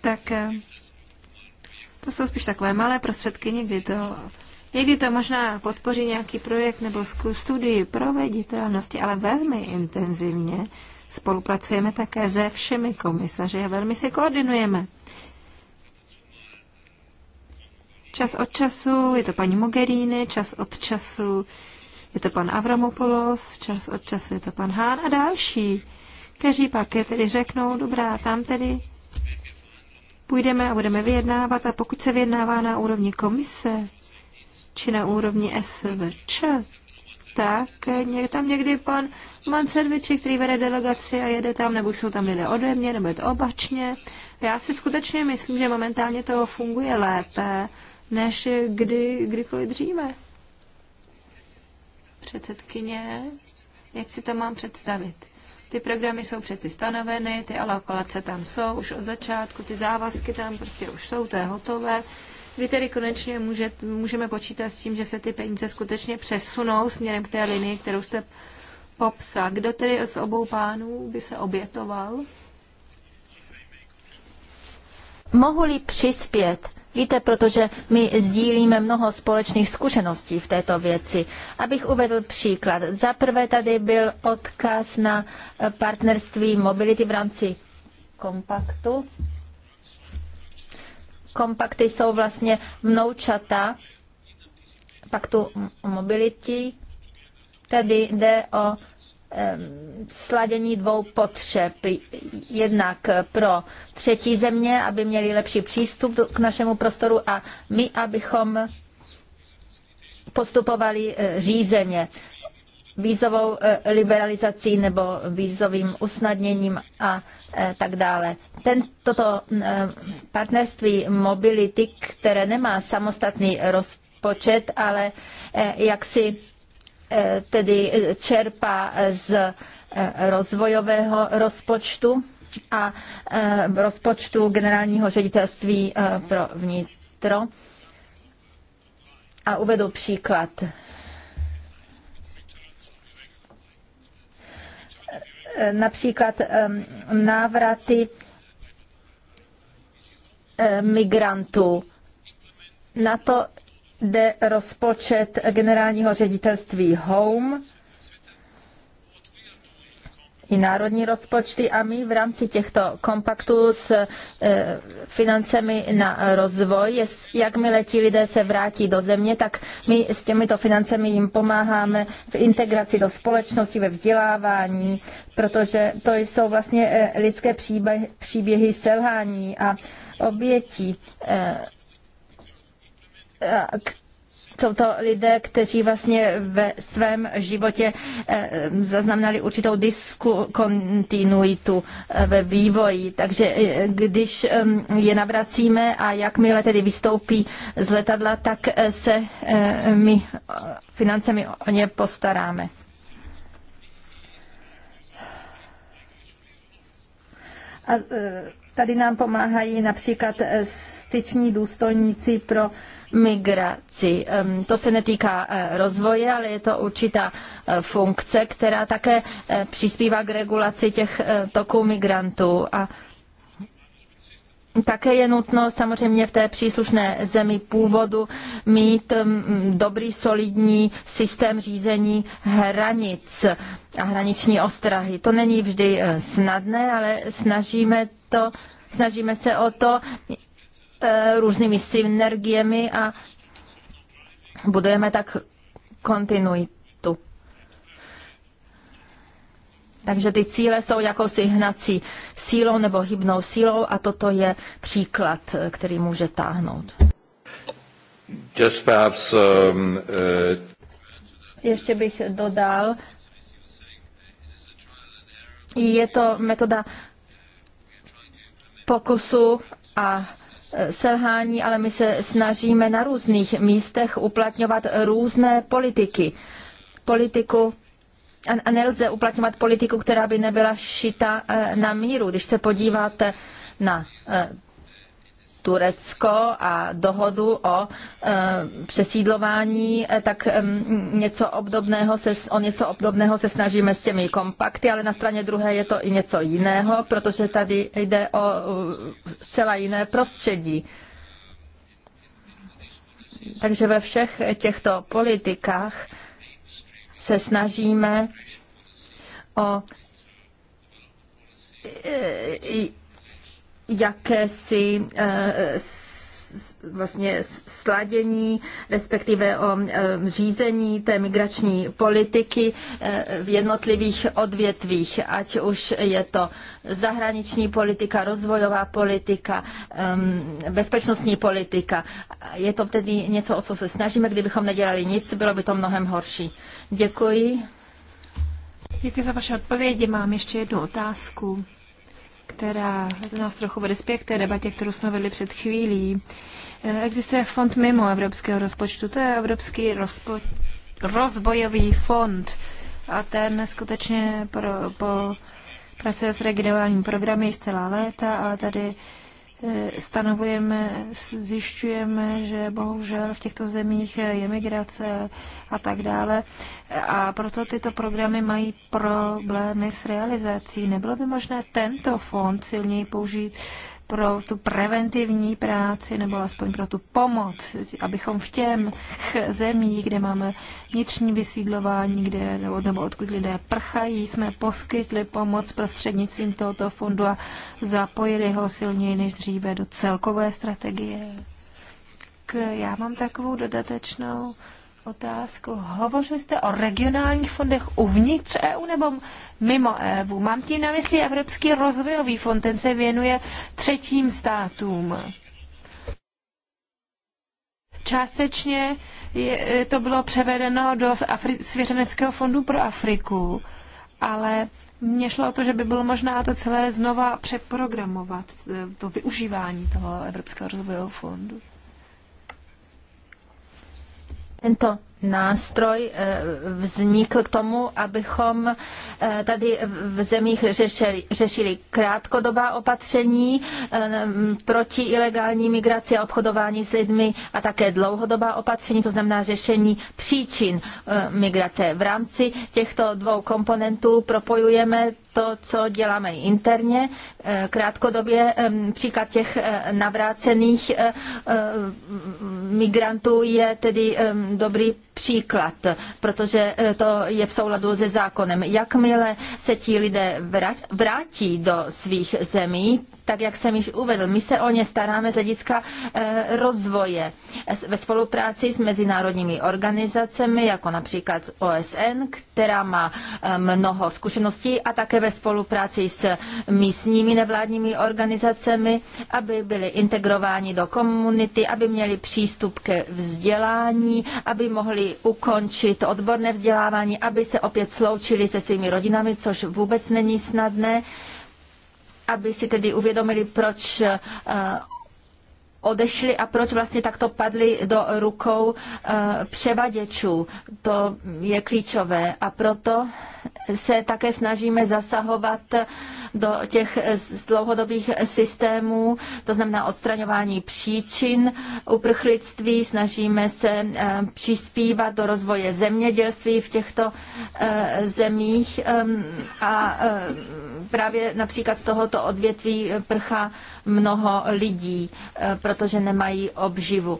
tak eh, to jsou spíš takové malé prostředky, někdy to, někdy to možná podpoří nějaký projekt nebo studii proveditelnosti, ale velmi intenzivně Spolupracujeme také se všemi komisaři a velmi se koordinujeme. Čas od času je to paní Mogherini, čas od času je to pan Avramopoulos, čas od času je to pan Hán a další, kteří pak je tedy řeknou, dobrá, tam tedy půjdeme a budeme vyjednávat a pokud se vyjednává na úrovni komise či na úrovni SVČ, tak je tam někdy pan Mancerviči, který vede delegaci a jede tam, nebo jsou tam lidé ode mě, nebo je to obačně. Já si skutečně myslím, že momentálně to funguje lépe, než kdy, kdykoliv dříve. Předsedkyně, jak si to mám představit? Ty programy jsou přeci stanoveny, ty alokolace tam jsou už od začátku, ty závazky tam prostě už jsou, to je hotové. Kdy tedy konečně může, můžeme počítat s tím, že se ty peníze skutečně přesunou směrem k té linii, kterou jste popsal? Kdo tedy z obou pánů by se obětoval? Mohu-li přispět Víte, protože my sdílíme mnoho společných zkušeností v této věci. Abych uvedl příklad. Za prvé tady byl odkaz na partnerství mobility v rámci kompaktu kompakty jsou vlastně vnoučata paktu o mobility, tedy jde o sladění dvou potřeb. Jednak pro třetí země, aby měli lepší přístup k našemu prostoru a my, abychom postupovali e, řízeně vízovou eh, liberalizací nebo vízovým usnadněním a eh, tak dále. Ten, toto eh, partnerství mobility, které nemá samostatný rozpočet, ale jak si tedy čerpá z rozvojového rozpočtu a rozpočtu generálního ředitelství pro vnitro. A uvedu příklad. Eh, například návraty eh, migrantů. Na to jde rozpočet generálního ředitelství Home i národní rozpočty a my v rámci těchto kompaktů s e, financemi na rozvoj, jakmile ti lidé se vrátí do země, tak my s těmito financemi jim pomáháme v integraci do společnosti, ve vzdělávání, protože to jsou vlastně e, lidské příběhy, příběhy selhání a obětí, e, jsou to lidé, kteří vlastně ve svém životě eh, zaznamenali určitou diskontinuitu eh, ve vývoji. Takže eh, když ehm, je navracíme a jakmile tedy vystoupí z letadla, tak se my financemi o ně postaráme. A tady nám pomáhají například styční důstojníci pro migraci. To se netýká e, rozvoje, ale je to určitá e, funkce, která také e, přispívá k regulaci těch toků migrantů. A také je nutno samozřejmě v té příslušné zemi původu mít dobrý, solidní systém řízení hranic a hraniční ostrahy. To není vždy snadné, ale snažíme to Snažíme se o to, Eh, různými synergiemi a budujeme tak kontinuitu. Takže ty cíle jsou jakousi hnací sílou nebo hybnou sílou a toto je příklad, který může táhnout. Just perhaps, um, uh... Ještě bych dodal, je to metoda pokusu a Eh, selhání, ale my se snažíme na různých místech uplatňovat různé politiky. Politiku a nelze uplatňovat politiku, která by nebyla šita eh, na míru. Když se podíváte na eh, Turecko a dohodu o eh, přesídlování, eh, tak eh, něco obdobného se, o něco obdobného se snažíme s těmi kompakty, ale na straně druhé je to i něco jiného, protože tady jde o zcela jiné prostředí. Takže ve všech těchto politikách se snažíme o jakési eh, vlastně sladění, respektive o eh, řízení té migrační politiky eh, v jednotlivých odvětvích, ať už je to zahraniční politika, rozvojová politika, bezpečnostní politika. Je to tedy něco, o co se snažíme. Kdybychom nedělali nic, bylo by to mnohem horší. Děkuji. Děkuji za vaše odpovědi. Mám ještě jednu otázku která nás trochu vede zpět k té debatě, kterou jsme vedli před chvílí. Eh, existuje fond mimo evropského rozpočtu, to je Evropský rozpo... rozvojový fond a ten skutečně pro, po, pracuje s regionálními programy již celá léta, ale tady Eh, stanovujeme, zjišťujeme, že bohužel v těchto zemích je migrace a tak dále. A proto tyto programy mají problémy s realizací. Nebylo by možné tento fond silněji použít pro tu preventivní práci nebo aspoň pro tu pomoc, abychom v těm zemích, kde máme vnitřní vysídlování, kde, nebo, nebo odkud lidé prchají, jsme poskytli pomoc prostřednictvím tohoto fondu a zapojili ho silněji než dříve do celkové strategie. já mám takovou dodatečnou otázku. Hovořili jste o regionálních fondech uvnitř EU nebo mimo EU? Mám tím na mysli Evropský rozvojový fond, ten se věnuje třetím státům. Částečně je, e, to bylo převedeno do Afri- Svěřeneckého fondu pro Afriku, ale mně šlo o to, že by bylo možná to celé znova přeprogramovat, e, to využívání toho Evropského rozvojového fondu. Tento nástroj eh, vznikl k tomu, abychom eh, tady v zemích řešili, řešili krátkodobá opatření eh, proti ilegální migraci a obchodování s lidmi a také dlouhodobá opatření, to znamená řešení příčin migrace. V rámci těchto dvou komponentů propojujeme to, co děláme interně, eh, krátkodobě eh, příklad těch eh, navrácených migrantů je tedy dobrý příklad, protože to je v souladu se zákonem. Jakmile se ti lidé vrátí do svých zemí, tak jak jsem již uvedl, my se o ně staráme z hlediska rozvoje ve spolupráci s mezinárodními organizacemi, jako například OSN, která má mnoho zkušeností a také také ve spolupráci s místními nevládními organizacemi, aby byli integrováni do komunity, aby měli přístup ke vzdělání, aby mohli ukončit odborné vzdělávání, aby se opět sloučili se svými rodinami, což vůbec není snadné, aby si tedy uvědomili, proč eh, odešli a proč vlastně takto padli do rukou eh, převaděčů. To je klíčové a proto se také snažíme zasahovat do těch dlouhodobých systémů, to znamená odstraňování příčin uprchlictví, snažíme se eh, přispívat do rozvoje zemědělství v těchto eh, zemích ehm, a právě například z tohoto odvětví prchá mnoho lidí protože nemají obživu,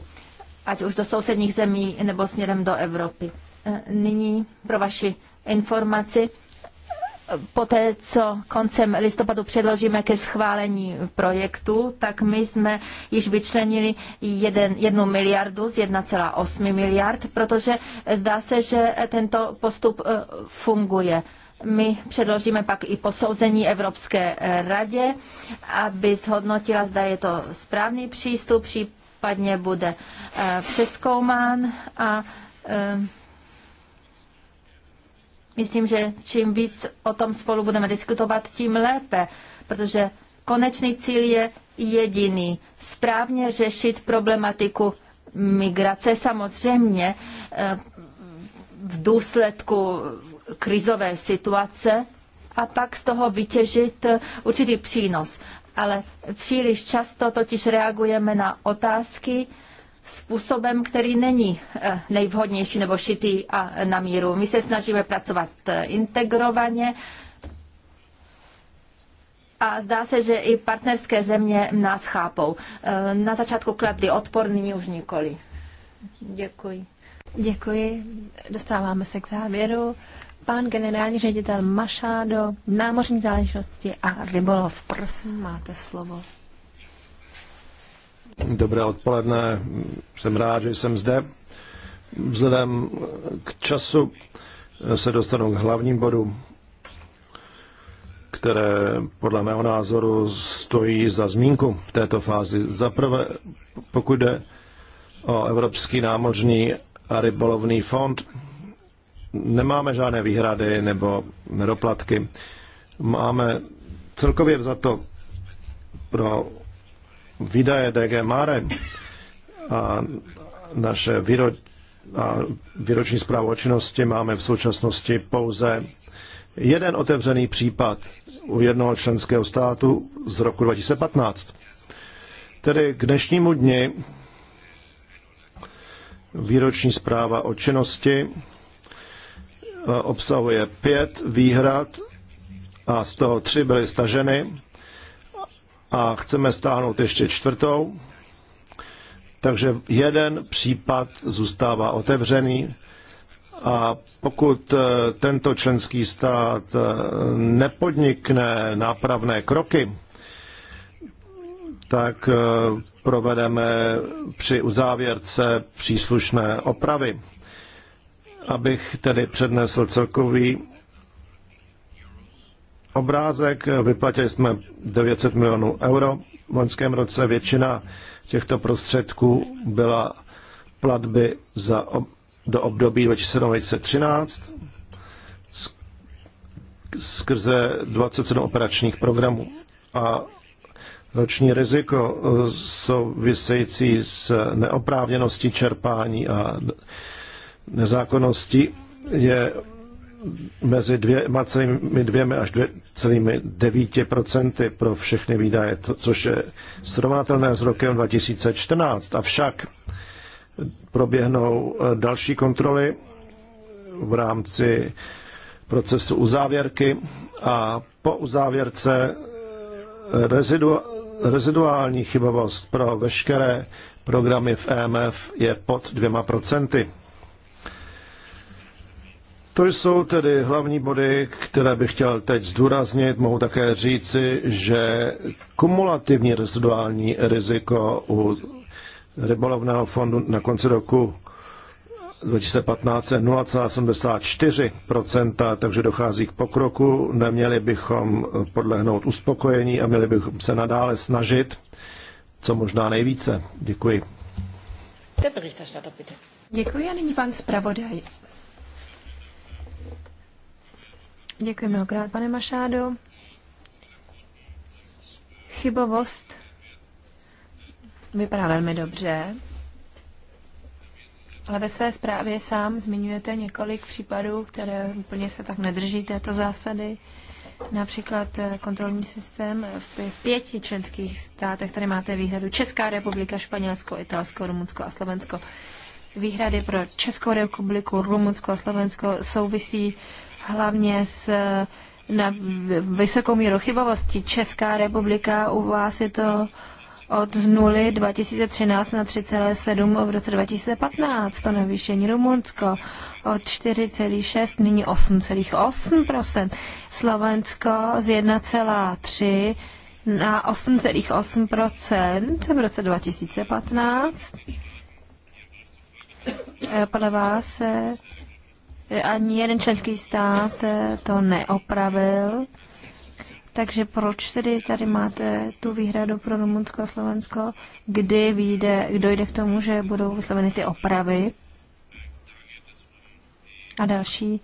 ať už do sousedních zemí nebo směrem do Evropy. E, nyní pro vaši informaci, e, poté, co koncem listopadu předložíme ke schválení projektu, tak my jsme již vyčlenili jeden, jednu miliardu z 1,8 miliard, protože zdá se, že tento postup e, funguje. My předložíme pak i posouzení Evropské eh, radě, aby zhodnotila, zda je to správný přístup, případně bude eh, přeskoumán a eh, myslím, že čím víc o tom spolu budeme diskutovat, tím lépe, protože konečný cíl je jediný. Správně řešit problematiku migrace samozřejmě v důsledku krizové situace a pak z toho vytěžit eh, určitý přínos. Ale příliš často totiž reagujeme na otázky způsobem, který není eh, nejvhodnější nebo šitý a na míru. My se snažíme pracovat eh, integrovaně, a zdá se, že i partnerské země nás chápou. Na začátku kladli odpor, nyní už nikoli. Děkuji. Děkuji. Dostáváme se k závěru pan generální ředitel Mašádo, námořní záležitosti a rybolov. Prosím, máte slovo. Dobré odpoledne, jsem rád, že jsem zde. Vzhledem k času se dostanu k hlavním bodům, které podle mého názoru stojí za zmínku v této fázi. Zaprvé, pokud jde o Evropský námořní a rybolovný fond, nemáme žádné výhrady nebo nedoplatky. Máme celkově za to pro výdaje DG Mare a naše výro, a výroční zprávu o činnosti máme v současnosti pouze jeden otevřený případ u jednoho členského státu z roku 2015. Tedy k dnešnímu dni výroční zpráva o činnosti obsahuje pět výhrad a z toho tři byly staženy a chceme stáhnout ještě čtvrtou. Takže jeden případ zůstává otevřený a pokud eh, tento členský stát eh, nepodnikne nápravné kroky, tak eh, provedeme při uzávěrce příslušné opravy abych tedy přednesl celkový obrázek. Vyplatili jsme 900 milionů euro v loňském roce. Většina těchto prostředků byla platby za, do období 2013 skrze 27 operačních programů. A roční riziko e, související s neoprávněností čerpání a Nezákonnosti je mezi dvěma celými dvěmi až dvě celými devíti procenty pro všechny výdaje, to, což je srovnatelné s rokem 2014. Avšak proběhnou eh, další kontroly v rámci procesu uzávěrky a po uzávěrce eh, rezidu, reziduální chybovost pro veškeré programy v EMF je pod dvěma procenty. To jsou tedy hlavní body, které bych chtěl teď zdůraznit. Mohu také říci, že kumulativní residuální riziko u rybolovného fondu na konci roku 2015 je 0,74%, takže dochází k pokroku. Neměli bychom podlehnout uspokojení a měli bychom se nadále snažit, co možná nejvíce. Děkuji. Děkuji a nyní pan zpravodaj. Děkuji mnohokrát, pane Mašádo. Chybovost vypadá velmi dobře, ale ve své zprávě sám zmiňujete několik případů, které úplně se tak nedrží této zásady. Například eh, kontrolní systém v pěti členských státech, tady máte výhradu Česká republika, Španělsko, Italsko, Rumunsko a Slovensko. Výhrady pro Českou republiku, Rumunsko a Slovensko souvisí hlavně s na vysokou míru chybovosti. Česká republika u vás je to od 0 2013 na 3,7 v roce 2015, to navýšení Rumunsko od 4,6 nyní 8,8%, Slovensko z 1,3 na 8,8% v roce 2015. Eh, podle vás eh, ani jeden členský stát eh, to neopravil. Takže proč tedy tady máte tu výhradu pro Rumunsko a Slovensko, kdy vyjde, dojde k tomu, že budou vysloveny ty opravy? A další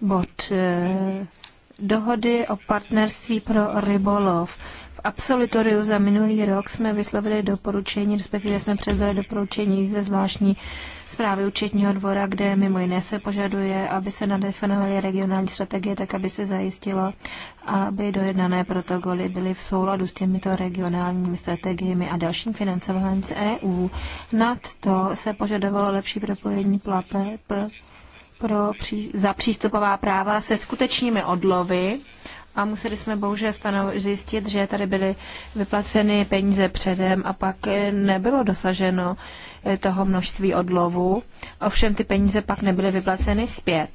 bod. Eh, dohody o partnerství pro rybolov. V absolutoriu za minulý rok jsme vyslovili doporučení, respektive jsme předali doporučení ze zvláštní zprávy účetního dvora, kde mimo jiné se požaduje, aby se nadefinovaly regionální strategie tak, aby se zajistilo, aby dojednané protokoly byly v souladu s těmito regionálními strategiemi a dalším financováním z EU. Nad to se požadovalo lepší propojení plateb pro pří, za přístupová práva se skutečnými odlovy a museli jsme bohužel zjistit, že tady byly vyplaceny peníze předem a pak nebylo dosaženo eh, toho množství odlovu. Ovšem ty peníze pak nebyly vyplaceny zpět.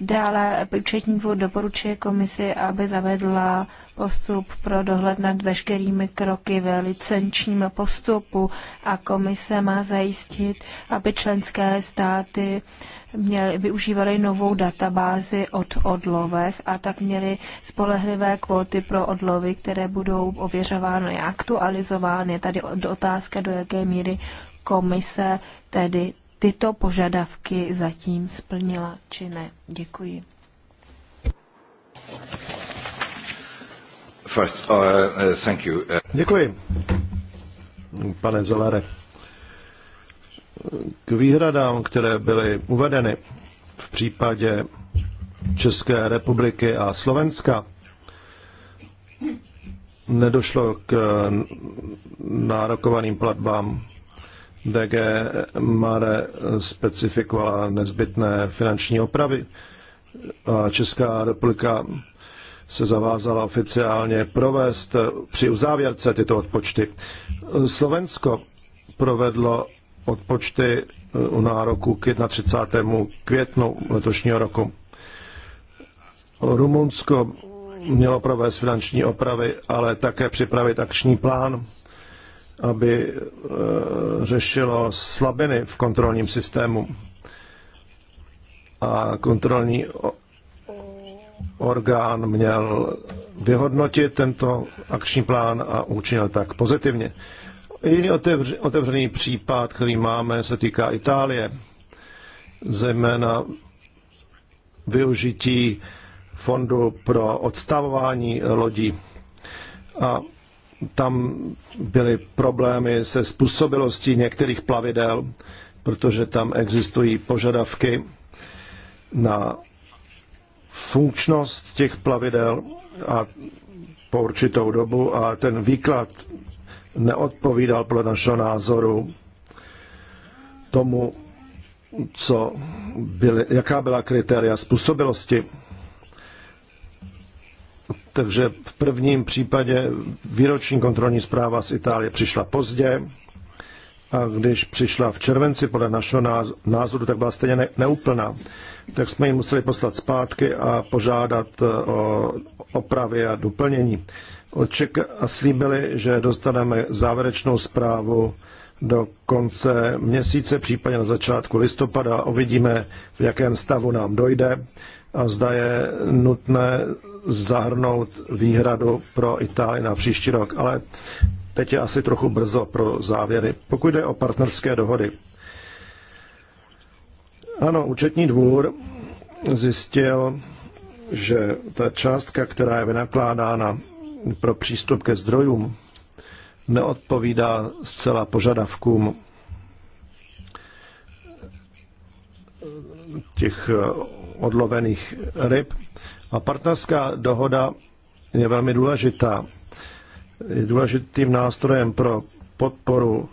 Dále účetní dvůr doporučuje komisi, aby zavedla postup pro dohled nad veškerými kroky ve licenčním postupu a komise má zajistit, aby členské státy měli, využívali novou databázi od odlovech a tak měli spolehlivé kvóty pro odlovy, které budou ověřovány a aktualizovány. Je tady otázka, do jaké míry komise tedy tyto požadavky zatím splnila či ne. Děkuji. First, uh, uh, thank you. Uh, Děkuji. Pane Zelere k výhradám, které byly uvedeny v případě České republiky a Slovenska, nedošlo k nárokovaným platbám. DG Mare specifikovala nezbytné finanční opravy a Česká republika se zavázala oficiálně provést při uzávěrce tyto odpočty. Slovensko provedlo odpočty eh, u nároku k 31. květnu letošního roku. Rumunsko mělo provést finanční opravy, ale také připravit akční plán, aby eh, řešilo slabiny v kontrolním systému. A kontrolní orgán měl vyhodnotit tento akční plán a učinil tak pozitivně. Jiný otevřený případ, který máme, se týká Itálie, zejména využití fondu pro odstavování lodí. A tam byly problémy se způsobilostí některých plavidel, protože tam existují požadavky na funkčnost těch plavidel a po určitou dobu a ten výklad neodpovídal podle našeho názoru tomu, co byly, jaká byla kritéria způsobilosti. Takže v prvním případě výroční kontrolní zpráva z Itálie přišla pozdě a když přišla v červenci podle našeho názoru, tak byla stejně ne, neúplná. Tak jsme ji museli poslat zpátky a požádat eh, o opravy a doplnění oček- a slíbili, že dostaneme závěrečnou zprávu do konce měsíce, případně na začátku listopada. Uvidíme, v jakém stavu nám dojde a zda je nutné zahrnout výhradu pro Itálii na příští rok. Ale teď je asi trochu brzo pro závěry. Pokud jde o partnerské dohody. Ano, účetní dvůr zjistil, že ta částka, která je vynakládána pro přístup ke zdrojům neodpovídá zcela požadavkům těch eh, odlovených ryb. A partnerská dohoda je velmi důležitá. Je důležitým nástrojem pro podporu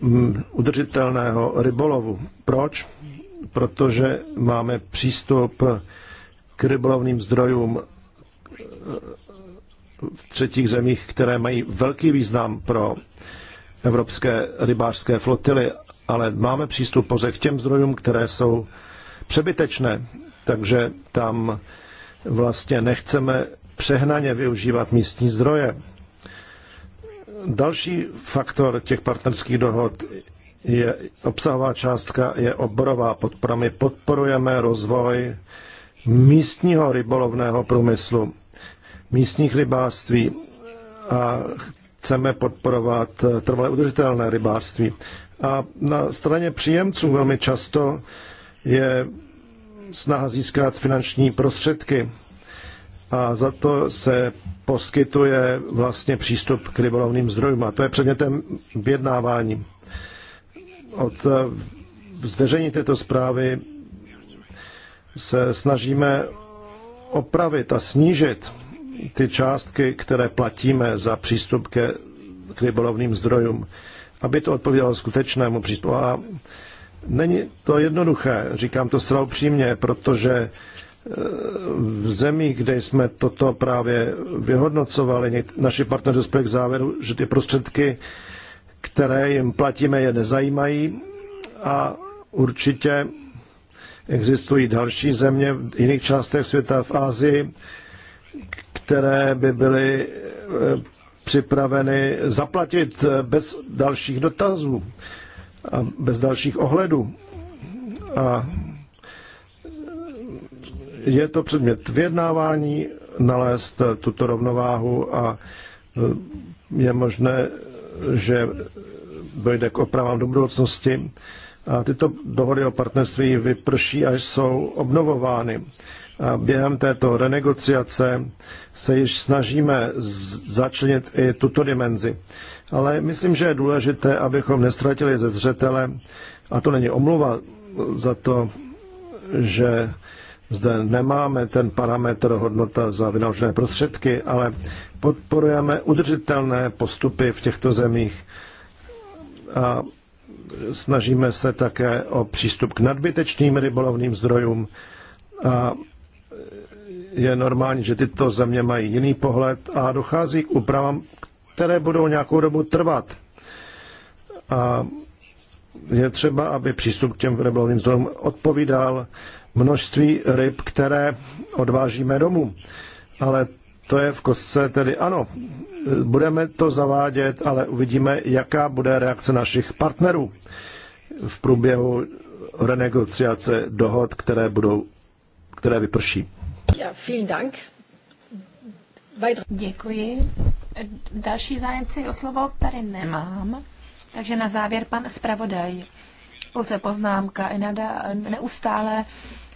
mm, udržitelného rybolovu. Proč? Protože máme přístup k rybolovným zdrojům eh, v třetích zemích, které mají velký význam pro evropské rybářské flotily, ale máme přístup pouze k těm zdrojům, které jsou přebytečné, takže tam vlastně nechceme přehnaně využívat místní zdroje. Další faktor těch partnerských dohod je obsahová částka je oborová podpora. My podporujeme rozvoj místního rybolovného průmyslu místních rybářství a chceme podporovat trvale udržitelné rybářství. A na straně příjemců velmi často je snaha získat finanční prostředky a za to se poskytuje vlastně přístup k rybolovným zdrojům. A to je předmětem vyjednávání. Od eh, zdeření této zprávy se snažíme opravit a snížit ty částky, které platíme za přístup ke, k rybolovným zdrojům, aby to odpovídalo skutečnému přístupu. A není to jednoduché, říkám to zcela upřímně, protože e, v zemích, kde jsme toto právě vyhodnocovali, naši partneři dospěli k závěru, že ty prostředky, které jim platíme, je nezajímají a určitě existují další země v jiných částech světa, v Asii, které by byly eh, připraveny zaplatit eh, bez dalších dotazů a bez dalších ohledů. A je to předmět vyjednávání, nalézt eh, tuto rovnováhu a je možné, že dojde k opravám do budoucnosti. A tyto dohody o partnerství vyprší, až jsou obnovovány. A během této renegociace se již snažíme začlenit i tuto dimenzi. Ale myslím, že je důležité, abychom nestratili ze zřetele, a to není omluva za to, že zde nemáme ten parametr hodnota za vynaložené prostředky, ale podporujeme udržitelné postupy v těchto zemích a snažíme se také o přístup k nadbytečným rybolovným zdrojům a je normální, že tyto země mají jiný pohled a dochází k úpravám, které budou nějakou dobu trvat. A je třeba, aby přístup k těm rybolovným zdrojům odpovídal množství ryb, které odvážíme domů. Ale to je v kostce tedy ano, budeme to zavádět, ale uvidíme, jaká bude reakce našich partnerů v průběhu renegociace dohod, které budou, které vyprší. Děkuji. Další zájemci o slovo tady nemám, takže na závěr pan zpravodaj. Pouze poznámka. Enada neustále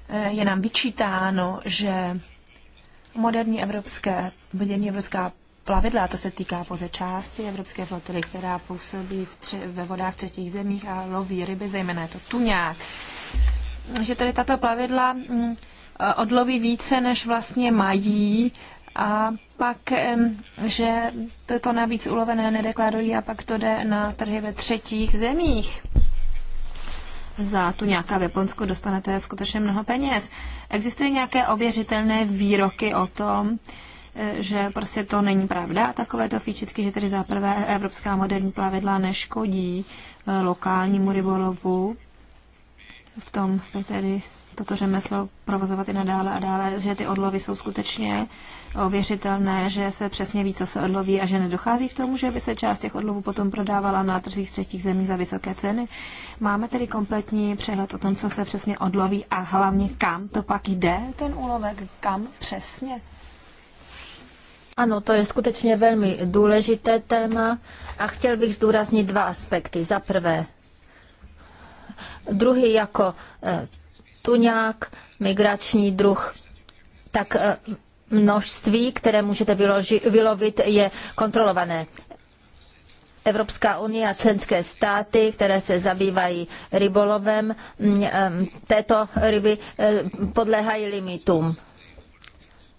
eh, je nám vyčítáno, že moderní evropské, moderní evropská plavidla, to se týká pouze části evropské flotily, která působí v tři, ve vodách třetích zemích a loví ryby, zejména je to tuňák. Že tady tato plavidla mm, Eh, odloví více, než vlastně mají a pak, že to navíc ulovené nedeklarují a pak to jde na trhy ve třetích zemích za tu nějaká v Japonsku dostanete skutečně mnoho peněz. Existují nějaké ověřitelné výroky o tom, eh, že prostě to není pravda, takové to fíčicky, že tedy zaprvé evropská moderní plavidla neškodí eh, lokálnímu rybolovu v tom tedy toto řemeslo provozovat i nadále a dále, že ty odlovy jsou skutečně ověřitelné, že se přesně ví, co se odloví a že nedochází k tomu, že by se část těch odlovů potom prodávala na trzích z třetích zemí za vysoké ceny. Máme tedy kompletní přehled o tom, co se přesně odloví a hlavně kam to pak jde, ten úlovek, kam přesně. Ano, to je skutečně velmi důležité téma a chtěl bych zdůraznit dva aspekty. Za prvé, druhý jako eh, tuňák, migrační druh, tak eh, množství, které můžete vyloži, vylovit, je kontrolované. Evropská unie a členské státy, které se zabývají rybolovem, mm, eh, této ryby eh, podléhají limitům.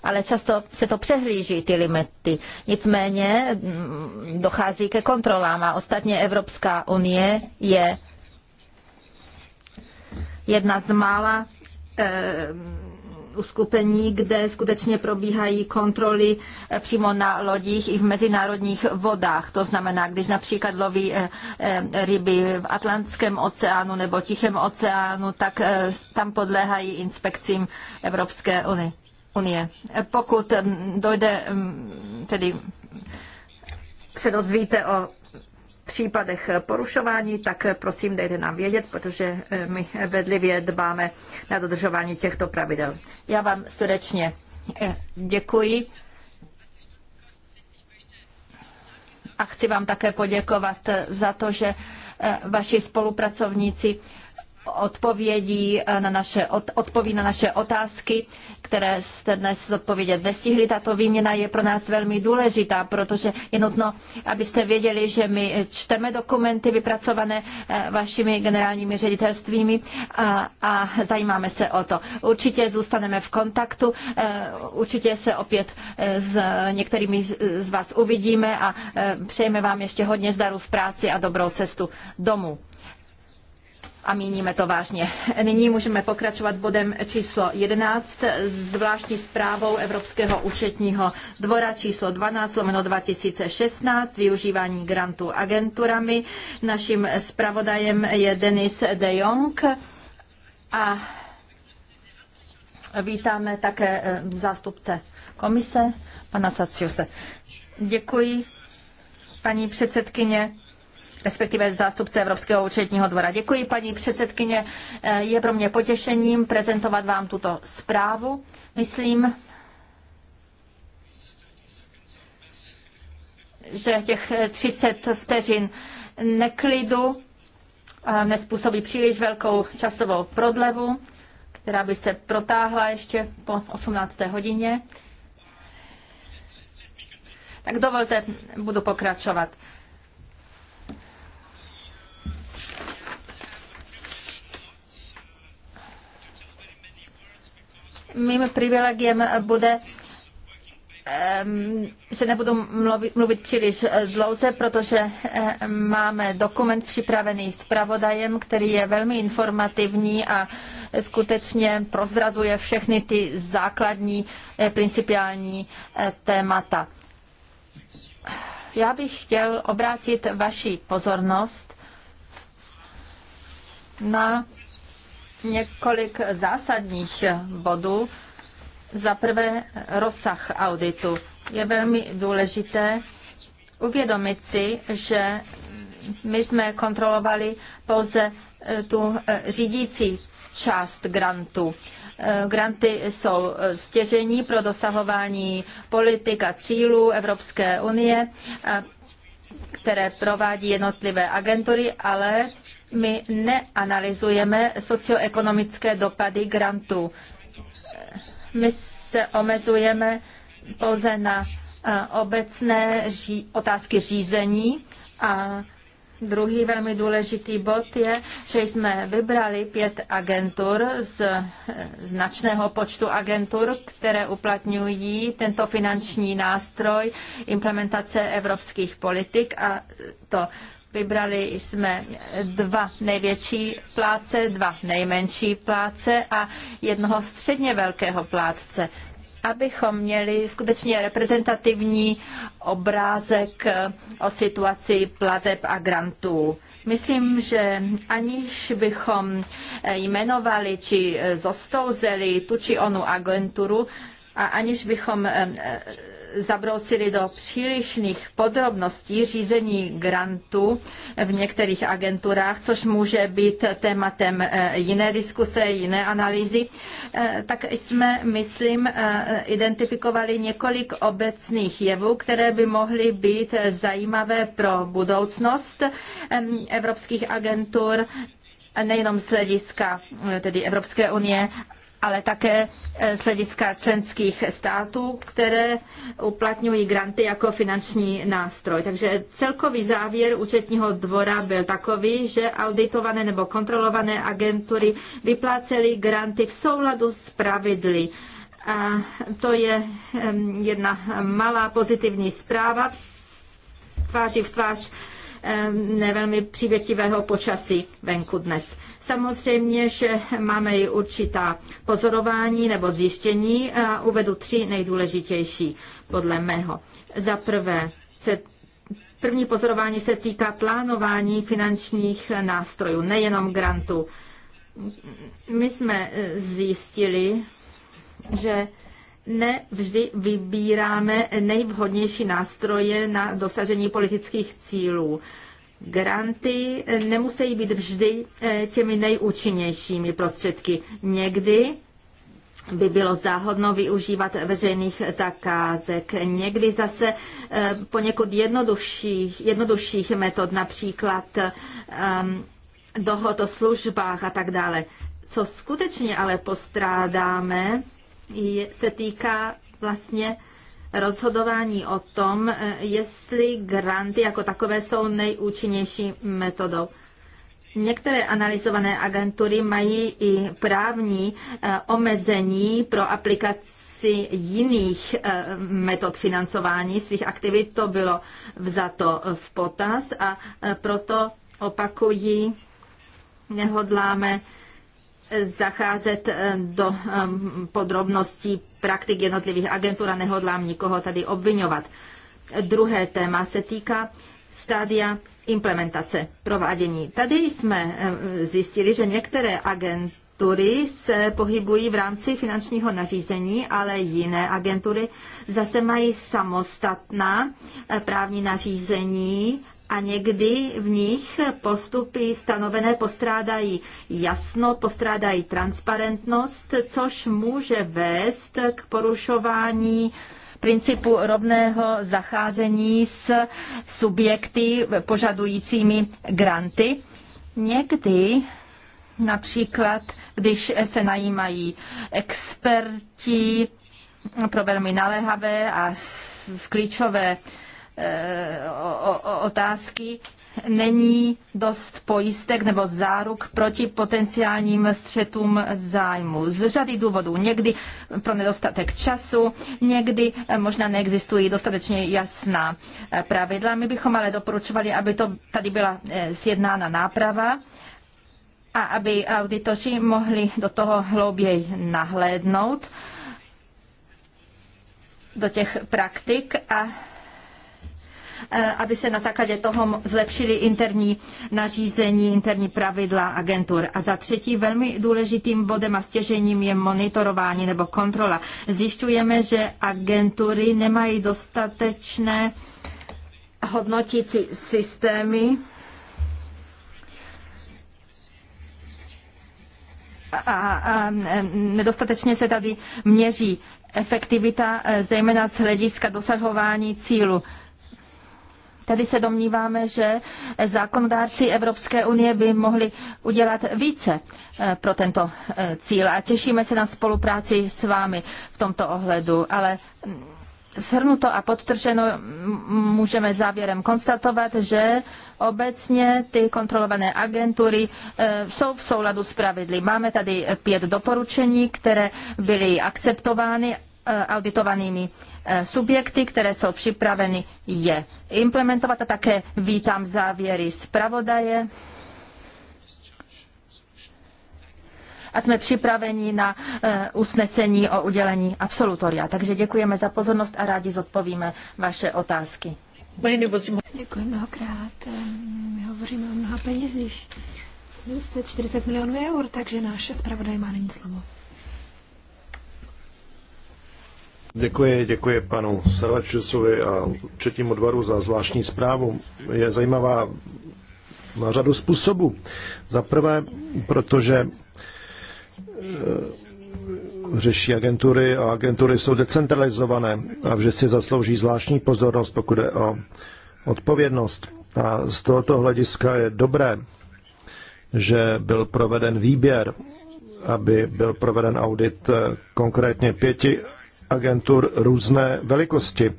Ale často se to přehlíží, ty limity. Nicméně mm, dochází ke kontrolám a ostatně Evropská unie je jedna z mála eh, uskupení, kde skutečně probíhají kontroly eh, přímo na lodích i v mezinárodních vodách. To znamená, když například loví eh, ryby v Atlantském oceánu nebo Tichém oceánu, tak tam podléhají inspekcím Evropské unie. Pokud hm, dojde hm, tedy se dozvíte o případech porušování, tak prosím dejte nám vědět, protože eh, my vedlivě dbáme na dodržování těchto pravidel. Já vám srdečně eh, děkuji. A chci vám také poděkovat eh, za to, že vaši spolupracovníci odpovědí eh, na naše, odpoví na naše otázky, které jste dnes zodpovědět nestihli. Tato výměna je pro nás velmi důležitá, protože je nutno, abyste věděli, že my čteme dokumenty vypracované eh, vašimi generálními ředitelstvími a, a zajímáme se o to. Určitě zůstaneme v kontaktu, eh, určitě se opět s některými z vás uvidíme a přejeme vám ještě hodně zdaru v práci a dobrou cestu domů a míníme to vážně. Nyní můžeme pokračovat bodem číslo 11, zvláštní zprávou Evropského účetního dvora číslo 12 lomeno 2016, využívání grantů agenturami. Naším zpravodajem je Denis de Jong a vítáme také eh, zástupce komise, pana Saciuse. Děkuji, paní předsedkyně respektive zástupce Evropského účetního dvora. Děkuji, paní předsedkyně. Eh, je pro mě potěšením prezentovat vám tuto zprávu. Myslím, že těch 30 vteřin neklidu eh, nespůsobí příliš velkou časovou prodlevu, která by se protáhla ještě po 18. hodině. Tak dovolte, budu pokračovat. mým privilegiem bude se nebudu mluvit, mluvit příliš dlouze, protože máme dokument připravený s pravodajem, který je velmi informativní a skutečně prozrazuje všechny ty základní eh, principiální eh, témata. Já bych chtěl obrátit vaši pozornost na několik zásadních bodů. Za prvé rozsah auditu. Je velmi důležité uvědomit si, že my jsme kontrolovali pouze e, tu e, řídící část grantu. E, granty jsou stěžení pro dosahování politik a cílů Evropské unie, které provádí jednotlivé agentury, ale my neanalyzujeme socioekonomické dopady grantů. My se omezujeme pouze na eh, obecné otázky řízení a Druhý velmi důležitý bod je, že jsme vybrali pět agentur z eh, značného počtu agentur, které uplatňují tento finanční nástroj implementace evropských politik a to Vybrali jsme dva největší pláce, dva nejmenší pláce a jednoho středně velkého plátce abychom měli skutečně reprezentativní obrázek o situaci plateb a grantů. Myslím, že aniž bychom jmenovali či zostouzeli tu či onu agenturu, a aniž bychom zabrousili do přílišných podrobností řízení grantu v některých agenturách, což může být tématem eh, jiné diskuse, jiné analýzy, eh, tak jsme, myslím, eh, identifikovali několik obecných jevů, které by mohly být zajímavé pro budoucnost evropských agentur nejenom z hlediska tedy Evropské unie, ale také eh, z hlediska členských států, které uplatňují granty jako finanční nástroj. Takže celkový závěr účetního dvora byl takový, že auditované nebo kontrolované agentury vyplácely granty v souladu s pravidly. A to je jedna malá pozitivní zpráva tváří v tvář nevelmi přívětivého počasí venku dnes. Samozřejmě, že máme i určitá pozorování nebo zjištění a uvedu tři nejdůležitější podle mého. Za prvé se První pozorování se týká plánování finančních nástrojů, nejenom grantů. My jsme eh, zjistili, že ne vždy vybíráme nejvhodnější nástroje na dosažení politických cílů. Granty nemusí být vždy eh, těmi nejúčinnějšími prostředky. Někdy by bylo záhodno využívat veřejných zakázek. Někdy zase eh, poněkud jednodušších, jednodušších metod, například um, dohod o službách a tak dále. Co skutečně ale postrádáme, se týká vlastně rozhodování o tom, jestli granty jako takové jsou nejúčinnější metodou. Některé analyzované agentury mají i právní eh, omezení pro aplikaci jiných eh, metod financování svých aktivit. To bylo vzato v potaz a eh, proto opakují, nehodláme zacházet eh, do eh, podrobností praktik jednotlivých agentur a nehodlám nikoho tady obvinovat. Druhé téma se týká stádia implementace, provádění. Tady jsme eh, zjistili, že některé agentury agentury se pohybují v rámci finančního nařízení, ale jiné agentury zase mají samostatná eh, právní nařízení a někdy v nich postupy stanovené postrádají jasno, postrádají transparentnost, což může vést k porušování principu rovného zacházení s subjekty požadujícími granty. Někdy Například, když se najímají experti pro velmi naléhavé a klíčové eh, otázky, není dost pojistek nebo záruk proti potenciálním střetům zájmu. Z řady důvodů. Někdy pro nedostatek času, někdy eh, možná neexistují dostatečně jasná eh, pravidla. My bychom ale doporučovali, aby to tady byla sjednána náprava a aby auditoři mohli do toho hlouběji nahlédnout, do těch praktik a aby se na základě toho zlepšili interní nařízení, interní pravidla agentur. A za třetí velmi důležitým bodem a stěžením je monitorování nebo kontrola. Zjišťujeme, že agentury nemají dostatečné hodnotící systémy, a, a nedostatečně se tady měří efektivita, e, zejména z hlediska dosahování cílu. Tady se domníváme, že zákonodárci Evropské unie by mohli udělat více e, pro tento e, cíl a těšíme se na spolupráci s vámi v tomto ohledu, ale Shrnuto a podtrženo můžeme závěrem konstatovat, že obecně ty kontrolované agentury e, jsou v souladu s pravidly. Máme tady pět doporučení, které byly akceptovány e, auditovanými e, subjekty, které jsou připraveny je implementovat a také vítám závěry zpravodaje a jsme připraveni na eh, usnesení o udělení absolutoria. Takže děkujeme za pozornost a rádi zodpovíme vaše otázky. Děkuji mnohokrát. My hovoříme o mnoha penězích. 40 milionů eur, takže náš zpravodaj má není slovo. Děkuji, děkuji panu Sarvačesovi a třetím odvaru za zvláštní zprávu. Je zajímavá na řadu způsobů. Za prvé, protože Eh, řeší agentury a agentury jsou decentralizované a vždy si zaslouží zvláštní pozornost, pokud je o odpovědnost. A z tohoto hlediska je dobré, že byl proveden výběr, aby byl proveden audit eh, konkrétně pěti agentur různé velikosti.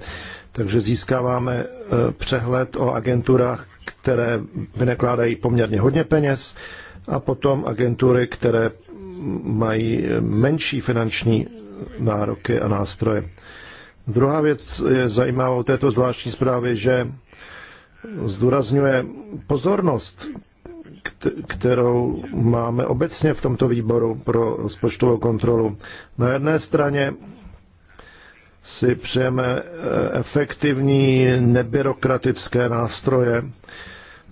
Takže získáváme eh, přehled o agenturách, které vynakládají poměrně hodně peněz a potom agentury, které mají menší finanční nároky a nástroje. Druhá věc je zajímavá o této zvláštní zprávě, že zdůrazňuje pozornost, kterou máme obecně v tomto výboru pro rozpočtovou kontrolu. Na jedné straně si přejeme eh, efektivní, nebyrokratické nástroje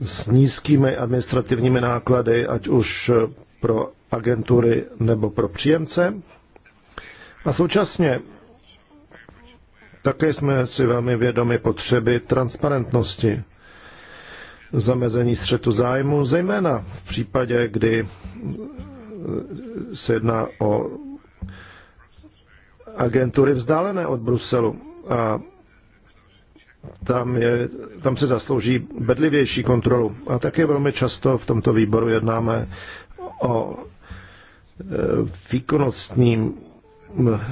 s nízkými administrativními náklady, ať už pro agentury nebo pro příjemce. A současně také jsme si velmi vědomi potřeby transparentnosti, zamezení střetu zájmu, zejména v případě, kdy se jedná o agentury vzdálené od Bruselu. A tam, je, tam se zaslouží bedlivější kontrolu. A také velmi často v tomto výboru jednáme o výkonnostním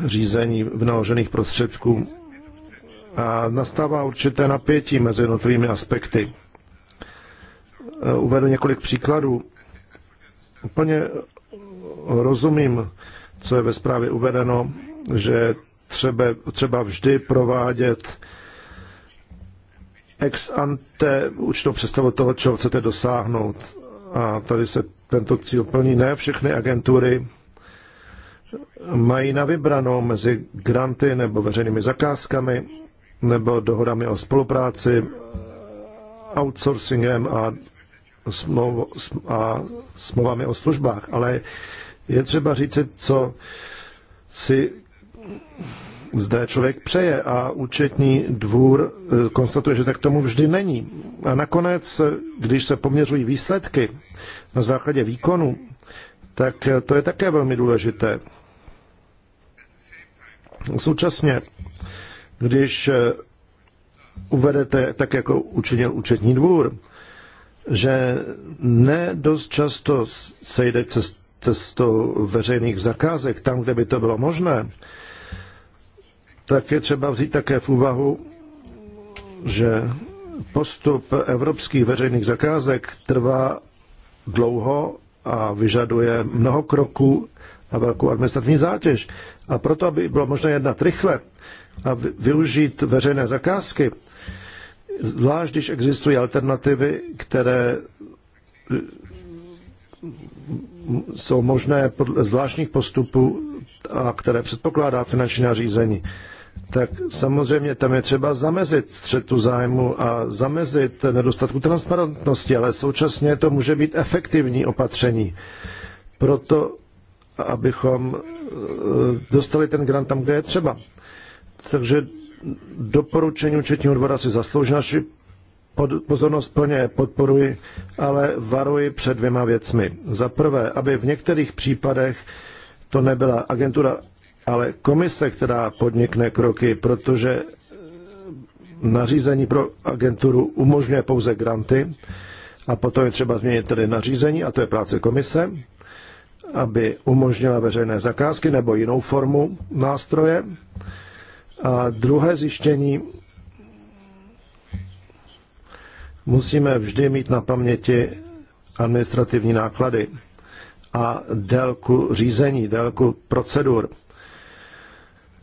řízení vynaložených prostředků a nastává určité napětí mezi jednotlivými aspekty. Uvedu několik příkladů. Úplně rozumím, co je ve zprávě uvedeno, že třeba, třeba vždy provádět ex ante určitou představu toho, čeho chcete dosáhnout a tady se tento cíl plní. Ne všechny agentury mají na vybrano mezi granty nebo veřejnými zakázkami nebo dohodami o spolupráci, outsourcingem a, smlou- a smlouvami o službách. Ale je třeba říci, co si zde člověk přeje a účetní dvůr eh, konstatuje, že tak tomu vždy není. A nakonec, když se poměřují výsledky na základě výkonu, tak eh, to je také velmi důležité. Současně, když eh, uvedete, tak jako učinil účetní dvůr, že ne dost často se jde cestou veřejných zakázek tam, kde by to bylo možné, tak je třeba vzít také v úvahu, že postup evropských veřejných zakázek trvá dlouho a vyžaduje mnoho kroků a velkou administrativní zátěž. A proto, aby bylo možné jednat rychle a využít veřejné zakázky, zvlášť když existují alternativy, které jsou možné podle zvláštních postupů a které předpokládá finanční nařízení tak samozřejmě tam je třeba zamezit střetu zájmu a zamezit nedostatku transparentnosti, ale současně to může být efektivní opatření. Proto, abychom eh, dostali ten grant tam, kde je třeba. Takže doporučení účetního dvora si zaslouží naši pozornost plně podporuji, ale varuji před dvěma věcmi. Za prvé, aby v některých případech to nebyla agentura ale komise, která podnikne kroky, protože eh, nařízení pro agenturu umožňuje pouze granty a potom je třeba změnit tedy nařízení, a to je práce komise, aby umožnila veřejné zakázky nebo jinou formu nástroje. A druhé zjištění musíme vždy mít na paměti administrativní náklady a délku řízení, délku procedur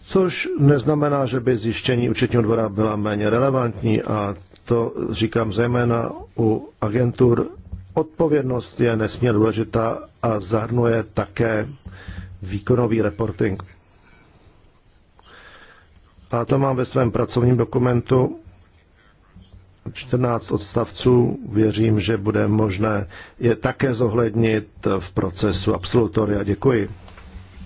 což neznamená, že by zjištění účetního dvora byla méně relevantní a to říkám zejména u agentur. Odpovědnost je nesmírně důležitá a zahrnuje také výkonový reporting. A to mám ve svém pracovním dokumentu 14 odstavců. Věřím, že bude možné je také zohlednit v procesu absolutoria. Děkuji.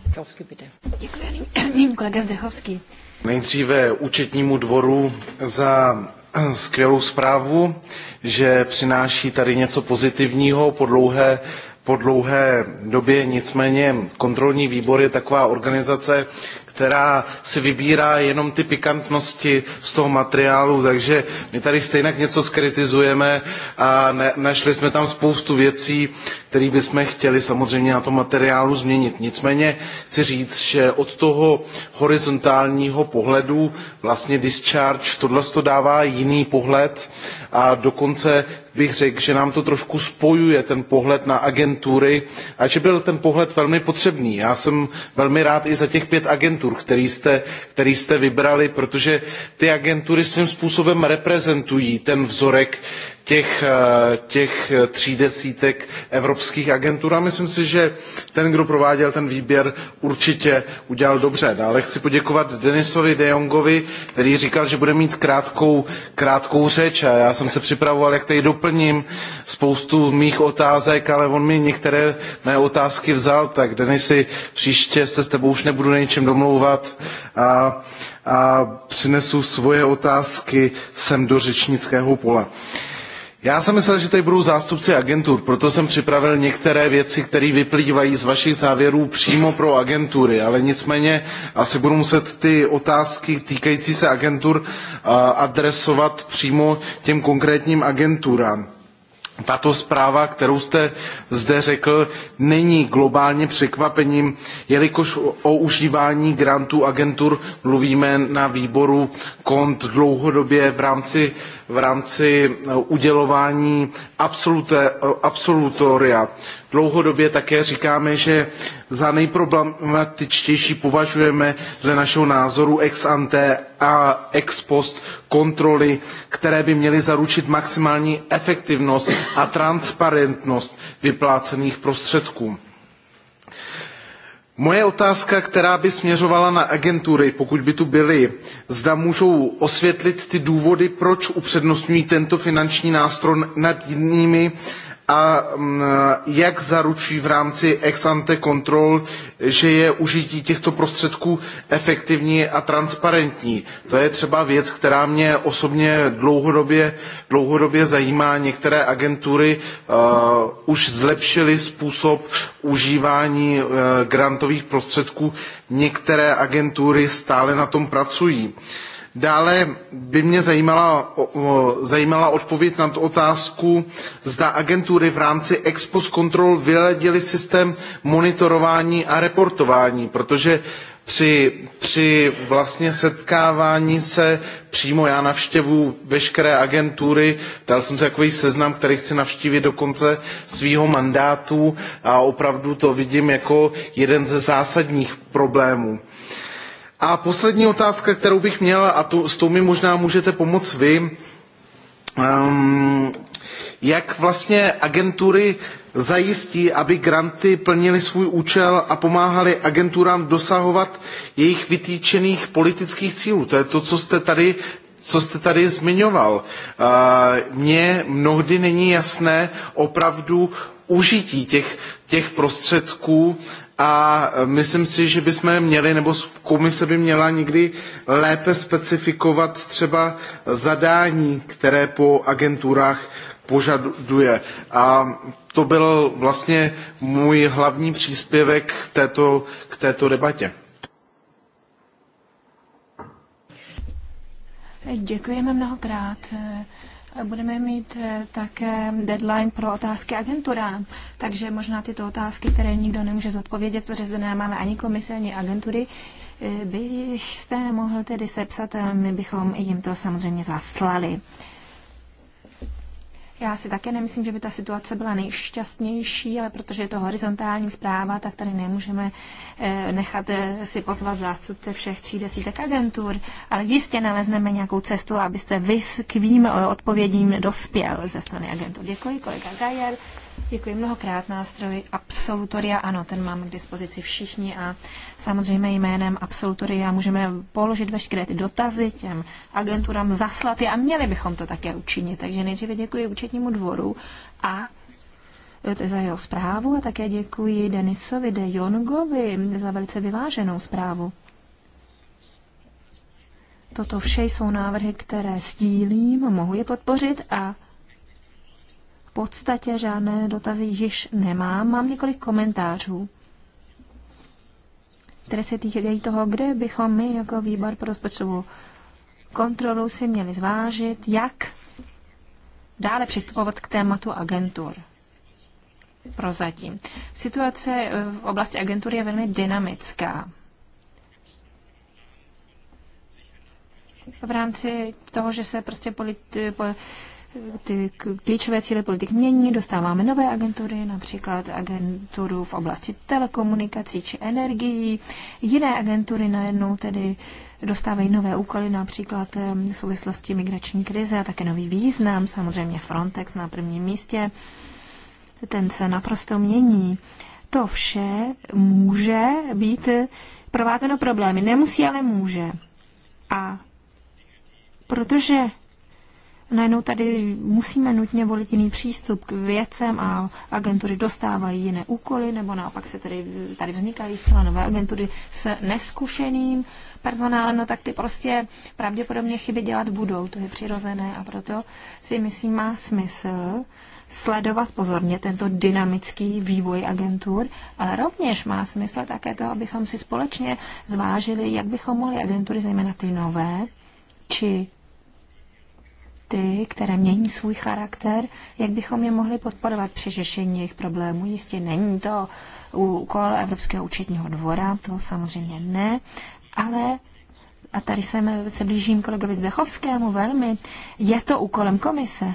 Zdechovský, bitte. Děkuji, [CLEARS THROAT] Nejdříve účetnímu dvoru za [CLEARS THROAT] skvělou zprávu, že přináší tady něco pozitivního po dlouhé, po dlouhé době. Nicméně kontrolní výbor je taková organizace, která si vybírá jenom ty pikantnosti z toho materiálu, takže my tady stejně něco skritizujeme a ne, našli jsme tam spoustu věcí, který bychom chtěli samozřejmě na tom materiálu změnit. Nicméně chci říct, že od toho horizontálního pohledu vlastně discharge tohle to dává jiný pohled a dokonce bych řekl, že nám to trošku spojuje ten pohled na agentury a že byl ten pohled velmi potřebný. Já jsem velmi rád i za těch pět agentur, který jste, který jste vybrali, protože ty agentury svým způsobem reprezentují ten vzorek, těch, eh, těch eh, tří desítek evropských agentur a myslím si, že ten, kdo prováděl ten výběr, určitě udělal dobře. Dále chci poděkovat Denisovi de Jongovi, který říkal, že bude mít krátkou, krátkou řeč a já jsem se připravoval, jak tady doplním spoustu mých otázek, ale on mi některé mé otázky vzal, tak Denisi, příště se s tebou už nebudu na ničem domlouvat a, a přinesu svoje otázky sem do řečnického pole. Uh, já jsem myslel, že tady budou zástupci agentur, proto jsem připravil některé věci, které vyplývají z vašich závěrů přímo pro agentury, ale nicméně asi budu muset ty otázky týkající se agentur eh, adresovat přímo těm konkrétním agenturám. Tato zpráva, kterou jste zde řekl, není globálně překvapením, jelikož o užívání grantů agentur mluvíme na výboru KONT dlouhodobě v rámci v rámci eh, udělování eh, absolutoria. Dlouhodobě také říkáme, že za nejproblematičtější považujeme dle našeho názoru ex ante a ex post kontroly, které by měly zaručit maximální efektivnost a transparentnost vyplácených prostředků Moje otázka, která by směřovala na agentury, pokud by tu byly, zda můžou osvětlit ty důvody, proč upřednostňují tento finanční nástroj nad jinými a jak zaručí v rámci ex ante kontrol, že je užití těchto prostředků efektivní a transparentní. To je třeba věc, která mě osobně dlouhodobě, dlouhodobě zajímá. Některé agentury uh, už zlepšily způsob užívání uh, grantových prostředků, některé agentury stále na tom pracují. Uh, Dále by mě zajímala, zajímala odpověď na tu otázku, zda agentury v rámci ex post kontrol vyladily systém monitorování a reportování, protože při, při vlastně setkávání se přímo já navštěvu veškeré agentury, dal jsem si takový seznam, který chci navštívit do konce svého mandátu a opravdu to vidím jako jeden ze zásadních problémů. A poslední otázka, kterou bych měl, a tu, s tou mi možná můžete pomoct vy, um, jak vlastně agentury zajistí, aby granty plnily svůj účel a pomáhaly agenturám dosahovat jejich vytýčených politických cílů. To je to, co jste tady co jste tady zmiňoval. Mně mnohdy není jasné opravdu užití těch, těch prostředků a myslím si, že bychom měli, nebo komise by měla někdy lépe specifikovat třeba zadání, které po agenturách požaduje. A to byl vlastně můj hlavní příspěvek k této, k této debatě. Děkujeme mnohokrát. Budeme mít eh, také deadline pro otázky agenturám, takže možná tyto otázky, které nikdo nemůže zodpovědět, protože zde nemáme ani komise, ani agentury, eh, byste mohl tedy sepsat, a eh, my bychom jim to samozřejmě zaslali. Já si také nemyslím, že by ta situace byla nejšťastnější, ale protože je to horizontální zpráva, tak tady nemůžeme eh, nechat eh, si pozvat zástupce všech tří desítek agentur, ale jistě nalezneme nějakou cestu, abyste se vy k eh, odpovědím dospěl ze strany agentur. Děkuji, kolega Gajer. Děkuji mnohokrát nástroj absolutoria. Ano, ten mám k dispozici všichni a samozřejmě jménem absolutoria můžeme položit veškeré ty dotazy těm agenturám, zaslat je a měli bychom to také učinit. Takže nejdříve děkuji účetnímu dvoru a eh, za jeho zprávu a také děkuji Denisovi de Jongovi za velice vyváženou zprávu. Toto vše jsou návrhy, které sdílím, mohu je podpořit a podstatě žádné dotazy již nemám. Mám několik komentářů, které se týkají toho, kde bychom my jako výbor pro rozpočtovou kontrolu si měli zvážit, jak dále přistupovat k tématu agentur. Prozatím. Situace v oblasti agentury je velmi dynamická. V rámci toho, že se prostě politi- ty klíčové cíle politik mění, dostáváme nové agentury, například agenturu v oblasti telekomunikací či energií. Jiné agentury najednou tedy dostávají nové úkoly, například v souvislosti migrační krize a také nový význam, samozřejmě Frontex na prvním místě. Ten se naprosto mění. To vše může být provázeno problémy. Nemusí, ale může. A protože najednou tady musíme nutně volit jiný přístup k věcem a agentury dostávají jiné úkoly, nebo naopak se tady, tady vznikají zcela nové agentury s neskušeným personálem, no tak ty prostě pravděpodobně chyby dělat budou, to je přirozené a proto si myslím má smysl sledovat pozorně tento dynamický vývoj agentur, ale rovněž má smysl také to, abychom si společně zvážili, jak bychom mohli agentury, zejména ty nové, či ty, které mění svůj charakter, jak bychom je mohli podporovat při řešení jejich problémů. Jistě není to úkol Evropského účetního dvora, to samozřejmě ne, ale a tady se, se blížím kolegovi Zdechovskému velmi, je to úkolem komise,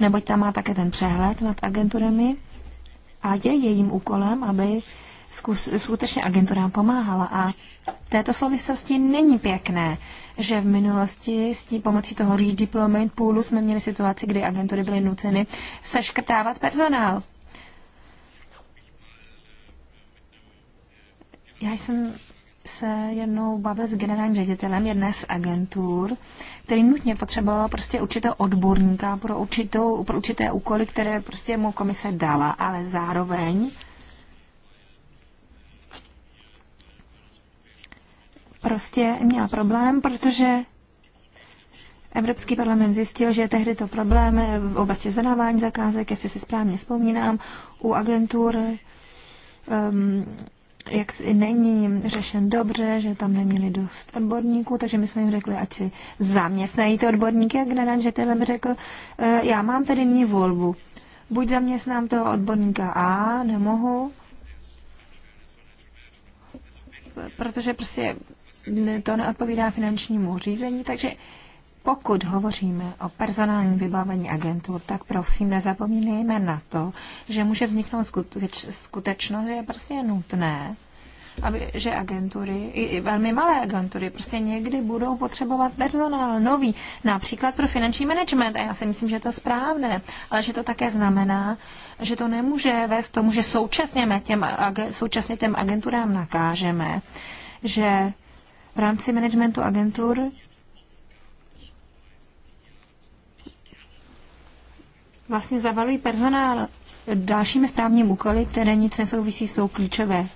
neboť tam má také ten přehled nad agenturami a je jejím úkolem, aby skutečně agenturám pomáhala. A v této souvislosti není pěkné, že v minulosti s tím pomocí toho redeployment půlu jsme měli situaci, kdy agentury byly nuceny seškrtávat personál. Já jsem se jednou bavil s generálním ředitelem jedné z agentur, který nutně potřeboval prostě určitého odborníka pro, určitou, pro určité úkoly, které prostě mu komise dala, ale zároveň prostě měla problém, protože Evropský parlament zjistil, že tehdy to problém v oblasti zadávání zakázek, jestli si správně vzpomínám, u agentur um, jak není řešen dobře, že tam neměli dost odborníků, takže my jsme jim řekli, ať si zaměstnají ty odborníky. A generální ředitel řekl, eh, já mám tady nyní volbu. Buď zaměstnám toho odborníka A, nemohu, protože prostě to neodpovídá finančnímu řízení, takže pokud hovoříme o personálním vybavení agentur, tak prosím nezapomínejme na to, že může vzniknout skuteč, skutečnost, že je prostě nutné, aby, že agentury, i, velmi malé agentury, prostě někdy budou potřebovat personál nový, například pro finanční management. A já si myslím, že to je správné, ale že to také znamená, že to nemůže vést tomu, že současně těm, současně těm agenturám nakážeme, že v rámci managementu agentur vlastně zavalují personál dalšími správními úkoly, které nic nesouvisí, jsou klíčové.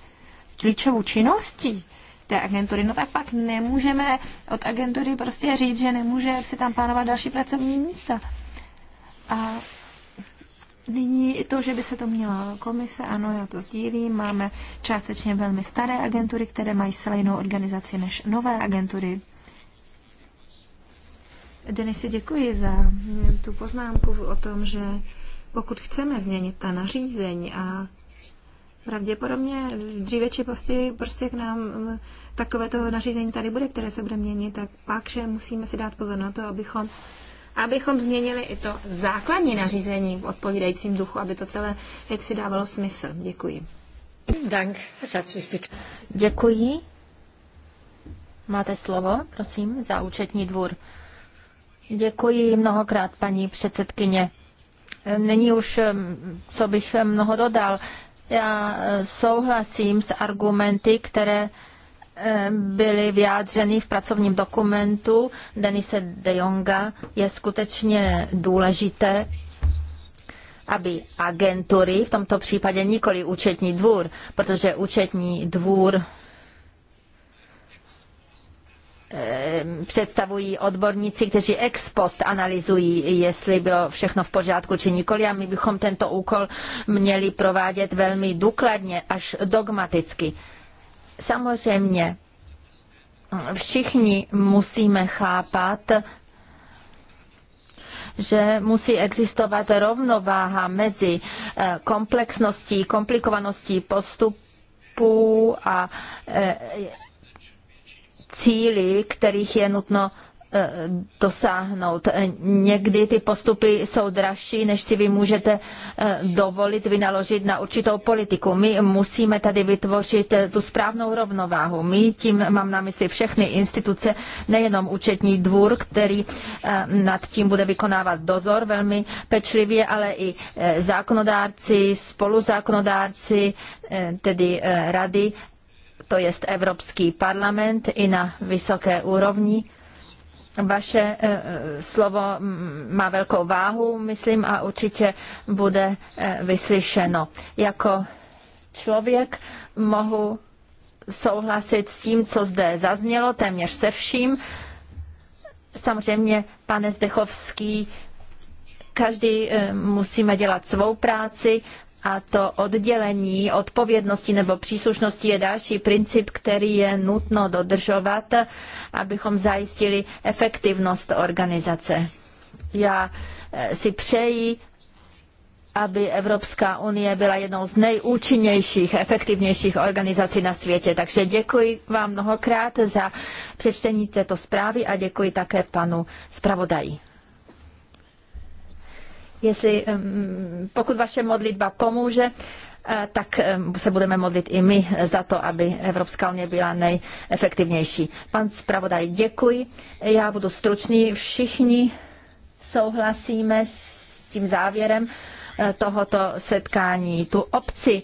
Klíčovou činností té agentury. No tak pak nemůžeme od agentury prostě říct, že nemůže si tam plánovat další pracovní místa. A Nyní to, že by se to měla komise, ano, já to sdílím. Máme částečně velmi staré agentury, které mají zcela jinou organizaci než nové agentury. Denisi, děkuji za tu poznámku o tom, že pokud chceme změnit ta nařízení a pravděpodobně dříve či později prostě k nám mm, takovéto nařízení tady bude, které se bude měnit, tak pak, že musíme si dát pozor na to, abychom abychom změnili i to základní nařízení v odpovídajícím duchu, aby to celé jak si dávalo smysl. Děkuji. Dank. Děkuji. Máte slovo, prosím, za účetní dvůr. Děkuji mnohokrát, paní předsedkyně. Není už, co bych mnoho dodal. Já eh, souhlasím s argumenty, které byly vyjádřeny v pracovním dokumentu Denise de Jonga, je skutečně důležité, aby agentury, v tomto případě nikoli účetní dvůr, protože účetní dvůr eh, představují odborníci, kteří ex post analyzují, jestli bylo všechno v pořádku či nikoli a my bychom tento úkol měli provádět velmi důkladně až dogmaticky. Samozřejmě všichni musíme chápat, že musí existovat rovnováha mezi eh, komplexností, komplikovaností postupů a eh, cíly, kterých je nutno Eh, dosáhnout. Eh, někdy ty postupy jsou dražší, než si vy můžete eh, dovolit vynaložit na určitou politiku. My musíme tady vytvořit tu správnou rovnováhu. My tím mám na mysli všechny instituce, nejenom účetní dvůr, který nad tím bude vykonávat dozor velmi pečlivě, ale i zákonodárci, spoluzákonodárci, tedy rady, to jest Evropský parlament i na vysoké úrovni vaše eh, slovo mm, má velkou váhu, myslím, a určitě bude eh, vyslyšeno. Jako člověk mohu souhlasit s tím, co zde zaznělo, téměř se vším. Samozřejmě, pane Zdechovský, každý eh, musíme dělat svou práci a to oddělení odpovědnosti nebo příslušnosti je další princip, který je nutno dodržovat, abychom zajistili efektivnost organizace. Já eh, si přeji, aby Evropská unie byla jednou z nejúčinnějších, efektivnějších organizací na světě. Takže děkuji vám mnohokrát za přečtení této zprávy a děkuji také panu zpravodaji. Jestli, pokud vaše modlitba pomůže, eh, tak se budeme modlit i my za to, aby Evropská unie byla nejefektivnější. Pan zpravodaj, děkuji. Já budu stručný. Všichni souhlasíme s tím závěrem eh, tohoto setkání. Tu obci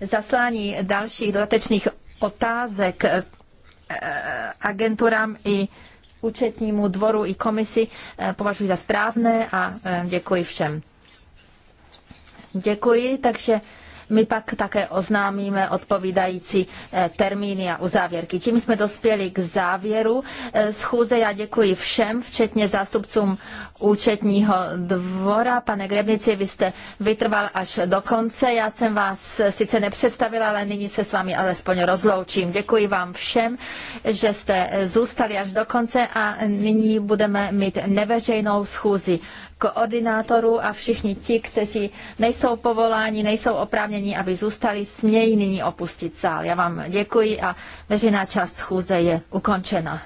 zaslání dalších dodatečných otázek eh, agenturám i účetnímu dvoru i komisi eh, považuji za správné a eh, děkuji všem. Děkuji, takže my pak také oznámíme odpovídající eh, termíny a uzávěrky. Tím jsme dospěli k závěru eh, schůze. Já děkuji všem, včetně zástupcům účetního dvora. Pane Grebnici, vy jste vytrval až do konce. Já jsem vás sice nepředstavila, ale nyní se s vámi alespoň rozloučím. Děkuji vám všem, že jste eh, zůstali až do konce a nyní budeme mít neveřejnou schůzi koordinátorů a všichni ti, kteří nejsou povoláni, nejsou oprávněni, aby zůstali, smějí nyní opustit sál. Já vám děkuji a veřejná část schůze je ukončena.